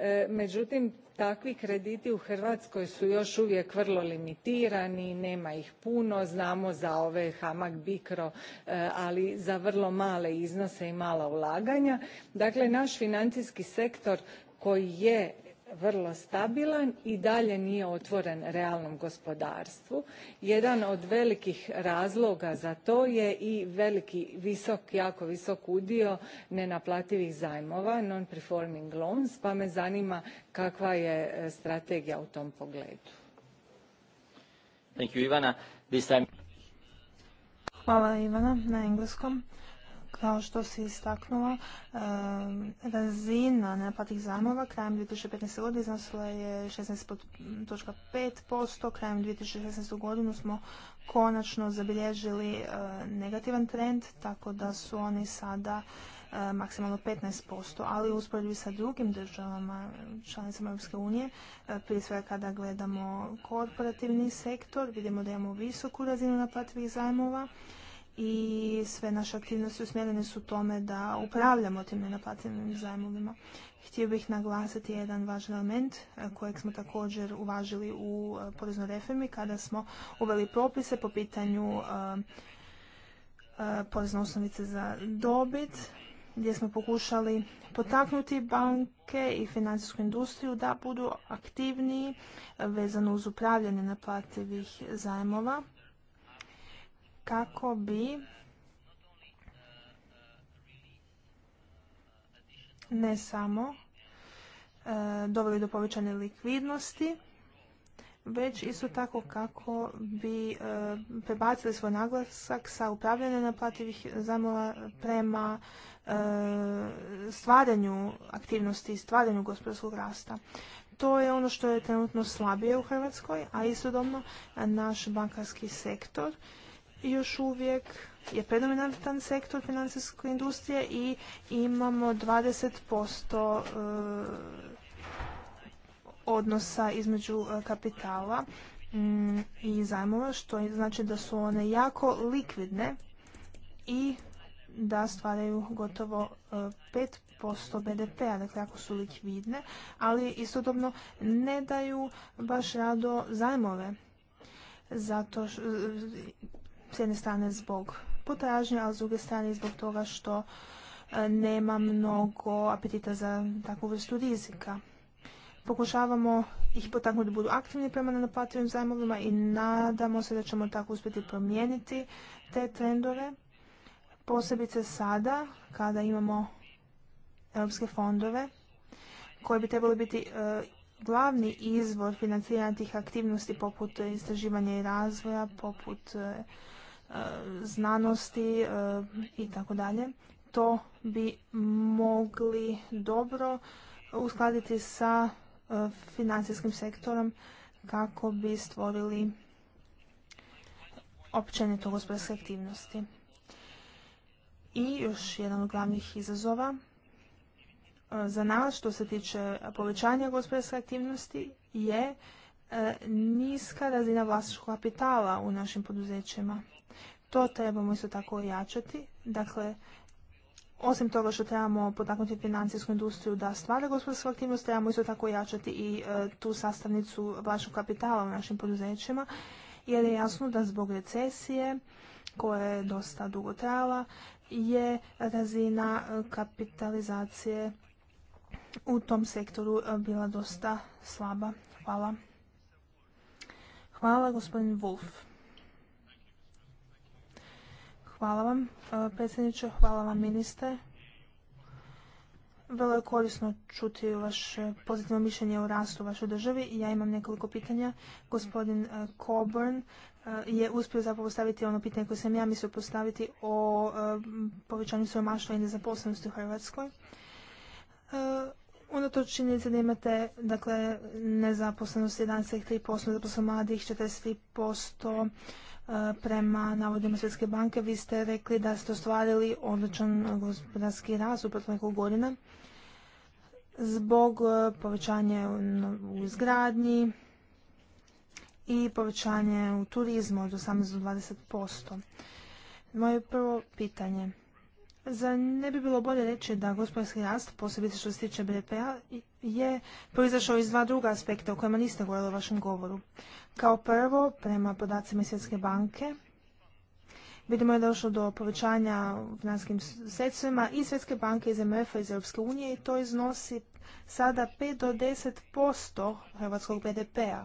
E, međutim takvi krediti u hrvatskoj su još uvijek vrlo limitirani nema ih puno znamo za ove hamag bicro e, ali za vrlo male iznose i mala ulaganja. dakle naš financijski sektor koji je vrlo stabilan i dalje nije otvoren realnom gospodarstvu. Jedan od velikih razloga za to je i veliki, visok, jako visok udio nenaplativih zajmova, non-performing loans, pa me zanima kakva je e, strategija u tom pogledu. Hvala Ivana na engleskom. Kao što se istaknula, razina neplatih zajmova krajem 2015. godine iznosila je 16.5%, krajem 2016. godinu smo konačno zabilježili negativan trend, tako da su oni sada maksimalno 15%, ali u usporedbi sa drugim državama članicama Europske unije, prije svega kada gledamo korporativni sektor, vidimo da imamo visoku razinu naplativih zajmova, i sve naše aktivnosti usmjerene su tome da upravljamo tim nenaplativnim zajmovima. Htio bih naglasiti jedan važan element e, kojeg smo također uvažili u e, poreznoj reformi kada smo uveli propise po pitanju e, porezne osnovice za dobit gdje smo pokušali potaknuti banke i financijsku industriju da budu aktivniji vezano uz upravljanje naplativih zajmova kako bi ne samo e, doveli do povećane likvidnosti, već isto tako kako bi e, prebacili svoj naglasak sa upravljanja naplativih zajmova prema e, stvaranju aktivnosti i stvaranju gospodarskog rasta. To je ono što je trenutno slabije u Hrvatskoj, a istodobno naš bankarski sektor još uvijek je predominantan sektor financijske industrije i imamo 20% e, odnosa između e, kapitala mm, i zajmova, što znači da su one jako likvidne i da stvaraju gotovo 5% e, BDP-a, dakle ako su likvidne, ali istodobno ne daju baš rado zajmove zato s jedne strane zbog potražnje, ali s druge strane zbog toga što e, nema mnogo apetita za takvu vrstu rizika. Pokušavamo ih potaknuti da budu aktivni prema nenaplativim zajmovima i nadamo se da ćemo tako uspjeti promijeniti te trendove. Posebice sada, kada imamo europske fondove, koji bi trebali biti e, glavni izvor financiranja tih aktivnosti poput istraživanja i razvoja, poput e, e, znanosti e, i tako dalje, to bi mogli dobro uskladiti sa financijskim sektorom kako bi stvorili općenito gospodarske aktivnosti. I još jedan od glavnih izazova za nas što se tiče povećanja gospodarske aktivnosti je e, niska razina vlasničkog kapitala u našim poduzećima. To trebamo isto tako ojačati. Dakle, osim toga što trebamo potaknuti financijsku industriju da stvara gospodarsku aktivnost, trebamo isto tako ojačati i e, tu sastavnicu vlasničkog kapitala u našim poduzećima, jer je jasno da zbog recesije koja je dosta dugo trajala, je razina e, kapitalizacije u tom sektoru e, bila dosta slaba. Hvala. Hvala gospodin Wolf. Hvala vam e, predsjedniče, hvala vam ministre. Vrlo je korisno čuti vaše pozitivno mišljenje o rastu u vašoj državi. Ja imam nekoliko pitanja. Gospodin e, Coburn je uspio zapravo postaviti ono pitanje koje sam ja mislio postaviti o povećanju siromaštva i nezaposlenosti u Hrvatskoj. Unatoč činjenice da imate dakle, nezaposlenost 11,3%, zaposlenost mladih 43% eh, prema navodima Svjetske banke, vi ste rekli da ste ostvarili odličan eh, gospodarski rast u nekog godina zbog eh, povećanja u izgradnji i povećanje u turizmu od 18 do 20%. Moje prvo pitanje. Za ne bi bilo bolje reći da gospodarski rast, posebice što se tiče BDP-a, je proizašao iz dva druga aspekta o kojima niste govorili u vašem govoru. Kao prvo, prema podacima Svjetske banke, vidimo je došlo do povećanja u finanskim sredstvima i Svjetske banke iz MF-a iz Europske unije i to iznosi sada 5 do 10% hrvatskog BDP-a.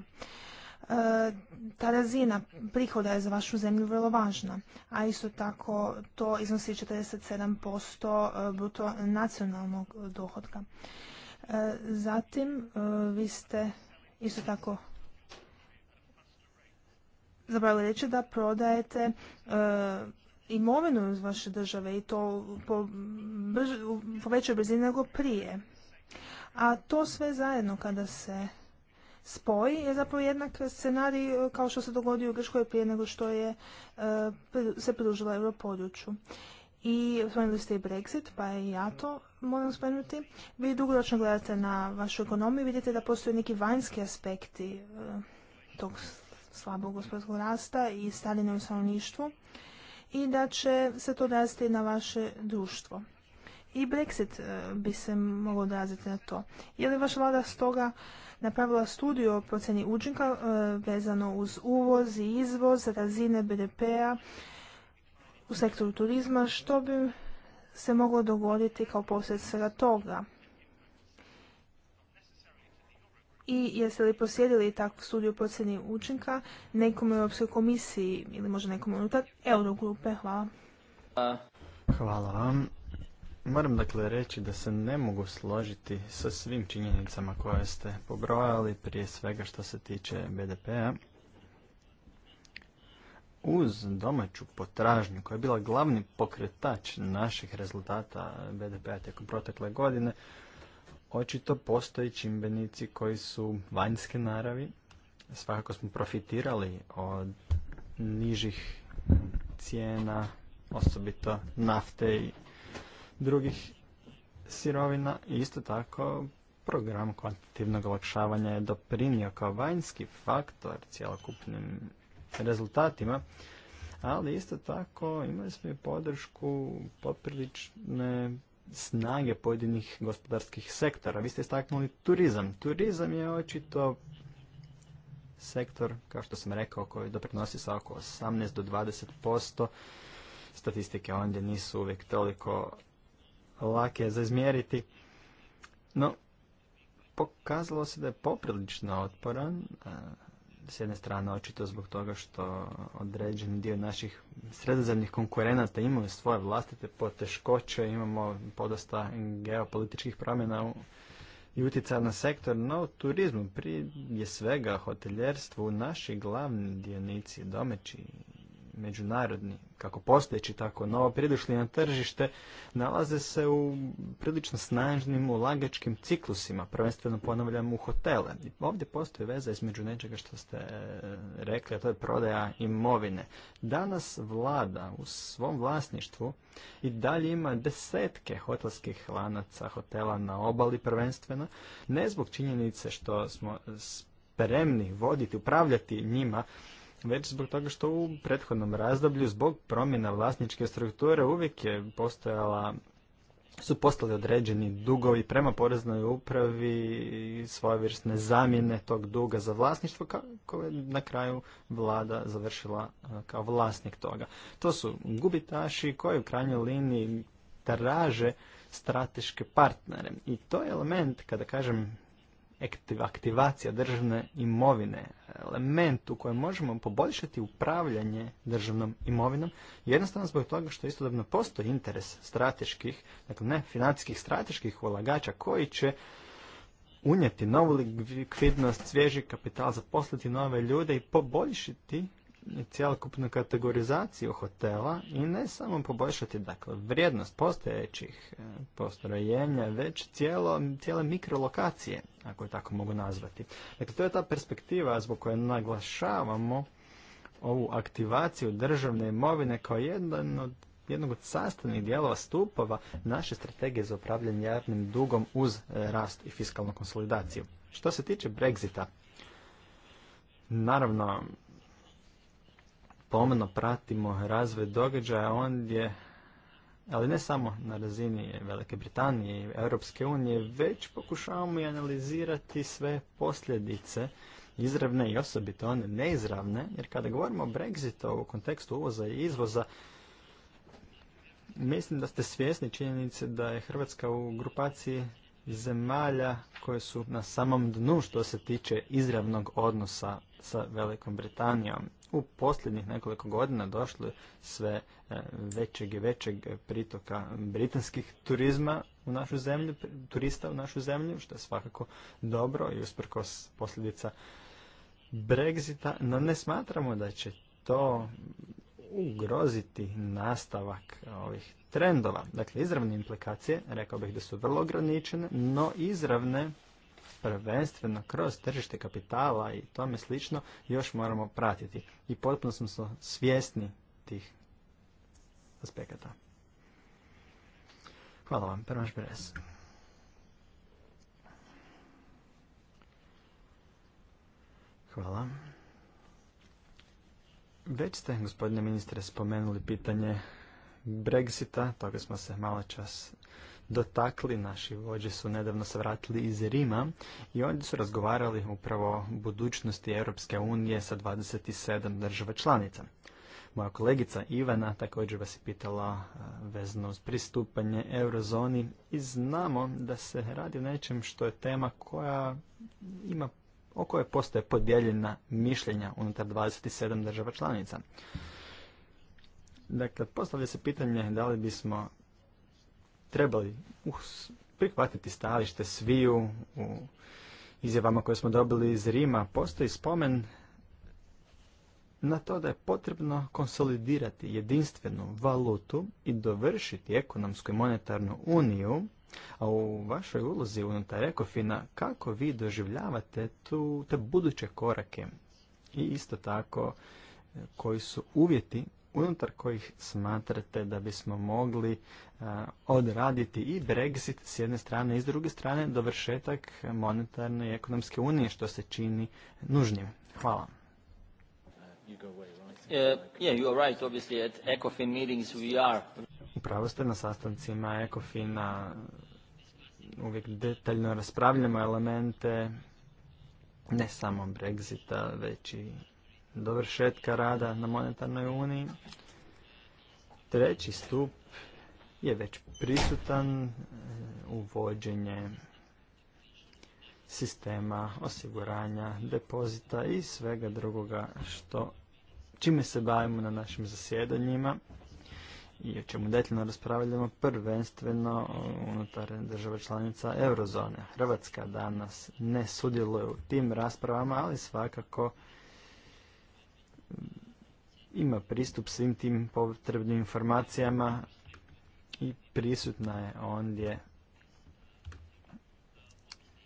E, ta razina prihoda je za vašu zemlju vrlo važna, a isto tako to iznosi 47% e, bruto nacionalnog dohodka. E, zatim, vi ste isto tako zabrali reći da prodajete imovinu iz vaše države i to po, po većoj brzini nego prije. A to sve zajedno kada se Spoj je zapravo jednak scenarij e, kao što se dogodio u Grškoj prije nego što je e, se pridružila europodručju. I spomenuli ste i Brexit, pa i ja to moram spomenuti. Vi dugoročno gledate na vašu ekonomiju i vidite da postoje neki vanjski aspekti e, tog slabog gospodarskog rasta i Staline u stanovništvu i da će se to rasti na vaše društvo i Brexit e, bi se mogao odraziti na to. Je li vaša vlada stoga napravila studiju o procjeni učinka e, vezano uz uvoz i izvoz, razine BDP-a u sektoru turizma, što bi se moglo dogoditi kao posljedica svega toga? I jeste li posjedili takvu studiju o procjeni učinka nekom u Europskoj komisiji ili možda nekom unutar Eurogrupe? Hvala. Hvala vam. Moram dakle reći da se ne mogu složiti sa svim činjenicama koje ste pobrojali, prije svega što se tiče BDP-a. Uz domaću potražnju koja je bila glavni pokretač naših rezultata BDP-a tijekom protekle godine, očito postoji čimbenici koji su vanjske naravi. Svakako smo profitirali od nižih cijena, osobito nafte i drugih sirovina i isto tako program kvantitativnog olakšavanja je doprinio kao vanjski faktor cjelokupnim rezultatima, ali isto tako imali smo i podršku poprilične snage pojedinih gospodarskih sektora. Vi ste istaknuli turizam. Turizam je očito sektor, kao što sam rekao, koji doprinosi sa oko 18 do 20 posto. Statistike ondje nisu uvijek toliko lake za izmjeriti. No, pokazalo se da je poprilično otporan, s jedne strane očito zbog toga što određeni dio naših sredozemnih konkurenata imaju svoje vlastite poteškoće, imamo podosta geopolitičkih promjena i utjecaja na sektor, no turizmu prije svega hoteljerstvu naši glavni dionici domeći međunarodni, kako postojeći, tako novo pridošli na tržište, nalaze se u prilično snažnim ulagačkim ciklusima, prvenstveno ponavljam u hotele. ovdje postoji veza između nečega što ste e, rekli, a to je prodaja imovine. Danas vlada u svom vlasništvu i dalje ima desetke hotelskih lanaca, hotela na obali prvenstveno, ne zbog činjenice što smo spremni voditi, upravljati njima, već zbog toga što u prethodnom razdoblju zbog promjena vlasničke strukture uvijek je postojala su postali određeni dugovi prema poreznoj upravi svojevrsne zamjene tog duga za vlasništvo koje je na kraju vlada završila e, kao vlasnik toga. To su gubitaši koji u krajnjoj liniji traže strateške partnere. I to je element, kada kažem aktivacija državne imovine, element u kojem možemo poboljšati upravljanje državnom imovinom, jednostavno zbog toga što istodobno postoji interes strateških, dakle ne financijskih strateških ulagača koji će unijeti novu likvidnost, svježi kapital, zaposliti nove ljude i poboljšati cjelokupnu kategorizaciju hotela i ne samo poboljšati dakle, vrijednost postojećih e, postrojenja, već cijelo, cijele mikrolokacije ako je tako mogu nazvati. Dakle, to je ta perspektiva zbog koje naglašavamo ovu aktivaciju državne imovine kao jedan od jednog od sastavnih dijelova stupova naše strategije za upravljanje javnim dugom uz rast i fiskalnu konsolidaciju. Što se tiče Brexita, naravno pomno pratimo razvoj događaja, on je ali ne samo na razini Velike Britanije i Europske unije, već pokušavamo i analizirati sve posljedice izravne i osobito one neizravne, jer kada govorimo o Brexitu u kontekstu uvoza i izvoza, mislim da ste svjesni činjenice da je Hrvatska u grupaciji zemalja koje su na samom dnu što se tiče izravnog odnosa sa Velikom Britanijom u posljednjih nekoliko godina došlo sve e, većeg i većeg pritoka britanskih turizma u našu zemlju, turista u našu zemlju, što je svakako dobro i usprkos posljedica Brexita, no ne smatramo da će to ugroziti nastavak ovih trendova. Dakle, izravne implikacije, rekao bih da su vrlo ograničene, no izravne prvenstveno kroz tržište kapitala i tome slično još moramo pratiti. I potpuno smo svjesni tih aspekata. Hvala vam, Prvaš Hvala. Već ste, gospodine ministre, spomenuli pitanje Brexita, toga smo se malo čas dotakli. Naši vođe su nedavno se vratili iz Rima i oni su razgovarali upravo o budućnosti Europske unije sa 27 država članica. Moja kolegica Ivana također vas je pitala e, vezano uz pristupanje eurozoni i znamo da se radi o nečem što je tema koja ima o kojoj postoje podijeljena mišljenja unutar 27 država članica. Dakle, postavlja se pitanje da li bismo trebali uh, prihvatiti stavište sviju u izjavama koje smo dobili iz Rima. Postoji spomen na to da je potrebno konsolidirati jedinstvenu valutu i dovršiti ekonomsku i monetarnu uniju, a u vašoj ulozi unutar Ekofina kako vi doživljavate tu, te buduće korake i isto tako e, koji su uvjeti unutar kojih smatrate da bismo mogli e, odraditi i Brexit s jedne strane i s druge strane dovršetak monetarne i ekonomske unije što se čini nužnjim. Hvala. Upravo uh, ste na sastancima ECOFIN-a uvijek detaljno raspravljamo elemente ne samo Brexita, već i dovršetka rada na monetarnoj uniji. Treći stup je već prisutan e, uvođenje sistema osiguranja depozita i svega drugoga što čime se bavimo na našim zasjedanjima i o čemu detaljno raspravljamo prvenstveno unutar država članica eurozone. Hrvatska danas ne sudjeluje u tim raspravama, ali svakako ima pristup svim tim potrebnim informacijama i prisutna je ondje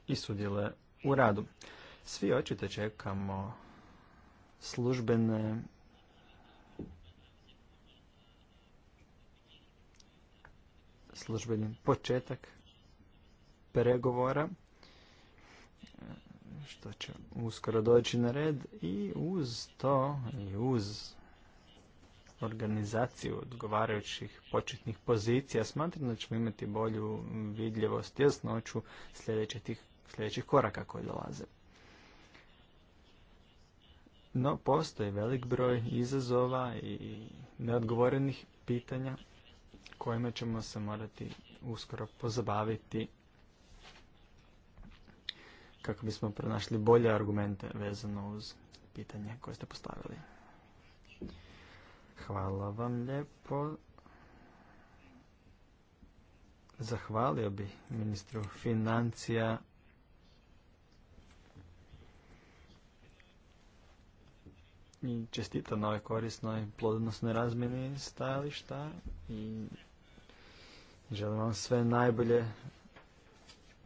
i sudjele u radu. Svi očito čekamo službene službeni početak pregovora što će uskoro doći na red i uz to i uz organizaciju odgovarajućih početnih pozicija smatram da ćemo imati bolju vidljivost, jasnoću sljedećih, sljedećih koraka koji dolaze. No, postoji velik broj izazova i neodgovorenih pitanja kojima ćemo se morati uskoro pozabaviti kako bismo pronašli bolje argumente vezano uz pitanje koje ste postavili. Hvala vam lijepo. Zahvalio bi ministru financija i čestito na ovoj korisnoj plodonosnoj razmjeni stajališta i želim vam sve najbolje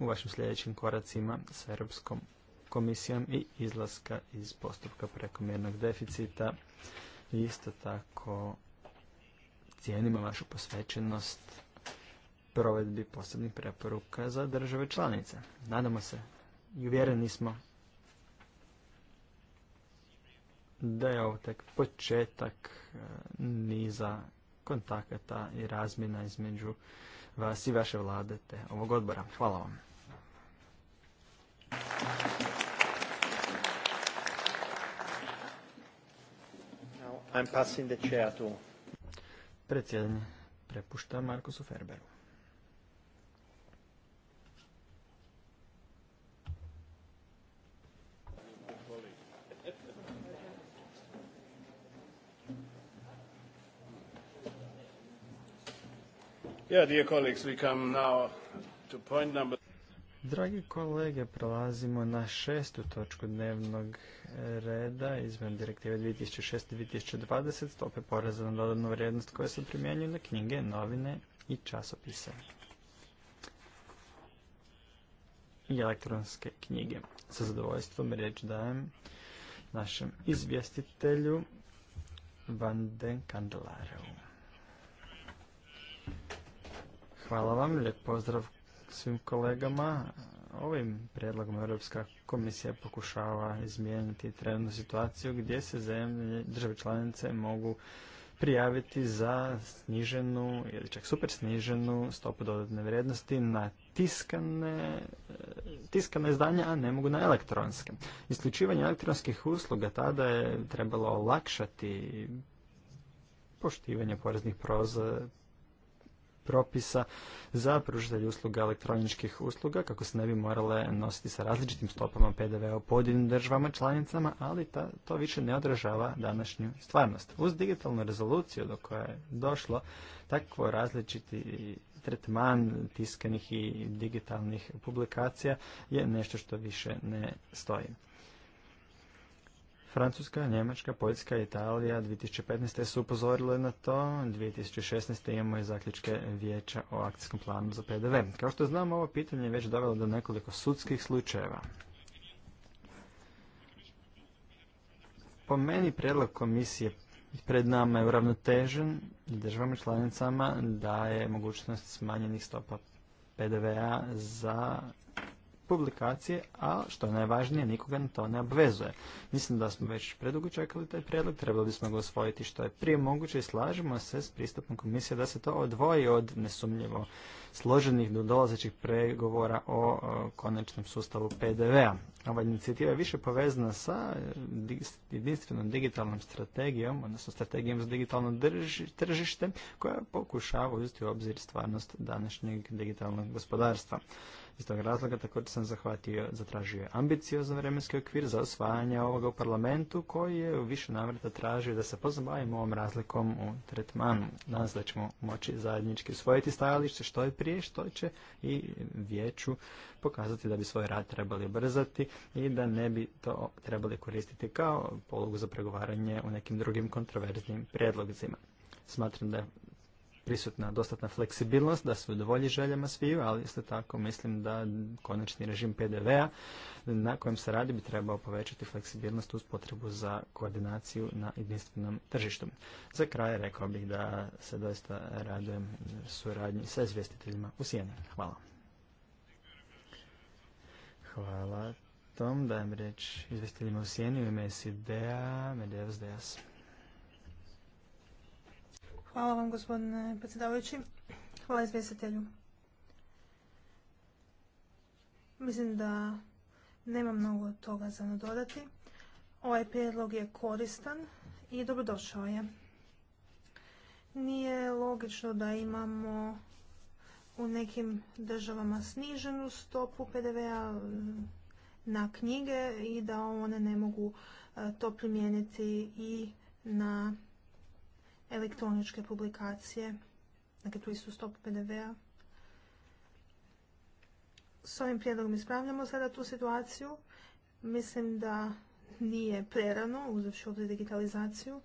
u vašim sljedećim koracima s Europskom komisijom i izlaska iz postupka prekomjernog deficita. Isto tako cijenimo vašu posvećenost provedbi posebnih preporuka za države članice. Nadamo se i uvjereni smo da je ovo tek početak e, niza kontakata i razmjena između vas i vaše vlade te ovog odbora. Hvala vam. I'm passing the chair to... Predsjedanje prepušta Markusu Ferberu. Yeah, dear colleagues, we come now to point number Dragi kolege, prelazimo na šestu točku dnevnog reda izvan direktive 2006-2020 stope poreza na dodanu vrijednost koje se primjenjuju na knjige, novine i časopise i elektronske knjige. Sa zadovoljstvom riječ dajem našem izvjestitelju Van den Candelareu. Hvala vam, lijep pozdrav svim kolegama. Ovim prijedlogom Europska komisija pokušava izmijeniti trenutnu situaciju gdje se zemlje, države članice mogu prijaviti za sniženu ili čak super sniženu stopu dodatne vrijednosti na tiskane, tiskane izdanja, a ne mogu na elektronske. Isključivanje elektronskih usluga tada je trebalo olakšati poštivanje poreznih proza, propisa za pružitelje usluga elektroničkih usluga kako se ne bi morale nositi sa različitim stopama PDV-a u pojedinim državama članicama, ali ta, to više ne odražava današnju stvarnost. Uz digitalnu rezoluciju do koje je došlo, takvo različiti tretman tiskanih i digitalnih publikacija je nešto što više ne stoji. Francuska, Njemačka, Poljska i Italija 2015. su upozorile na to, 2016. imamo i zaključke vijeća o akcijskom planu za PDV. Kao što znamo, ovo pitanje je već dovelo do nekoliko sudskih slučajeva. Po meni prijedlog komisije pred nama je uravnotežen i državama članicama daje mogućnost smanjenih stopa PDV-a za publikacije, a što je najvažnije, nikoga na to ne obvezuje. Mislim da smo već predugo čekali taj prijedlog, trebali bismo ga osvojiti što je prije moguće i slažemo se s pristupom komisije da se to odvoji od nesumnjivo složenih do dolazećih pregovora o konačnom sustavu PDV-a. Ova inicijativa je više povezana sa eh, jedinstvenom digitalnom strategijom, odnosno strategijom za digitalno tržište, koja pokušava uzeti u obzir stvarnost današnjeg digitalnog gospodarstva. Iz tog razloga također sam zahvatio, zatražio ambiciozan vremenski okvir za osvajanje ovoga u parlamentu koji je u više navrata tražio da se pozabavimo ovom razlikom u tretmanu. Nadam da ćemo moći zajednički usvojiti stajalište što je prije, što će i vijeću pokazati da bi svoj rad trebali brzati i da ne bi to trebali koristiti kao polugu za pregovaranje u nekim drugim kontroverznim prijedlogzima. Smatram da prisutna dostatna fleksibilnost da se udovolji željama sviju, ali isto tako mislim da konačni režim PDV-a na kojem se radi bi trebao povećati fleksibilnost uz potrebu za koordinaciju na jedinstvenom tržištu. Za kraj rekao bih da se doista radujem suradnji sa izvjestiteljima u Sijeni. Hvala. Hvala Tom, dajem riječ izvjestiteljima u Sijeni u ime SID-a, Deas. Hvala vam gospodine predsjedavajući. Hvala izvjestitelju. Mislim da nema mnogo toga za nadodati. Ovaj prijedlog je koristan i dobrodošao je. Nije logično da imamo u nekim državama sniženu stopu PDV-a na knjige i da one ne mogu e, to primijeniti i na elektroničke publikacije, dakle tu istu stopu PDV-a. S ovim prijedlogom ispravljamo sada tu situaciju. Mislim da nije prerano, uzavši obzir digitalizaciju,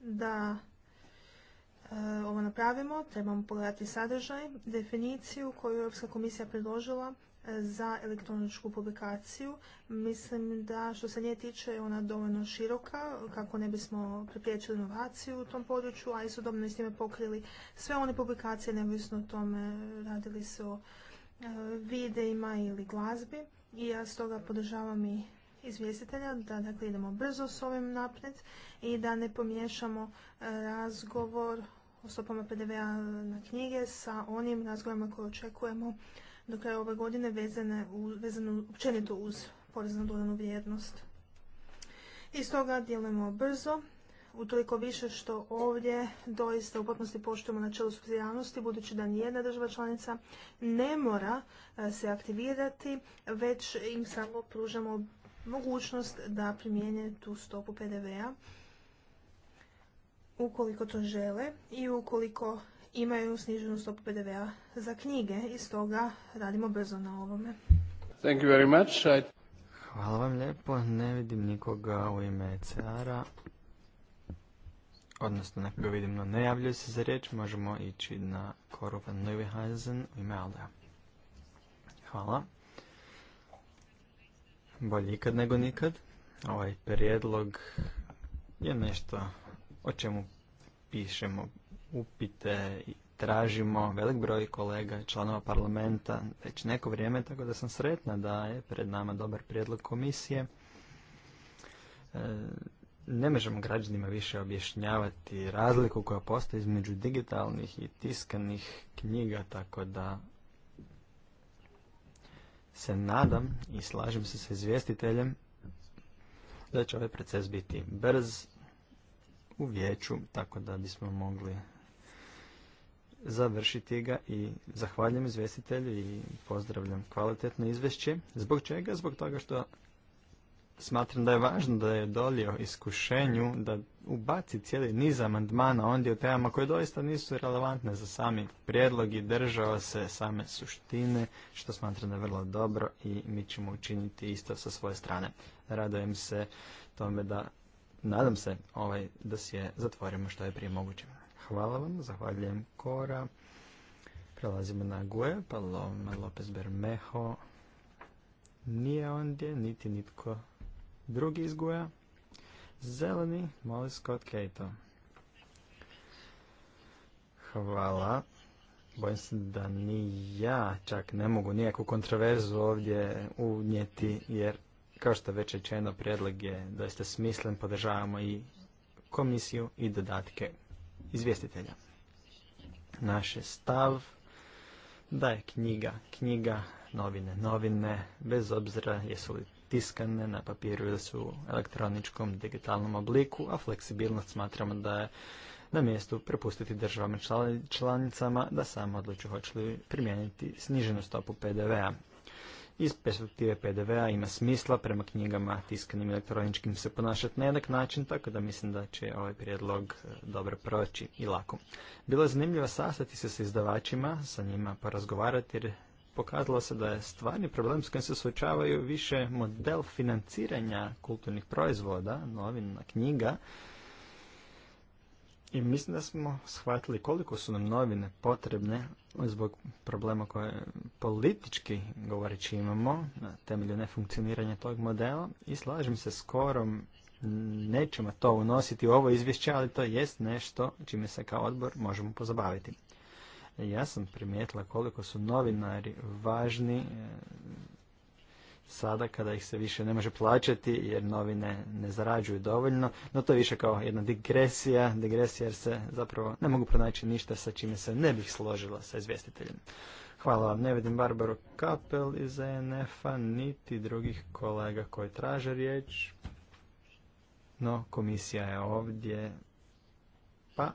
da e, ovo napravimo. Trebamo pogledati sadržaj, definiciju koju je Europska komisija predložila za elektroničku publikaciju. Mislim da što se nje tiče je ona dovoljno široka kako ne bismo prepriječili inovaciju u tom području, a istodobno i s time pokrili sve one publikacije neovisno o tome radili se o e, videima ili glazbi. I ja stoga podržavam i izvjestitelja da dakle, idemo brzo s ovim napred i da ne pomiješamo e, razgovor o stopama PDV-a na knjige sa onim razgovorima koje očekujemo do kraja ove godine vezane, vezano općenito uz porez dodanu vrijednost. I stoga djelujemo brzo, utoliko više što ovdje doista u potpunosti poštujemo načelo supsidijarnosti, budući da nijedna država članica ne mora e, se aktivirati, već im samo pružamo mogućnost da primijenje tu stopu PDV-a ukoliko to žele i ukoliko imaju sniženu stopu PDV-a za knjige i stoga radimo brzo na ovome. Thank you very much. Hvala vam lijepo. Ne vidim nikoga u ime ECR-a. Odnosno, neko vidim, no ne javljaju se za riječ. Možemo ići na Korovan Neuwehuizen u ime aldea Hvala. Bolje ikad nego nikad. Ovaj prijedlog je nešto o čemu pišemo upite i tražimo velik broj kolega i članova parlamenta već neko vrijeme, tako da sam sretna da je pred nama dobar prijedlog komisije. E, ne možemo građanima više objašnjavati razliku koja postoji između digitalnih i tiskanih knjiga, tako da se nadam i slažem se sa izvjestiteljem da će ovaj proces biti brz u vijeću, tako da bismo mogli završiti ga i zahvaljujem izvestitelju i pozdravljam kvalitetno izvješće. Zbog čega? Zbog toga što smatram da je važno da je dolio iskušenju da ubaci cijeli niz amandmana ondje u temama koje doista nisu relevantne za sami prijedlog i država se same suštine, što smatram da je vrlo dobro i mi ćemo učiniti isto sa svoje strane. Radojem se tome da, nadam se, ovaj da je zatvorimo što je prije moguće. Hvala vam, zahvaljujem Kora. Prelazimo na Gue, Paloma Lopez Bermejo. Nije ondje, niti nitko drugi iz Guja. Zeleni, moli Scott Cato. Hvala. Bojim se da ni ja čak ne mogu nijaku kontroverzu ovdje unijeti, jer kao što već rečeno, prijedlog je doista smislen, podržavamo i komisiju i dodatke izvjestitelja. Naš je stav da je knjiga knjiga, novine novine, bez obzira jesu li tiskane na papiru ili su u elektroničkom digitalnom obliku, a fleksibilnost smatramo da je na mjestu prepustiti državama članicama da samo odluču hoće li primijeniti sniženu stopu PDV-a iz perspektive PDV-a ima smisla prema knjigama tiskanim elektroničkim se ponašati na jednak način, tako da mislim da će ovaj prijedlog e, dobro proći i lako. Bilo je zanimljivo sastati se sa izdavačima, sa njima porazgovarati jer pokazalo se da je stvarni problem s kojim se suočavaju više model financiranja kulturnih proizvoda, novina, knjiga, i mislim da smo shvatili koliko su nam novine potrebne zbog problema koje politički govoreći imamo na temelju nefunkcioniranja tog modela i slažem se skorom nećemo to unositi u ovo izvješće, ali to jest nešto čime se kao odbor možemo pozabaviti. Ja sam primijetila koliko su novinari važni sada kada ih se više ne može plaćati jer novine ne zarađuju dovoljno, no to je više kao jedna digresija, digresija jer se zapravo ne mogu pronaći ništa sa čime se ne bih složila sa izvjestiteljem. Hvala vam, ne vidim Barbaru Kapel iz ENF-a, niti drugih kolega koji traže riječ, no komisija je ovdje, pa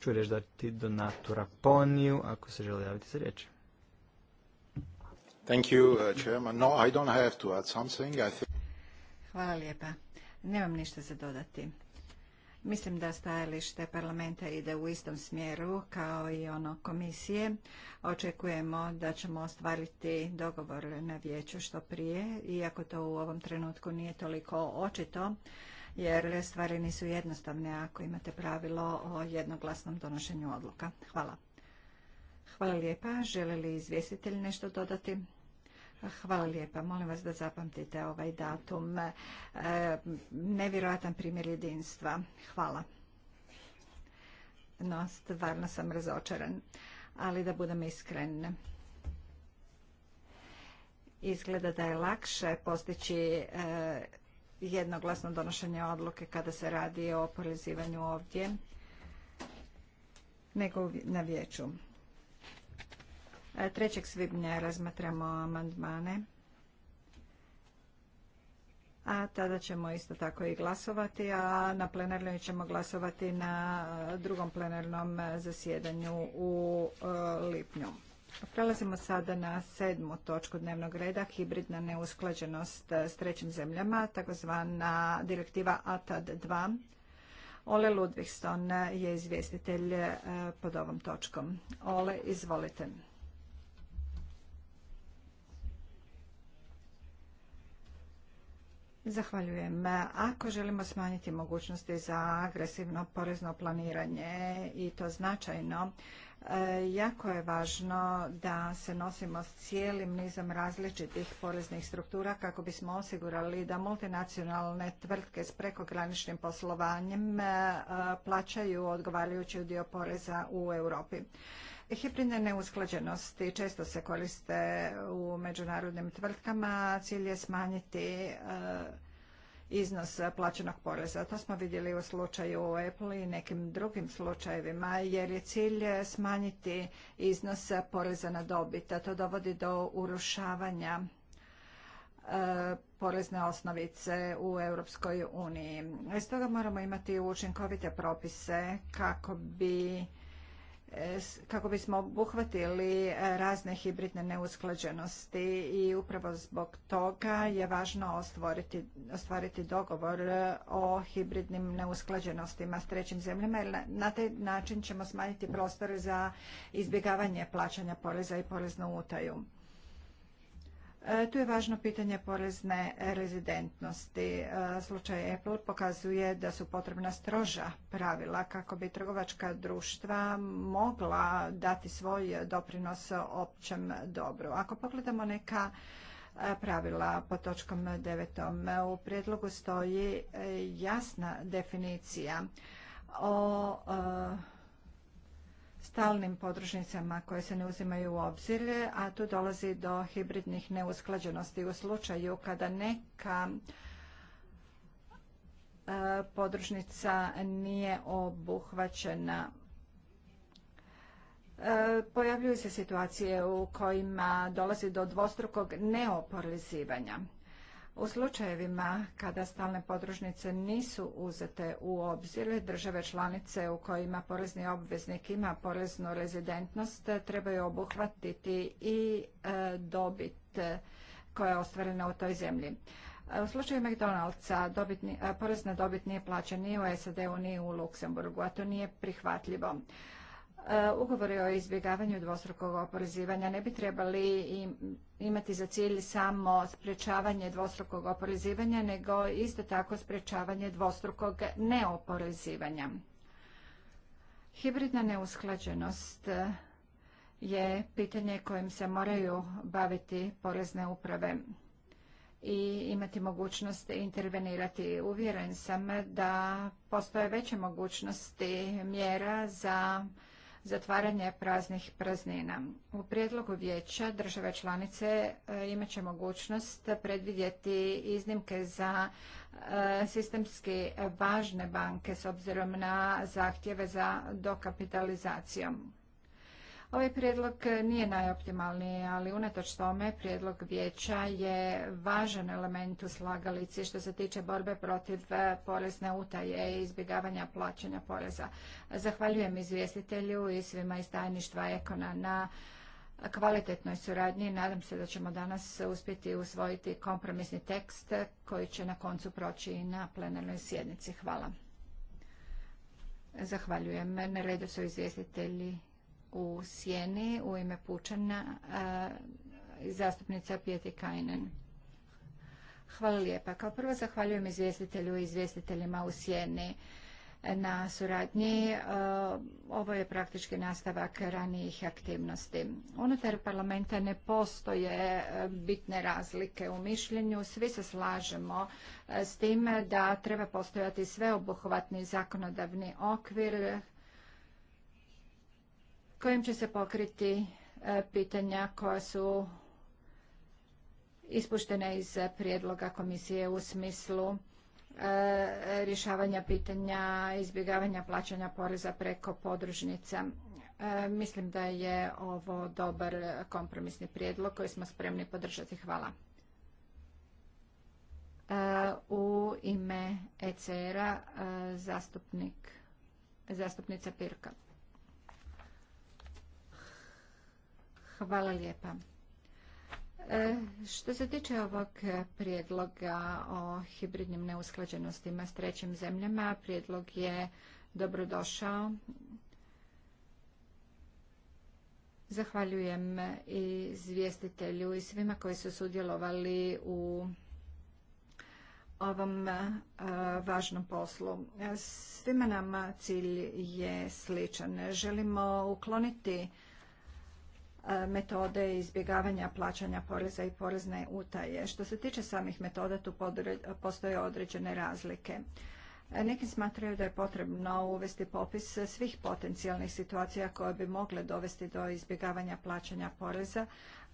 ću reći da ti donatura Poniju ako se želi javiti za riječ. Thank you, uh, chairman. No, I don't have to add something. Hvala lijepa. Nemam ništa za dodati. Mislim da stajalište parlamenta ide u istom smjeru kao i ono komisije. Očekujemo da ćemo ostvariti dogovor na vijeću što prije, iako to u ovom trenutku nije toliko očito, jer stvari nisu jednostavne ako imate pravilo o jednoglasnom donošenju odluka. Hvala. Hvala lijepa. Želi li izvjestitelj nešto dodati? Hvala lijepa. Molim vas da zapamtite ovaj datum. E, nevjerojatan primjer jedinstva. Hvala. No, stvarno sam razočaran. Ali da budem iskren. Izgleda da je lakše postići e, jednoglasno donošenje odluke kada se radi o oporezivanju ovdje nego na vijeću. 3. svibnja razmatramo amandmane, a tada ćemo isto tako i glasovati, a na plenarnoj ćemo glasovati na e, drugom plenarnom e, zasjedanju u e, lipnju. Prelazimo sada na sedmu točku dnevnog reda, hibridna neusklađenost s trećim zemljama, takozvana direktiva ATAD 2. Ole Ludvigston je izvjestitelj pod ovom točkom. Ole, izvolite. Zahvaljujem. Ako želimo smanjiti mogućnosti za agresivno porezno planiranje i to značajno, e, jako je važno da se nosimo s cijelim nizom različitih poreznih struktura kako bismo osigurali da multinacionalne tvrtke s prekograničnim poslovanjem e, plaćaju odgovarajući dio poreza u Europi. Hibridne neusklađenosti često se koriste u međunarodnim tvrtkama. Cilj je smanjiti eh, iznos plaćenog poreza. To smo vidjeli u slučaju Apple i nekim drugim slučajevima, jer je cilj smanjiti iznos poreza na dobit. A to dovodi do urušavanja eh, porezne osnovice u Europskoj uniji. Stoga moramo imati učinkovite propise kako bi kako bismo obuhvatili e, razne hibridne neusklađenosti i upravo zbog toga je važno ostvariti dogovor e, o hibridnim neusklađenostima s trećim zemljama jer na taj način ćemo smanjiti prostor za izbjegavanje plaćanja poreza i poreznu utaju. E, tu je važno pitanje porezne rezidentnosti. E, slučaj Apple pokazuje da su potrebna stroža pravila kako bi trgovačka društva mogla dati svoj doprinos općem dobru. Ako pogledamo neka e, pravila po točkom 9. u prijedlogu stoji jasna definicija o stalnim podružnicama koje se ne uzimaju u obzir, a tu dolazi do hibridnih neusklađenosti u slučaju kada neka e, podružnica nije obuhvaćena. E, pojavljuju se situacije u kojima dolazi do dvostrukog neoporezivanja. U slučajevima kada stalne podružnice nisu uzete u obzir, države članice u kojima porezni obveznik ima poreznu rezidentnost trebaju obuhvatiti i e, dobit e, koja je ostvarena u toj zemlji. E, u slučaju McDonald'sa porezna dobit nije plaćen ni u SAD-u ni u Luksemburgu, a to nije prihvatljivo. E, ugovori o izbjegavanju dvostrukog oporezivanja ne bi trebali imati za cilj samo sprječavanje dvostrukog oporezivanja, nego isto tako sprječavanje dvostrukog neoporezivanja. Hibridna neusklađenost je pitanje kojim se moraju baviti porezne uprave i imati mogućnost intervenirati. Uvjeren sam da postoje veće mogućnosti mjera za zatvaranje praznih praznina. U prijedlogu vijeća države članice e, imat će mogućnost predvidjeti iznimke za e, sistemski važne banke s obzirom na zahtjeve za dokapitalizacijom. Ovaj prijedlog nije najoptimalniji, ali unatoč tome prijedlog vijeća je važan element u slagalici što se tiče borbe protiv e, porezne utaje i izbjegavanja plaćanja poreza. Zahvaljujem izvjestitelju i svima iz tajništva Ekona na kvalitetnoj suradnji nadam se da ćemo danas uspjeti usvojiti kompromisni tekst koji će na koncu proći i na plenarnoj sjednici. Hvala. Zahvaljujem. Na redu su izvjestitelji u Sjeni u ime Pučana zastupnica Pjeti Kajnen. Hvala lijepa. Kao prvo zahvaljujem izvjestitelju i izvjestiteljima u Sjeni na suradnji. E, ovo je praktički nastavak ranijih aktivnosti. Unutar parlamenta ne postoje e, bitne razlike u mišljenju. Svi se slažemo e, s time da treba postojati sveobuhvatni zakonodavni okvir kojim će se pokriti e, pitanja koja su ispuštena iz prijedloga komisije u smislu e, rješavanja pitanja izbjegavanja plaćanja poreza preko podružnica. E, mislim da je ovo dobar kompromisni prijedlog koji smo spremni podržati. Hvala. U ime ECR-a zastupnica Pirka. Hvala lijepa. E, što se tiče ovog prijedloga o hibridnim neusklađenostima s trećim zemljama, prijedlog je dobrodošao. Zahvaljujem i izvjestitelju i svima koji su sudjelovali u ovom e, važnom poslu. Svima nama cilj je sličan. Želimo ukloniti E, metode izbjegavanja plaćanja poreza i porezne utaje. Što se tiče samih metoda, tu postoje određene razlike. E, neki smatraju da je potrebno uvesti popis svih potencijalnih situacija koje bi mogle dovesti do izbjegavanja plaćanja poreza,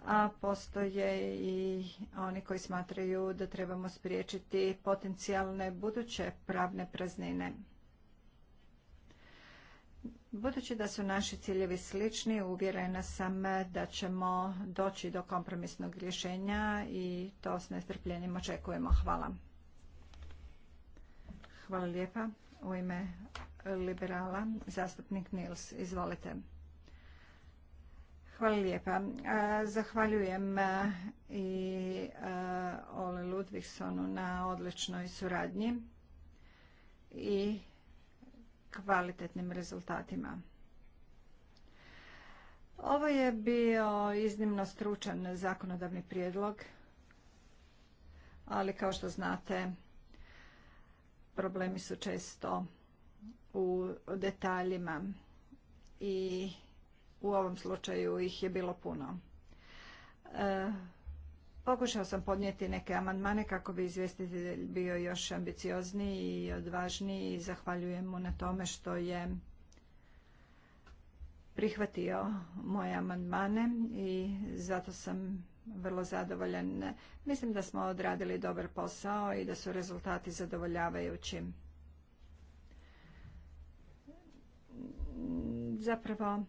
a postoje i oni koji smatraju da trebamo spriječiti potencijalne buduće pravne praznine. Budući da su naši ciljevi slični, uvjerena sam da ćemo doći do kompromisnog rješenja i to s nestrpljenjem očekujemo. Hvala. Hvala lijepa. U ime liberala, zastupnik Nils. Izvolite. Hvala lijepa. Zahvaljujem i Ole Ludvigsonu na odličnoj suradnji i kvalitetnim rezultatima. Ovo je bio iznimno stručan zakonodavni prijedlog, ali kao što znate, problemi su često u detaljima i u ovom slučaju ih je bilo puno. E, Pokušao sam podnijeti neke amandmane kako bi izvjestitelj bio još ambiciozniji i odvažniji i zahvaljujem mu na tome što je prihvatio moje amandmane i zato sam vrlo zadovoljan. Mislim da smo odradili dobar posao i da su rezultati zadovoljavajući. Zapravo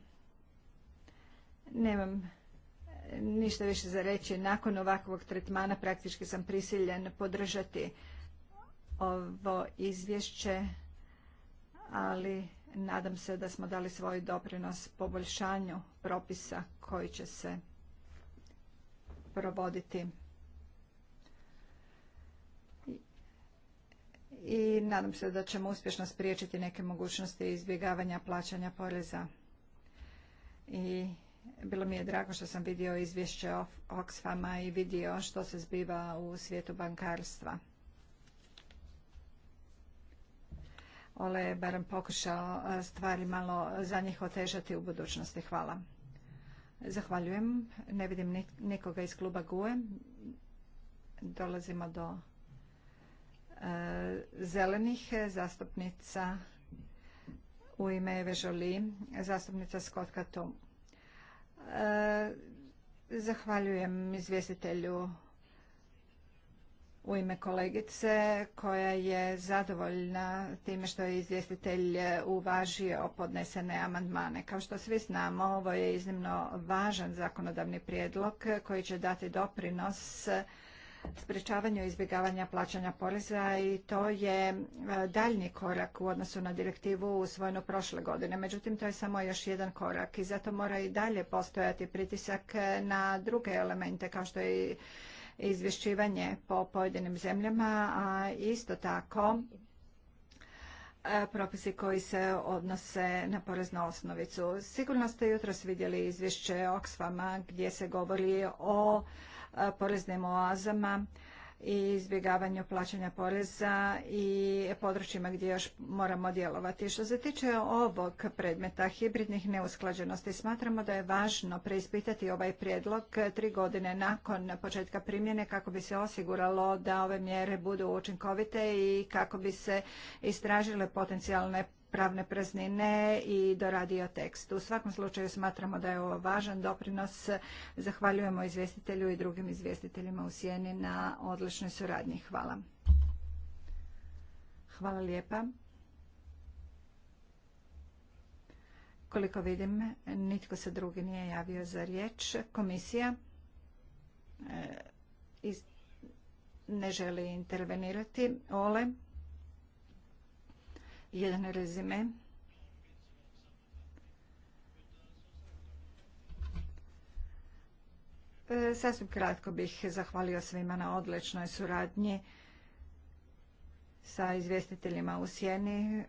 nemam ništa više za reći. Nakon ovakvog tretmana praktički sam prisiljen podržati ovo izvješće, ali nadam se da smo dali svoj doprinos poboljšanju propisa koji će se provoditi. I nadam se da ćemo uspješno spriječiti neke mogućnosti izbjegavanja plaćanja poreza i bilo mi je drago što sam vidio izvješće Oxfama i vidio što se zbiva u svijetu bankarstva. Ole je barem pokušao stvari malo za njih otežati u budućnosti. Hvala. Zahvaljujem. Ne vidim nikoga iz kluba GUE. Dolazimo do zelenih zastupnica u ime Eve Jolie, zastupnica Skotka E, zahvaljujem izvjestitelju u ime kolegice koja je zadovoljna time što je izvjestitelj uvažio podnesene amandmane. Kao što svi znamo, ovo je iznimno važan zakonodavni prijedlog koji će dati doprinos sprečavanju izbjegavanja plaćanja poreza i to je e, daljnji korak u odnosu na direktivu usvojenu prošle godine. Međutim, to je samo još jedan korak i zato mora i dalje postojati pritisak e, na druge elemente kao što je izvješćivanje po pojedinim zemljama, a isto tako e, propisi koji se odnose na poreznu osnovicu. Sigurno ste jutros vidjeli izvješće Oxfama gdje se govori o poreznim oazama i izbjegavanju plaćanja poreza i područjima gdje još moramo djelovati. Što se tiče ovog predmeta hibridnih neusklađenosti, smatramo da je važno preispitati ovaj prijedlog tri godine nakon početka primjene kako bi se osiguralo da ove mjere budu učinkovite i kako bi se istražile potencijalne pravne praznine i doradio tekst. U svakom slučaju smatramo da je ovo važan doprinos. Zahvaljujemo izvjestitelju i drugim izvjestiteljima u Sjeni na odličnoj suradnji. Hvala. Hvala lijepa. Koliko vidim, nitko se drugi nije javio za riječ. Komisija e, ne želi intervenirati. Ole jedan rezime. E, sasvim kratko bih zahvalio svima na odličnoj suradnji sa izvjestiteljima u Sjeni. E,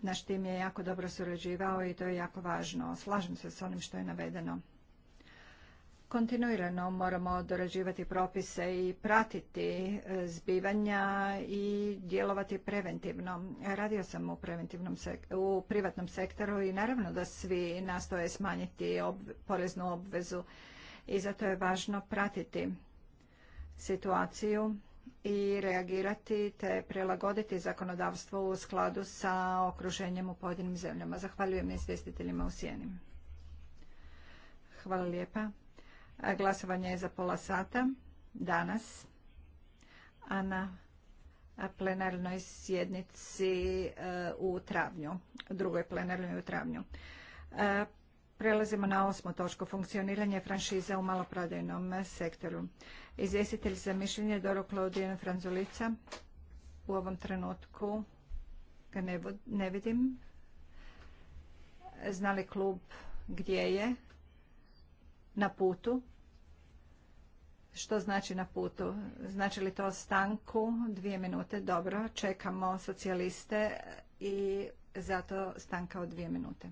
naš tim je jako dobro surađivao i to je jako važno. Slažem se s onim što je navedeno kontinuirano moramo dorađivati propise i pratiti e, zbivanja i djelovati preventivno. Radio sam u, preventivnom u privatnom sektoru i naravno da svi nastoje smanjiti poreznu obvezu i zato je važno pratiti situaciju i reagirati te prilagoditi zakonodavstvo u skladu sa okruženjem u pojedinim zemljama. Zahvaljujem izvjestiteljima u Sjeni. Hvala lijepa. Glasovanje je za pola sata danas, a na plenarnoj sjednici e, u travnju, drugoj plenarnoj u travnju. E, prelazimo na osmu točku, funkcioniranje franšiza u maloprodajnom sektoru. Izvjestitelj za mišljenje Doro Klaudijan Franzulica. U ovom trenutku ga ne vidim. Znali klub gdje je? na putu. Što znači na putu? Znači li to stanku? Dvije minute, dobro. Čekamo socijaliste i zato stanka od dvije minute.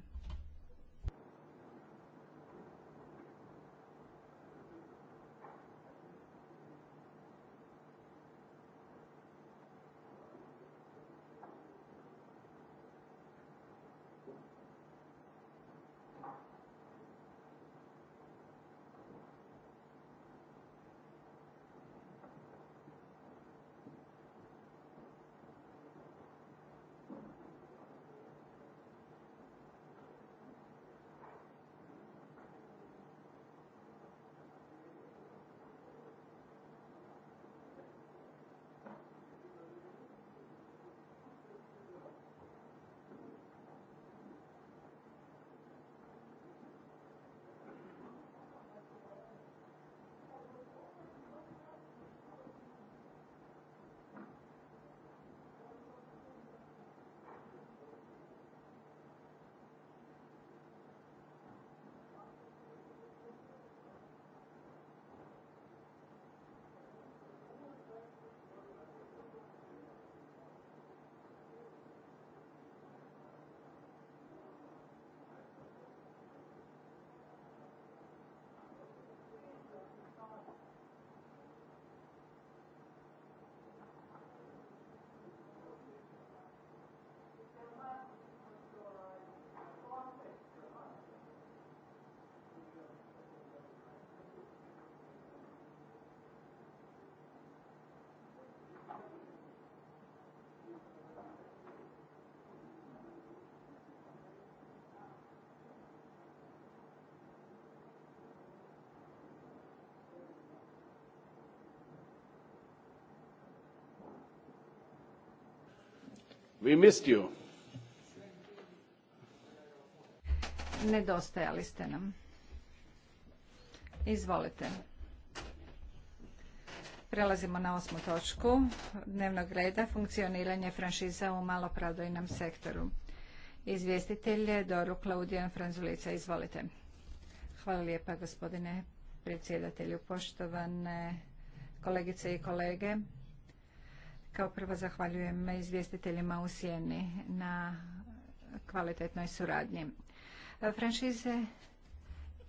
We Nedostajali ste nam. Izvolite. Prelazimo na osmu točku dnevnog reda, funkcioniranje franšiza u maloprodajnom sektoru. Izvjestitelj je Doru Klaudijan Franzulica. Izvolite. Hvala lijepa gospodine predsjedatelju, poštovane kolegice i kolege. Kao prvo zahvaljujem izvjestiteljima u Sijeni na kvalitetnoj suradnji. Franšize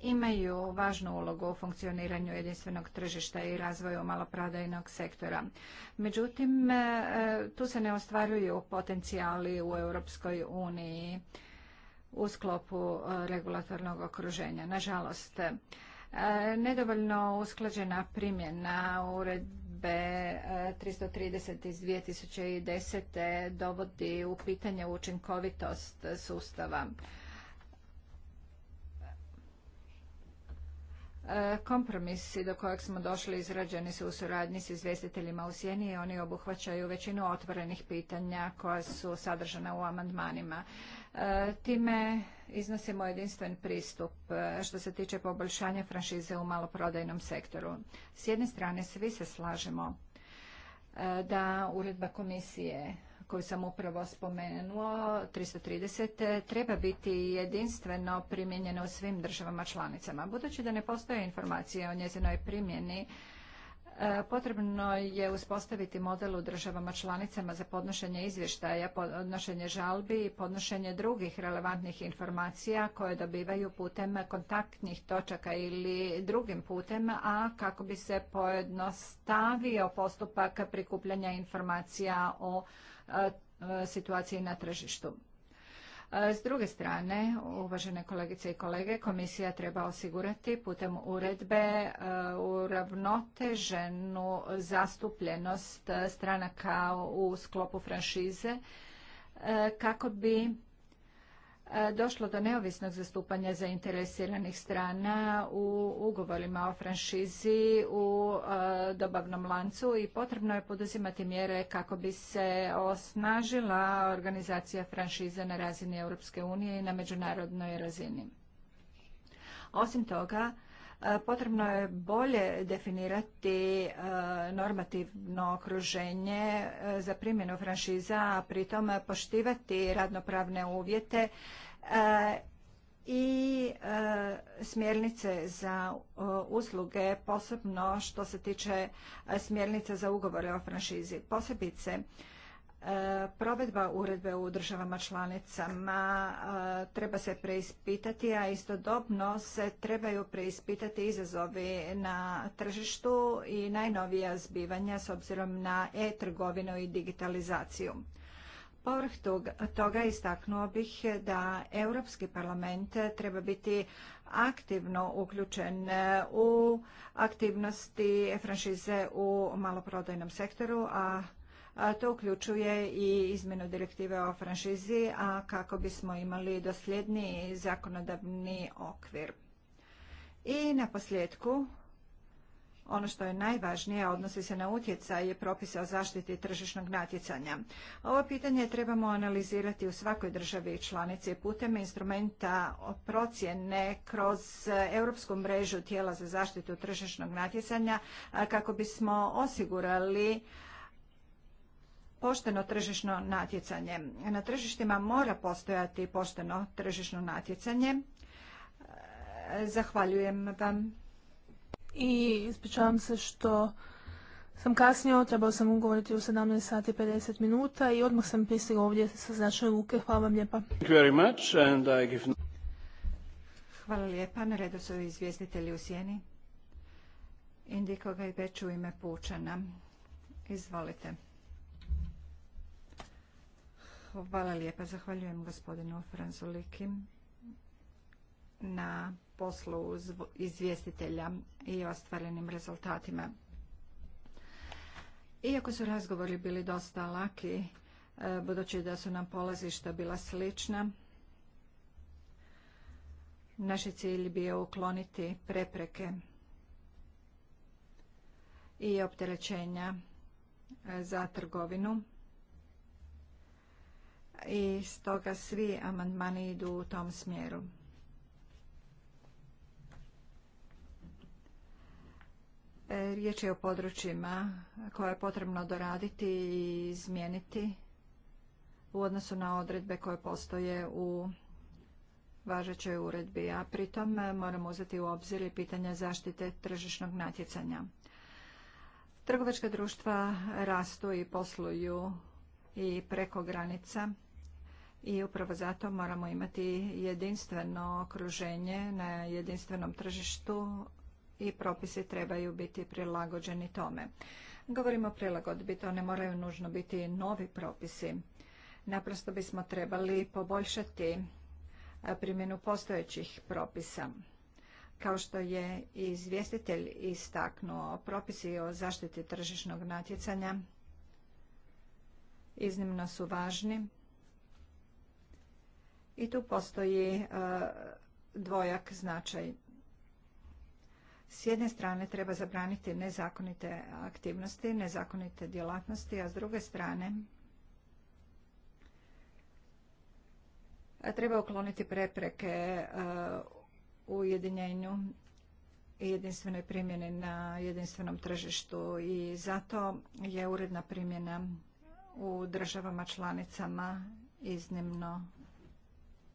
imaju važnu ulogu u funkcioniranju jedinstvenog tržišta i razvoju maloprodajnog sektora. Međutim, e, tu se ne ostvaruju potencijali u Europskoj uniji u sklopu e, regulatornog okruženja. Nažalost, e, nedovoljno usklađena primjena ured uredbe eh, 330 iz 2010. dovodi u pitanje učinkovitost sustava. E, kompromisi do kojeg smo došli izrađeni su u suradnji s izvjestiteljima u Sjeni i oni obuhvaćaju većinu otvorenih pitanja koja su sadržana u amandmanima. E, time iznosimo jedinstven pristup e, što se tiče poboljšanja franšize u maloprodajnom sektoru. S jedne strane svi se slažemo da uredba komisije koju sam upravo spomenuo, 330, treba biti jedinstveno primijenjeno u svim državama članicama. Budući da ne postoje informacije o njezinoj primjeni, e, Potrebno je uspostaviti model u državama članicama za podnošenje izvještaja, podnošenje žalbi i podnošenje drugih relevantnih informacija koje dobivaju putem kontaktnih točaka ili drugim putem, a kako bi se pojednostavio postupak prikupljanja informacija o situaciji na tržištu. S druge strane, uvažene kolegice i kolege, komisija treba osigurati putem uredbe uravnoteženu zastupljenost stranaka u sklopu franšize kako bi E, došlo do neovisnog zastupanja zainteresiranih strana u ugovorima o franšizi u e, dobavnom lancu i potrebno je poduzimati mjere kako bi se osnažila organizacija franšize na razini Europske unije i na međunarodnoj razini. Osim toga, E, potrebno je bolje definirati e, normativno okruženje e, za primjenu franšiza, a pritom poštivati radnopravne uvjete i smjernice za usluge, posebno što se tiče smjernica za ugovore o franšizi. Posebice E, provedba uredbe u državama članicama e, treba se preispitati, a istodobno se trebaju preispitati izazovi na tržištu i najnovija zbivanja s obzirom na e-trgovinu i digitalizaciju. Povrh toga istaknuo bih da Europski parlament treba biti aktivno uključen u aktivnosti franšize u maloprodajnom sektoru, a to uključuje i izmjenu direktive o franšizi, a kako bismo imali dosljedniji zakonodavni okvir. I na posljedku, ono što je najvažnije, odnosi se na utjecaj propisa o zaštiti tržišnog natjecanja. Ovo pitanje trebamo analizirati u svakoj državi i članici putem instrumenta procjene kroz Europsku mrežu tijela za zaštitu tržišnog natjecanja kako bismo osigurali pošteno tržišno natjecanje. Na tržištima mora postojati pošteno tržišno natjecanje. E, zahvaljujem vam. I ispričavam se što sam kasnio, trebao sam ugovoriti u 17 sati 50 minuta i odmah sam pisao ovdje sa značne luke. Hvala vam lijepa. Hvala lijepa. Na redu su izvjestitelji u sjeni. Indikoga i u ime Pučana. Izvolite. Hvala lijepa. Zahvaljujem gospodinu Franzuliki na poslu izvjestitelja i ostvarenim rezultatima. Iako su razgovori bili dosta laki, e, budući da su nam polazišta bila slična, naš je cilj bio ukloniti prepreke i opterećenja e, za trgovinu i stoga svi amandmani idu u tom smjeru. E, riječ je o područjima koje je potrebno doraditi i izmijeniti u odnosu na odredbe koje postoje u važećoj uredbi, a pritom moramo uzeti u obzir i pitanje zaštite tržišnog natjecanja. Trgovačka društva rastu i posluju i preko granica i upravo zato moramo imati jedinstveno okruženje na jedinstvenom tržištu i propisi trebaju biti prilagođeni tome. Govorimo o prilagodbi, to ne moraju nužno biti novi propisi. Naprosto bismo trebali poboljšati e, primjenu postojećih propisa. Kao što je izvjestitelj istaknuo, propisi o zaštiti tržišnog natjecanja iznimno su važni i tu postoji e, dvojak značaj. S jedne strane treba zabraniti nezakonite aktivnosti, nezakonite djelatnosti, a s druge strane treba ukloniti prepreke e, u ujedinjenju i jedinstvenoj primjeni na jedinstvenom tržištu i zato je uredna primjena u državama članicama iznimno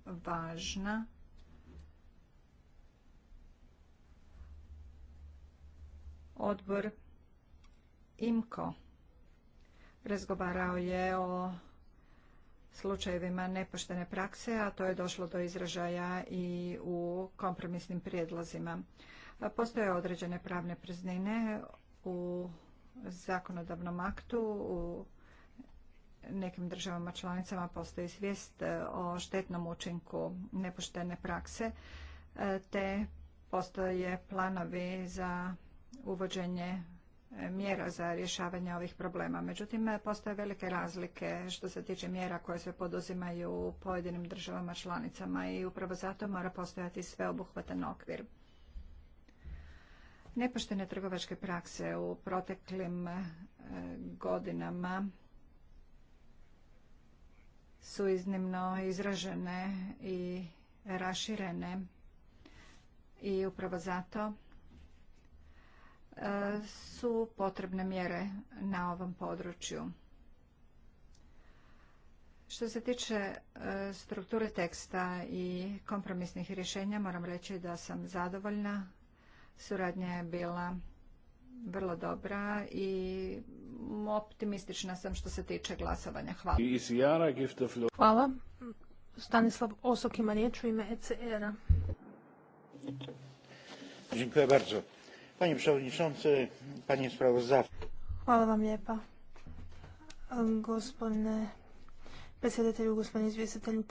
važna odbor IMCO razgovarao je o slučajevima nepoštene prakse, a to je došlo do izražaja i u kompromisnim prijedlozima. Postoje određene pravne praznine u zakonodavnom aktu, u nekim državama članicama postoji svijest e, o štetnom učinku nepoštene prakse, e, te postoje planovi za uvođenje e, mjera za rješavanje ovih problema. Međutim, postoje velike razlike što se tiče mjera koje se poduzimaju u pojedinim državama članicama i upravo zato mora postojati sveobuhvatan okvir. Nepoštene trgovačke prakse u proteklim godinama su iznimno izražene i raširene i upravo zato e, su potrebne mjere na ovom području. Što se tiče e, strukture teksta i kompromisnih rješenja, moram reći da sam zadovoljna. Suradnja je bila vrlo dobra i optimistična sam što se tiče glasovanja. Hvala. Hvala. Stanislav Osok ima riječ u ime ECR-a. Dziękuję bardzo. Panie przewodniczący, panie Hvala vam lijepa. Gospodine predsjedatelju, gospodine izvjestitelju,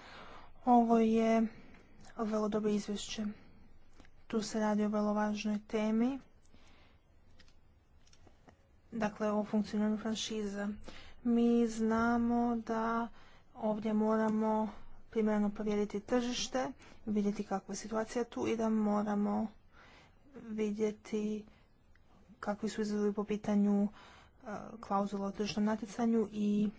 ovo je vrlo dobro izvješće. Tu se radi o vrlo važnoj temi dakle o funkcioniranju franšize. Mi znamo da ovdje moramo primjerno provjeriti tržište, vidjeti kakva je situacija tu i da moramo vidjeti kakvi su izazovi po pitanju e, klauzula o tržišnom natjecanju i e,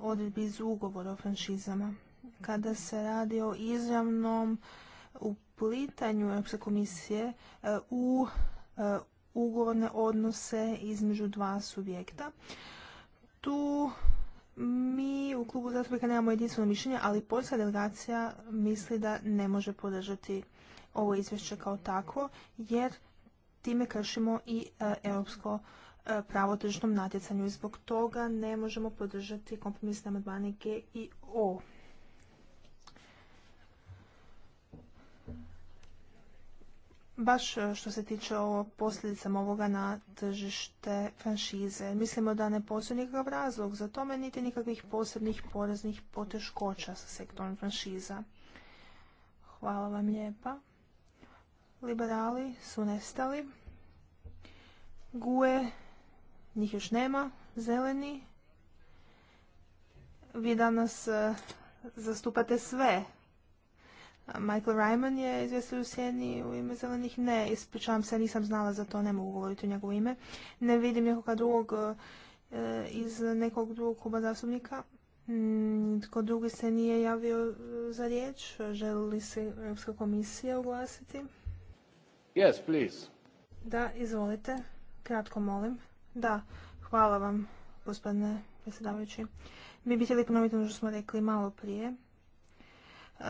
odredbi iz ugovora o franšizama. Kada se radi o izravnom uplitanju Europske komisije e, u ugovorne odnose između dva subjekta. Tu mi u klubu zastupnika nemamo jedinstveno mišljenje, ali poljska delegacija misli da ne može podržati ovo izvješće kao takvo, jer time kršimo i e, europsko e, pravo tržišnom natjecanju i zbog toga ne možemo podržati kompromisne amandmane i O. baš e, što se tiče o posljedicama ovoga na tržište franšize. Mislimo da ne postoji nikakav razlog za tome, niti nikakvih posebnih poreznih poteškoća sa sektorom franšiza. Hvala vam lijepa. Liberali su nestali. Gue, njih još nema. Zeleni. Vi danas e, zastupate sve Michael Ryman je izvjestitelj u sjeni u ime zelenih. Ne, ispričavam se, nisam znala za to, ne mogu govoriti u njegovo ime. Ne vidim nekoga drugog eh, iz nekog drugog kluba zastupnika. Tko drugi se nije javio eh, za riječ? Želi li se Europska komisija oglasiti? Yes, please. Da, izvolite. Kratko molim. Da, hvala vam, gospodine predsjedavajući. Mi bi htjeli ponoviti ono što smo rekli malo prije. Eh,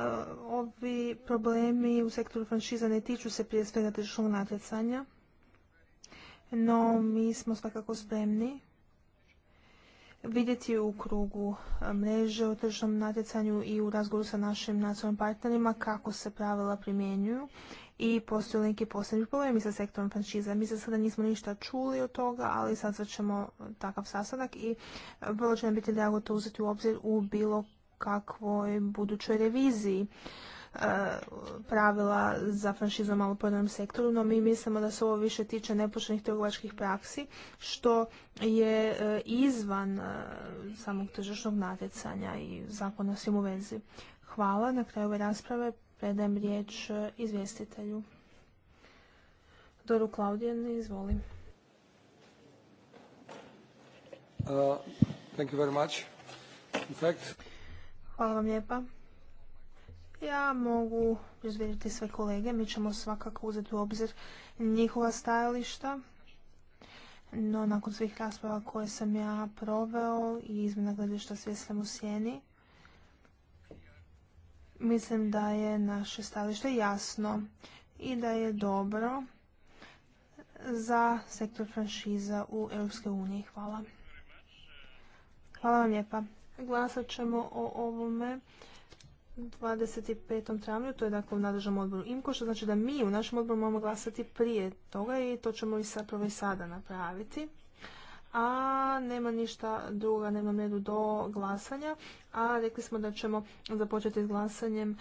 ovi problemi u sektoru franšiza ne tiču se prije svega tržišnog natjecanja, no mi smo svakako spremni vidjeti u krugu eh, mreže o tržišnom natjecanju i u razgovoru sa našim nacionalnim partnerima kako se pravila primjenjuju i postoje neki posebni problemi sa sektorom franšiza. Mi za sada nismo ništa čuli od toga, ali sad ćemo takav sastanak i vrlo će nam biti drago to uzeti u obzir u bilo kakvoj budućoj reviziji e, pravila za franšizu u maloprodajnom sektoru, no mi mislimo da se ovo više tiče nepoštenih trgovačkih praksi, što je e, izvan e, samog tržišnog natjecanja i zakona svim u vezi. Hvala. Na kraju ove rasprave predajem riječ izvjestitelju. Doru Klaudijan, izvoli. Uh, Hvala vam lijepa. Ja mogu izvjeriti sve kolege, mi ćemo svakako uzeti u obzir njihova stajališta, no nakon svih rasprava koje sam ja proveo i izmjena gledišta svjesnem u sjeni, mislim da je naše stajalište jasno i da je dobro za sektor franšiza u EU. Hvala. Hvala vam lijepa. Glasat ćemo o ovome 25. travnju, to je dakle u nadležnom odboru IMKO, što znači da mi u našem odboru moramo glasati prije toga i to ćemo i zapravo i sada napraviti. A nema ništa druga, nema medu do glasanja, a rekli smo da ćemo započeti s glasanjem e,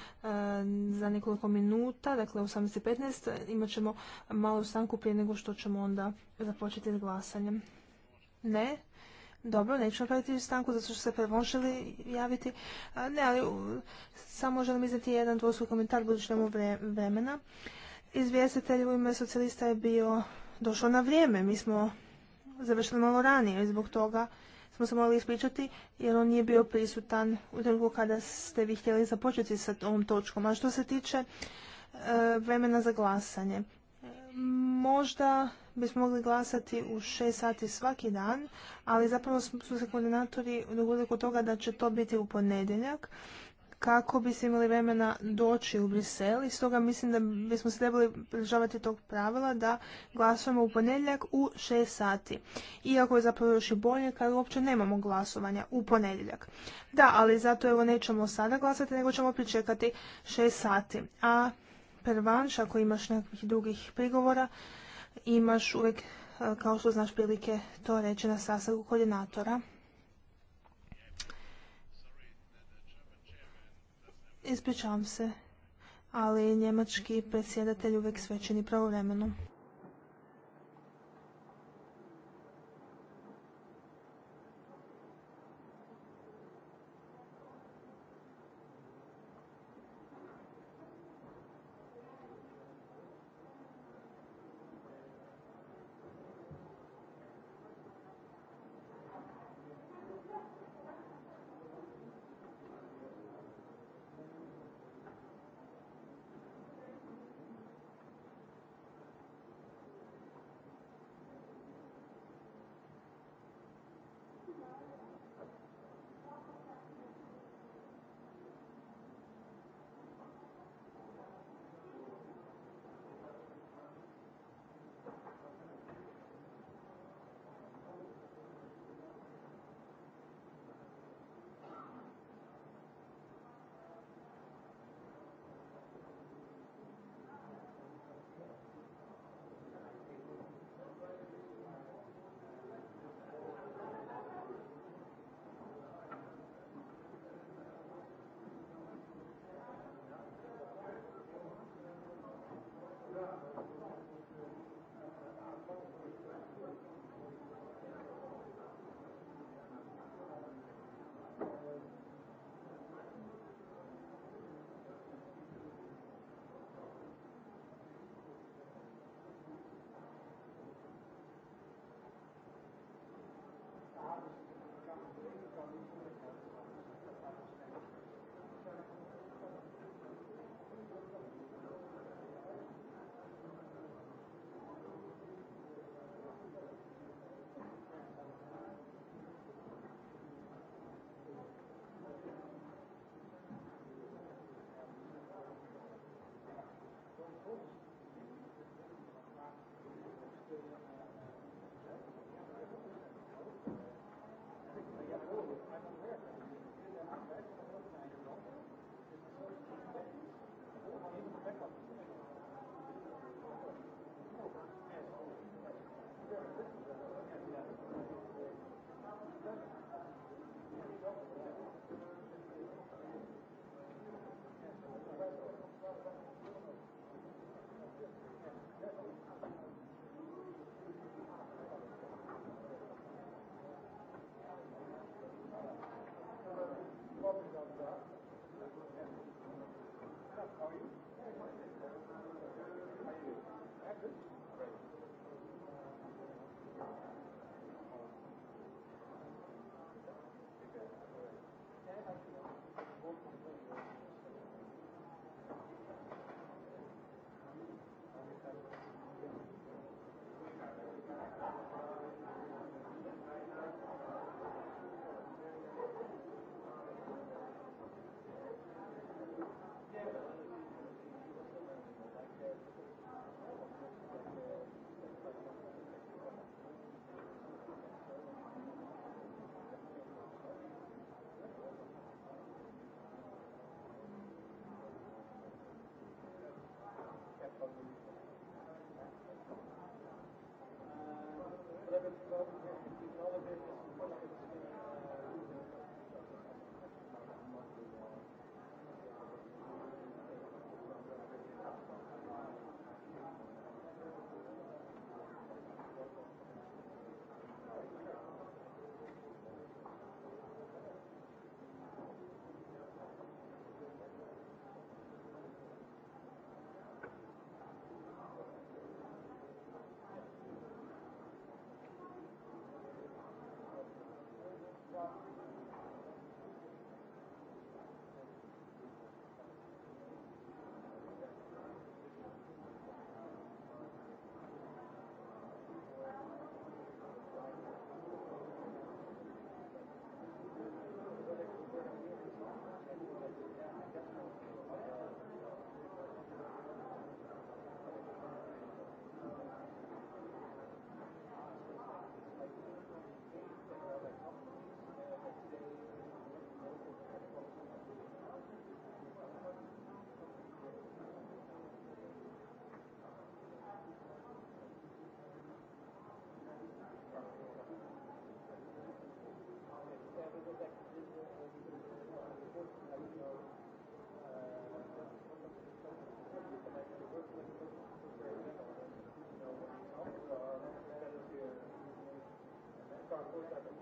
za nekoliko minuta, dakle 18.15, imat ćemo malu stanku prije nego što ćemo onda započeti s glasanjem. Ne, dobro, neću napraviti stanku zato što se prevošili javiti. Ne, ali samo želim izdati jedan dvostruk komentar budući nemo vremena. Izvjestitelj u ime socijalista je bio došao na vrijeme. Mi smo završili malo ranije i zbog toga smo se morali ispričati jer on nije bio prisutan u trenutku kada ste vi htjeli započeti sa ovom točkom. A što se tiče e, vremena za glasanje, možda bismo mogli glasati u 6 sati svaki dan, ali zapravo su se koordinatori dogodili kod toga da će to biti u ponedjeljak kako bi se imali vremena doći u Brisel i stoga mislim da bismo se trebali pridržavati tog pravila da glasujemo u ponedjeljak u 6 sati. Iako je zapravo još i bolje kada uopće nemamo glasovanja u ponedjeljak. Da, ali zato evo nećemo sada glasati nego ćemo pričekati 6 sati. A pervanš, ako imaš nekakvih drugih prigovora, imaš uvijek, e, kao što znaš, prilike to reći na sastanku koordinatora. Ispričavam se, ali njemački predsjedatelj uvijek svećeni pravovremeno. Hvala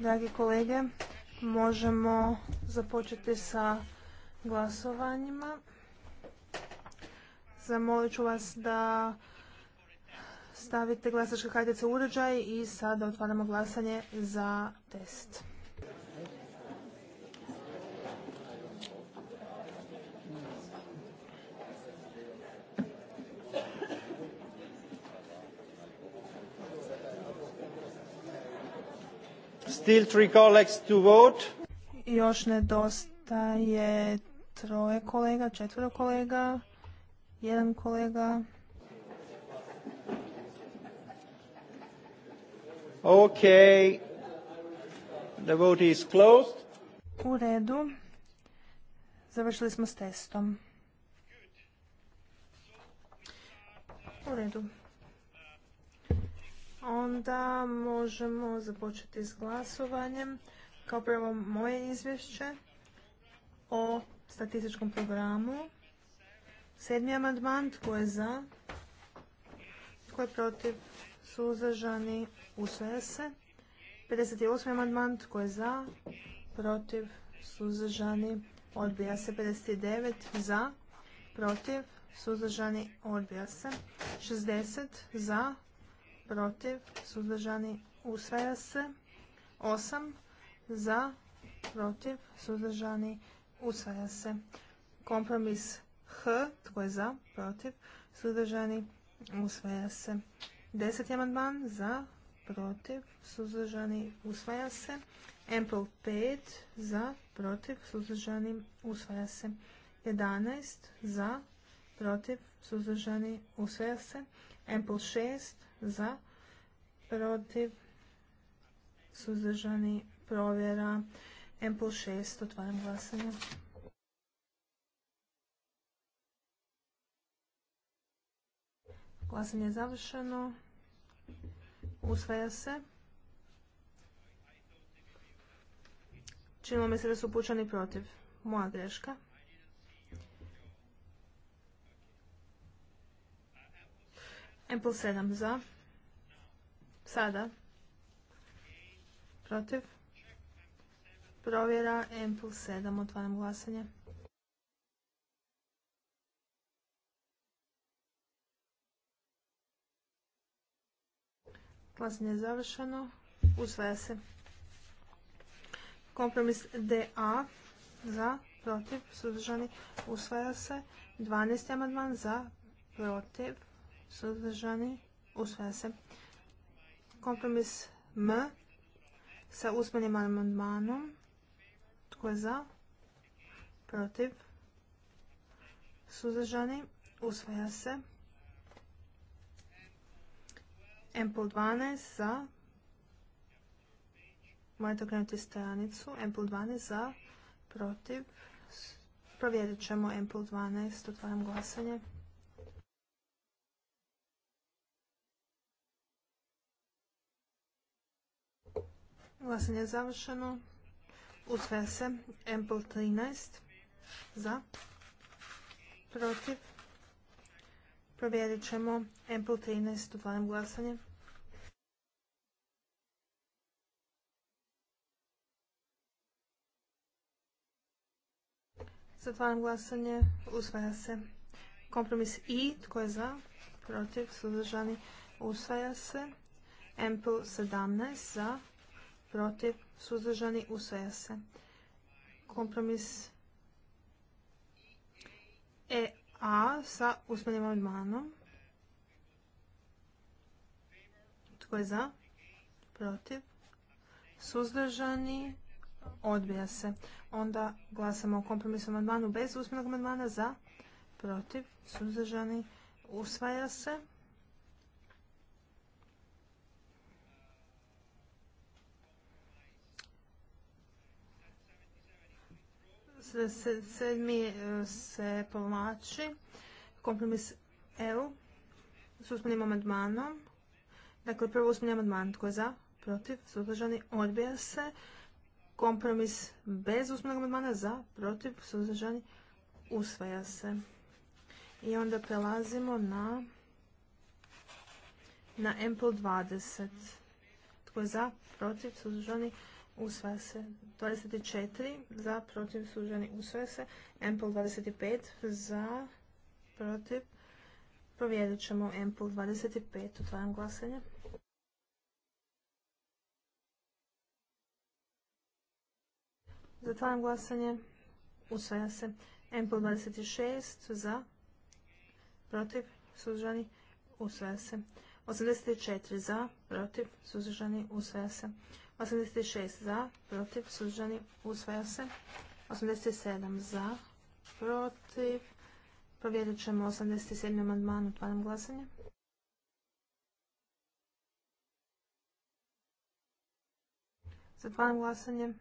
Dragi kolege, možemo započeti sa glasovanjima. Zamolit ću vas da stavite glasačke kartice u uređaj i sada otvaramo glasanje za test. Still three colleagues to vote. Još nedostaje troje kolega, četvero kolega, jedan kolega. Okay. The vote is closed. U redu. Završili smo s testom. U redu. Onda možemo započeti s glasovanjem. Kao prvo moje izvješće o statističkom programu. Sedmi amandman, tko je za? Tko je protiv? Suzdržani? Usvaja se. 58. amandman, tko je za? Protiv? Suzdržani? Odbija se. 59. Za? Protiv? Suzdržani? Odbija se. 60. Za? protiv, suzdržani, usvaja se. 8 za, protiv, suzdržani, usvaja se. Kompromis H, tko je za, protiv, suzdržani, usvaja se. 10. amandman za, protiv, suzdržani, usvaja se. Ample 5 za, protiv, suzdržani, usvaja se. 11 za, protiv, suzdržani, usvaja se. Ample 6 za, protiv, suzdržani, provjera, M plus 6, otvaram glasanje. Glasanje je završeno. Usvaja se. Činilo mi se da su upućeni protiv. Moja greška. Ample 7 za. Sada. Protiv. Provjera Ample 7. Otvaram glasanje. Glasanje je završeno. Usvaja se. Kompromis DA za, protiv, suzdržani, usvaja se. 12. amadman. za, protiv, suzdržani, usvaja se. Kompromis M sa usmenim amandmanom. Tko je za? Protiv? Suzdržani? Usvaja se. pol 12 za. Morate okrenuti stranicu. pol 12 za. Protiv. Provjerit ćemo pol 12. Otvaram glasanje. Glasanje je završeno. Usvaja se MPL 13 za, protiv. Provjerit ćemo MPL 13 otvaram glasanje. Zatvaram glasanje. Usvaja se. Kompromis I. Tko je za? Protiv. sudržani? Usvaja se. MPL 17 za protiv, suzdržani, usvaja se. Kompromis EA sa usmenim amandmanom. Tko je za? Protiv? Suzdržani? Odbija se. Onda glasamo o kompromisu amandmanu bez usmenog amandmana za? Protiv? Suzdržani? Usvaja se. sedmi e, se povlači kompromis EU s usmenim amandmanom. Dakle, prvo usmeni amandman. Tko je za? Protiv? Suzdržani? Odbija se. Kompromis bez usmenog amandmana. Za? Protiv? Suzdržani? Usvaja se. I onda prelazimo na na MPL 20. Tko je za? Protiv? Suzdržani? usvaja se. 24 za, protiv, suženi usvaja se. pol 25 za, protiv. Provjerit ćemo Ample 25. Otvaram glasanje. Zatvaram glasanje. Usvaja se. pol 26 za, protiv, suženi usvaja se. 84 za, protiv, suzdržani, usvaja se. 86 za, protiv, suđani, usvaja se. 87 za, protiv. Provjerit ćemo 87. amandman, otvaram glasanje. Zatvaram glasanje.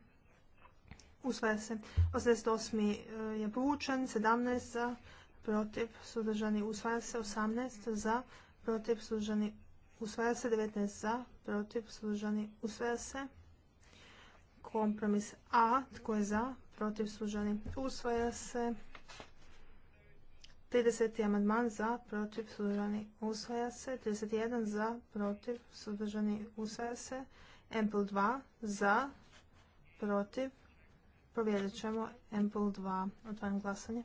Usvaja se. 88. Eh, je povučen, 17 za, protiv, suđani, usvaja se. 18 za, protiv, se. Usvaja se 19 za, protiv, suzdržani, usvaja se. Kompromis A, tko je za, protiv, suzdržani, usvaja se. 30. amandman za, protiv, suzdržani, usvaja se. 31 za, protiv, suzdržani, usvaja se. Ample 2 za, protiv, provjerit ćemo. Ample 2, otvaram glasanje.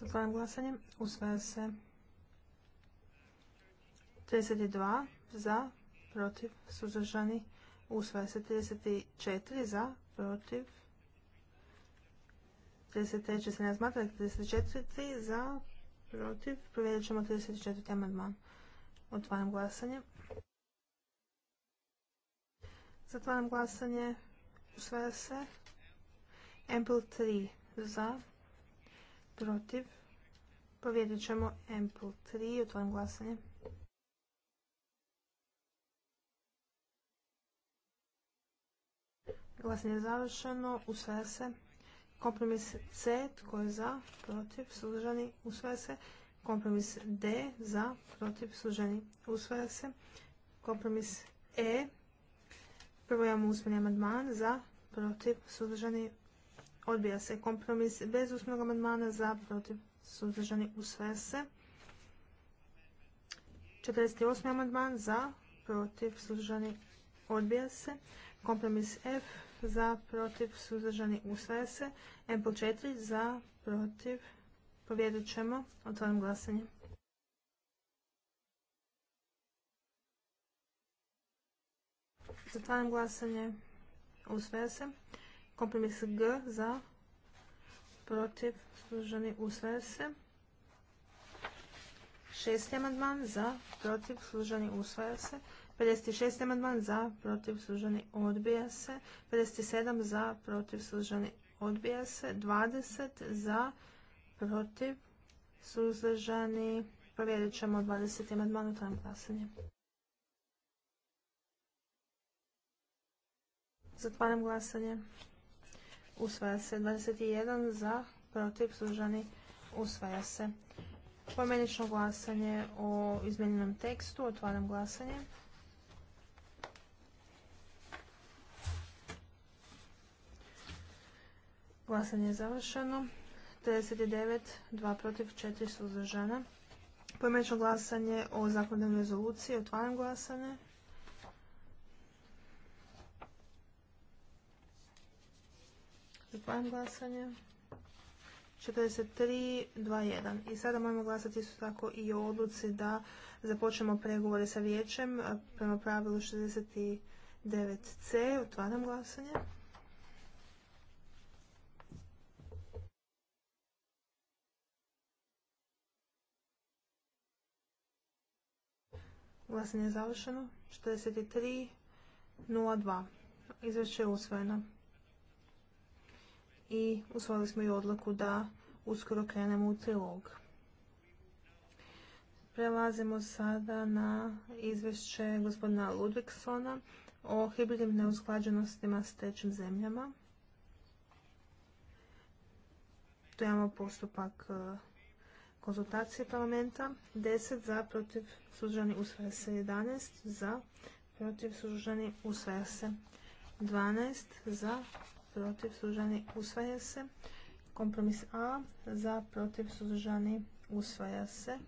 Zatvaram glasanje. Usvaja se. 32 za, protiv, suzdržani. Usvaja se. 34 za, protiv. 33 se ne razmatra. 34 za, protiv. Provjerit ćemo 34. amandman. Otvaram glasanje. Zatvaram glasanje. Usvaja se. Ample 3 za, protiv. Povijedit ćemo plus 3, otvorim glasanje. Glasanje je završeno, usvaja se. Kompromis C, tko je za, protiv, suzdržani, usvaja se. Kompromis D, za, protiv, suzdržani, usvaja se. Kompromis E, prvo imamo usmeni amandman, za, protiv, suzdržani, Odbija se kompromis bez usmenog amandmana za protiv suzdržani usvaja se. 48. amandman za protiv suzdržani odbija se. Kompromis F za protiv suzdržani usvaja se. MP4 za protiv Povijedit ćemo. Otvaram glasanje. Zatvaram glasanje. Usvaja se. Kompromis G za protiv služeni usvaja se. Šesti amandman za protiv služeni usvaja se. 56. amandman za protiv služeni odbija se. 57 za protiv služeni odbija se. 20 za protiv suzdržani. Provjerit ćemo 20. amandman u tajem glasanju. Zatvaram glasanje usvaja se. 21 za, protiv, suzdržani, usvaja se. Pomenično glasanje o izmijenjenom tekstu. Otvaram glasanje. Glasanje je završeno. 39, 2 protiv, 4 suzdržana. Pomenično glasanje o zakonodavnoj rezoluciji. Otvaram glasanje. Otvaram glasanje. 43.2.1. I sada moramo glasati isto tako i o odluci da započnemo pregovore sa vijećem prema pravilu 69c. Otvaram glasanje. Glasanje je završeno. 43.02. Izvješće je usvojeno i usvojili smo i odluku da uskoro krenemo u trilog. Prelazimo sada na izvješće gospodina Ludvigsona o hibridnim neusklađenostima s trećim zemljama. Tu imamo postupak e, konzultacije parlamenta. 10 za, protiv suzdržani usvaja se 11, za, protiv suzdržani usvaja se 12, za, protiv, suzdržani, usvaja se. Kompromis A za, protiv, suzdržani, usvaja se.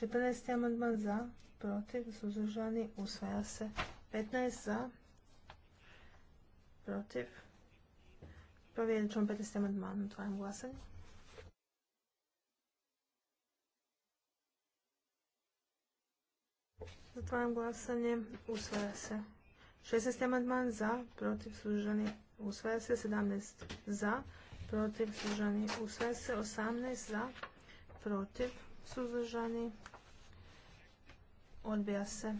14. amandman za, protiv, suzdržani, usvaja se. 15 za, protiv. Provjerit ćemo 15. amandman, otvaram glasanje. Zatvaram glasanje. Usvaja se. 16. amandman za, protiv, suzdržani, usvaja se 17 za, protiv, suzdržani, usvaja se 18 za, protiv, suzdržani, odbija se.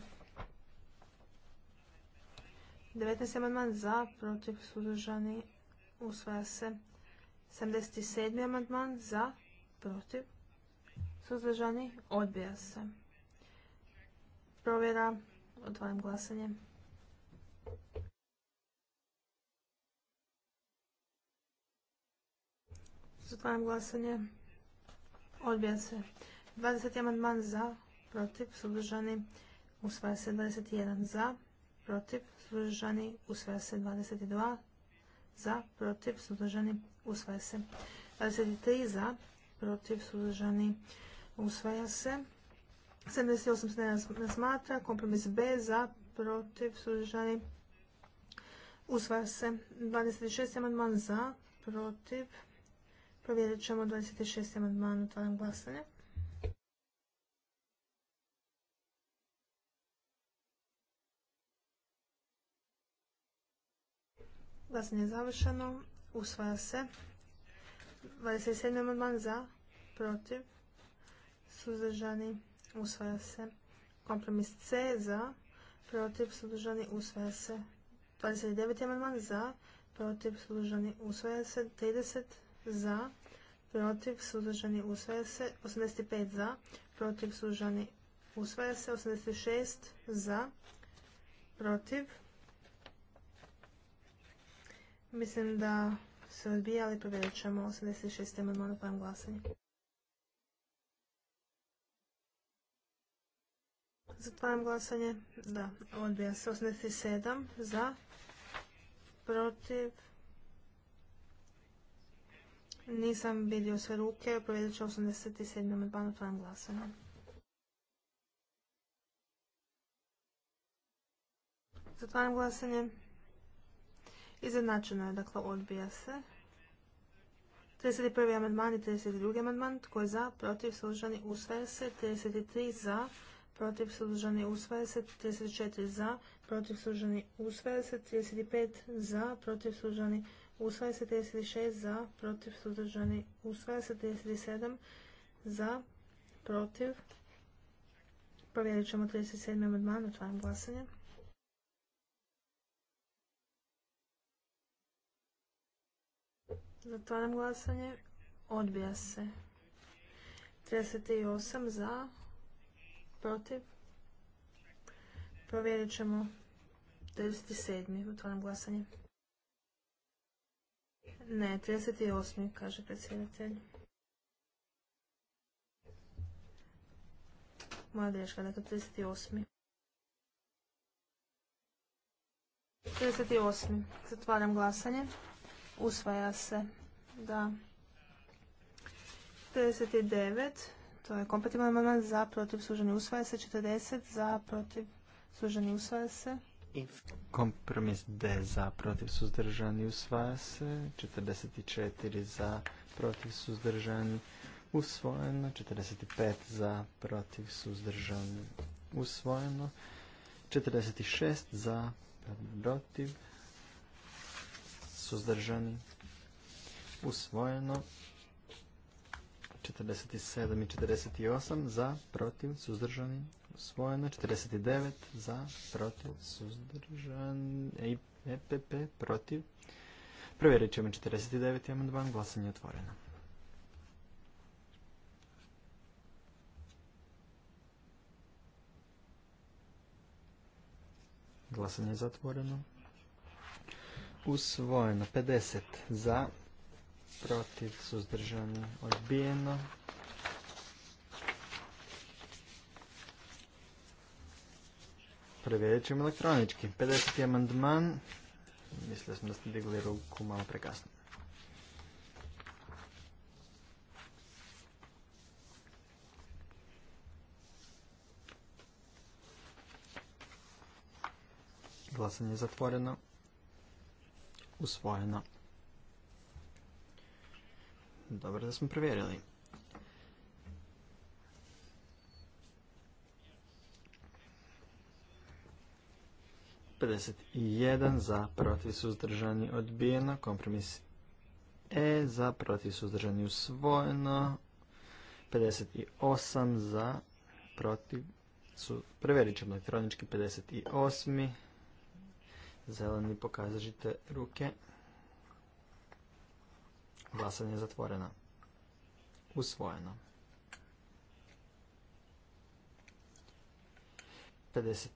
19. amandman za, protiv, suzdržani, usvaja se. 77. amandman za, protiv, suzdržani, odbija se. Provjera, otvaram glasanje. Zatvaram glasanje. Odbija se. 20. amandman za, protiv, suzdržani, usvaja se 21 za, protiv, suzdržani, usvaja se 22 za, protiv, suzdržani, usvaja se 23 za, protiv, suzdržani, usvaja se 78 se ne smatra, kompromis B za, protiv, suzdržani, usvaja se 26. amandman za, protiv, Provjerit ćemo 26. amandman, otvaram glasanje. Glasanje je završeno. Usvaja se. 27. amandman za, protiv, suzdržani, usvaja se. Kompromis C za, protiv, suzdržani, usvaja se. 29. amandman za, protiv, suzdržani, usvaja se. 30 za, protiv, suzdržani, usvaja se. 85 za, protiv, suzdržani, usvaja se. 86 za, protiv. Mislim da se odbija, ali provjerit ćemo 86. imamo na glasanje. Zatvaram glasanje. Da, odbija se 87 za, protiv, nisam vidio sve ruke, provjerit ću 87. amandman otvaram glasanje. Zatvaram glasanje. Izjednačeno je, dakle odbija se. 31. amandman i 32. amandman. Tko je za? Protiv? Suzdržani? Usvaja se. 33. za. Protiv? Suzdržani? Usvaja se. 34. za. Protiv? Suzdržani? Usvaja se. 35. za. Protiv? Suzdržani? Usvaja se usvaja se 36 za, protiv, sudržani. usvaja se 37 za, protiv, provjerit ćemo 37. amandman, otvaram glasanje. Zatvaram glasanje. Odbija se. 38 za. Protiv. Provjerit ćemo 37. Otvaram glasanje. Ne, 38. kaže predsjedatelj. Moja greška, dakle 38. 38. Zatvaram glasanje. Usvaja se da 39. To je kompatibilan amandman za protiv suženi usvaja se. 40 za protiv suženi usvaja se. Kompromis D za protiv suzdržani usvaja se. 44 za protiv suzdržani usvojeno. 45 za protiv suzdržani usvojeno. 46 za protiv suzdržani usvojeno. 47 i 48 za protiv suzdržani usvojeno, 49 za, protiv, suzdržan, EPP e protiv. Provjerit ćemo 49. amandman, glasanje je otvoreno. Glasanje je zatvoreno. Usvojeno 50 za, protiv, suzdržano odbijeno. Provjerit ćemo elektronički. 50. amandman. Mislio sam da ste digli ruku malo prekasno. Glasanje je zatvoreno. Usvojeno. Dobro da smo provjerili. 51 za protiv suzdržani odbijeno. Kompromis E za protiv suzdržani usvojeno. 58 za protiv su, preverit ćemo elektronički 58. Zeleni pokazažite ruke. Glasanje je zatvoreno. Usvojeno. 50.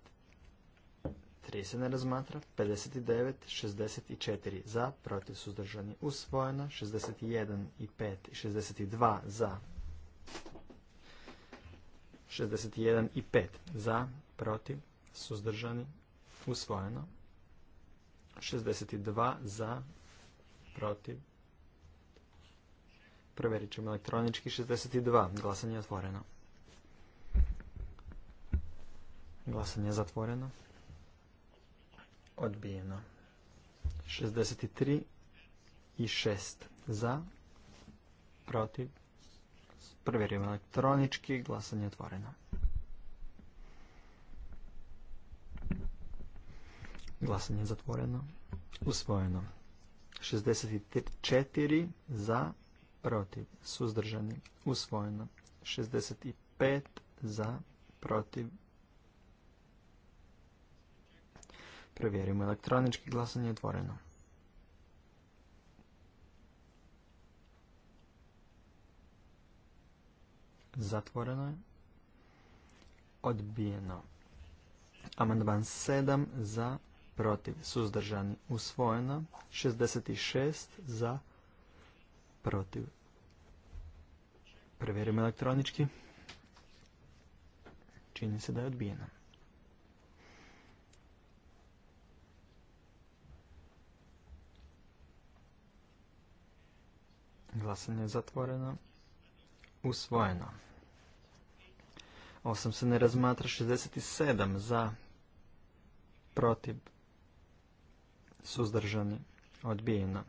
3 se ne razmatra, 59, 64 za, protiv suzdržani usvojeno, 61 i 5 i 62 za, 61 i 5 za, protiv suzdržani usvojeno, 62 za, protiv, provjerit ćemo elektronički, 62, glasanje je otvoreno. Glasanje je zatvoreno odbijeno. 63 i 6 za, protiv, provjerujemo elektronički, glasanje otvoreno. Glasanje zatvoreno, usvojeno. 64 za, protiv, suzdržani, usvojeno. 65 za, protiv, Provjerimo elektronički glasanje otvoreno. Zatvoreno je. Odbijeno. Amandman 7 za, protiv, suzdržani, usvojeno. 66 za, protiv. Provjerimo elektronički. Čini se da je odbijeno. Glasanje je zatvoreno. Usvojeno. 8 se ne razmatra 67 za protiv suzdržani odbijeno.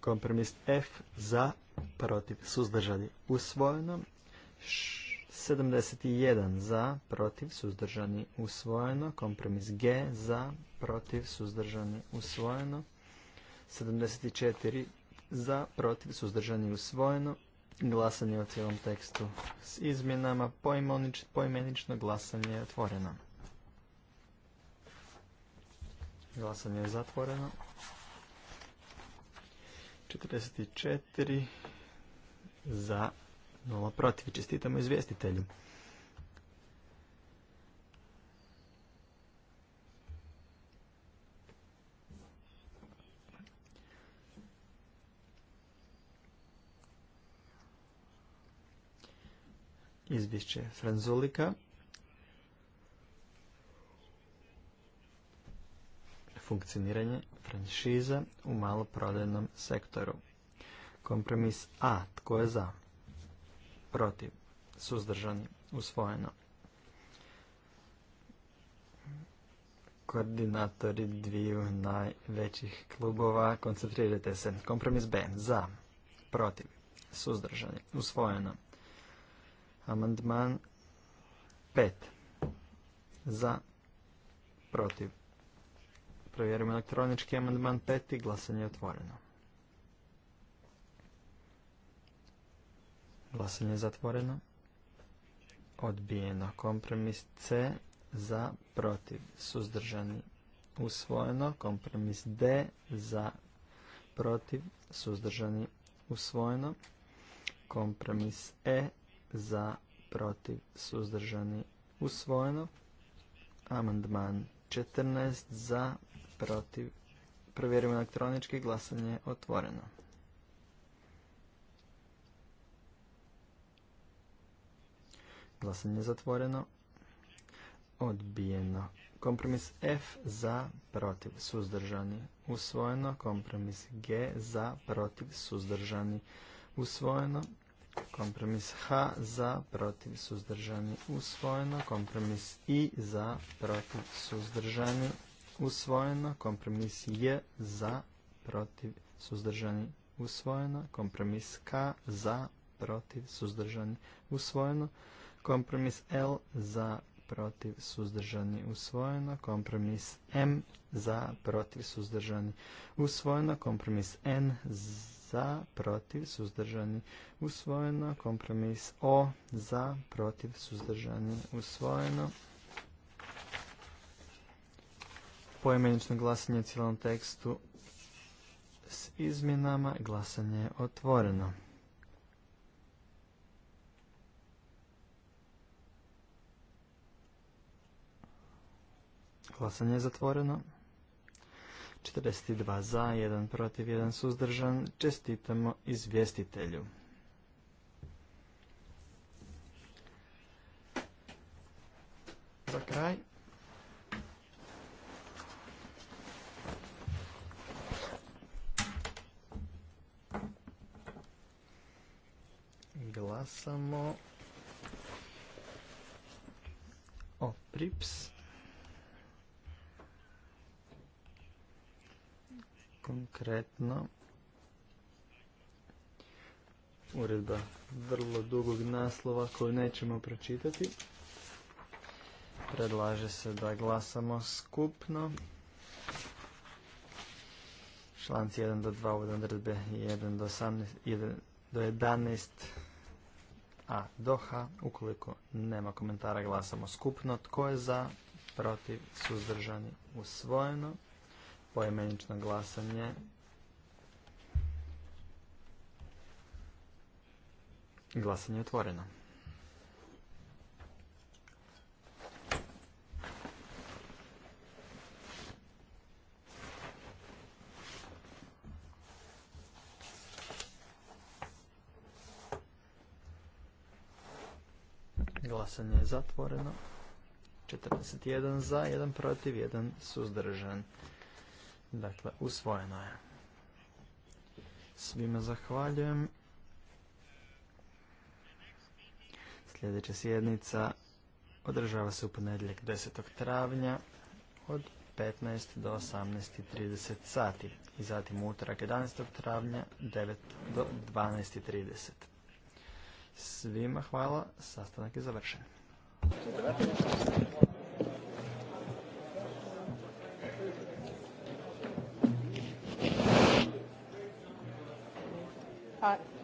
Kompromis F za protiv suzdržani usvojeno. 71 za protiv suzdržani usvojeno. Kompromis G za protiv suzdržani usvojeno. 74 za, protiv, suzdržani, usvojeno. Glasanje o cijelom tekstu s izmjenama, poimenično glasanje je otvoreno. Glasanje je zatvoreno. 44 za, 0 protiv. Čestitamo izvjestitelju. izvješće Franzulika. Funkcioniranje franšiza u maloprodajnom sektoru. Kompromis A. Tko je za? Protiv. Suzdržani. Usvojeno. Koordinatori dviju najvećih klubova. Koncentrirajte se. Kompromis B. Za. Protiv. Suzdržani. Usvojeno. Amandman 5. Za. Protiv. Provjerimo elektronički amandman 5. Glasanje je otvoreno. Glasanje je zatvoreno. Odbijeno. Kompromis C. Za. Protiv. Suzdržani. Usvojeno. Kompromis D. Za. Protiv. Suzdržani. Usvojeno. Kompromis E za, protiv, suzdržani, usvojeno. Amandman 14 za, protiv, provjerimo elektronički, glasanje je otvoreno. Glasanje je zatvoreno. Odbijeno. Kompromis F za, protiv, suzdržani, usvojeno. Kompromis G za, protiv, suzdržani, usvojeno. Kompromis H za, protiv, suzdržani, usvojeno. Kompromis I za, protiv, suzdržani, usvojeno. Kompromis J za, protiv, suzdržani, usvojeno. Kompromis K za, protiv, suzdržani, usvojeno. Kompromis L za, protiv, suzdržani, usvojeno. Kompromis M za, protiv, suzdržani, usvojeno. Kompromis N za, za, protiv, suzdržani, usvojeno. Kompromis O za, protiv, suzdržani, usvojeno. Poimenično glasanje u cijelom tekstu s izmjenama. Glasanje je otvoreno. Glasanje je zatvoreno. 42 za, 1 protiv, 1 suzdržan. Čestitamo izvjestitelju. Za kraj. Glasamo o PRIPS. konkretno uredba vrlo dugog naslova koju nećemo pročitati. Predlaže se da glasamo skupno. Članci 1 do 2 od odredbe 1 do, 18, 1 do 11 a doha, H. Ukoliko nema komentara glasamo skupno. Tko je za, protiv, suzdržani, usvojeno poimenično glasanje. Glasanje je otvoreno. Glasanje je zatvoreno. 41 za, 1 protiv, 1 suzdržan. Dakle, usvojeno je. Svima zahvaljujem. Sljedeća sjednica održava se u ponedjeljak 10. travnja od 15 do 18.30 sati i zatim utorak 11. travnja 9 do 12.30. Svima hvala, sastanak je završen. pa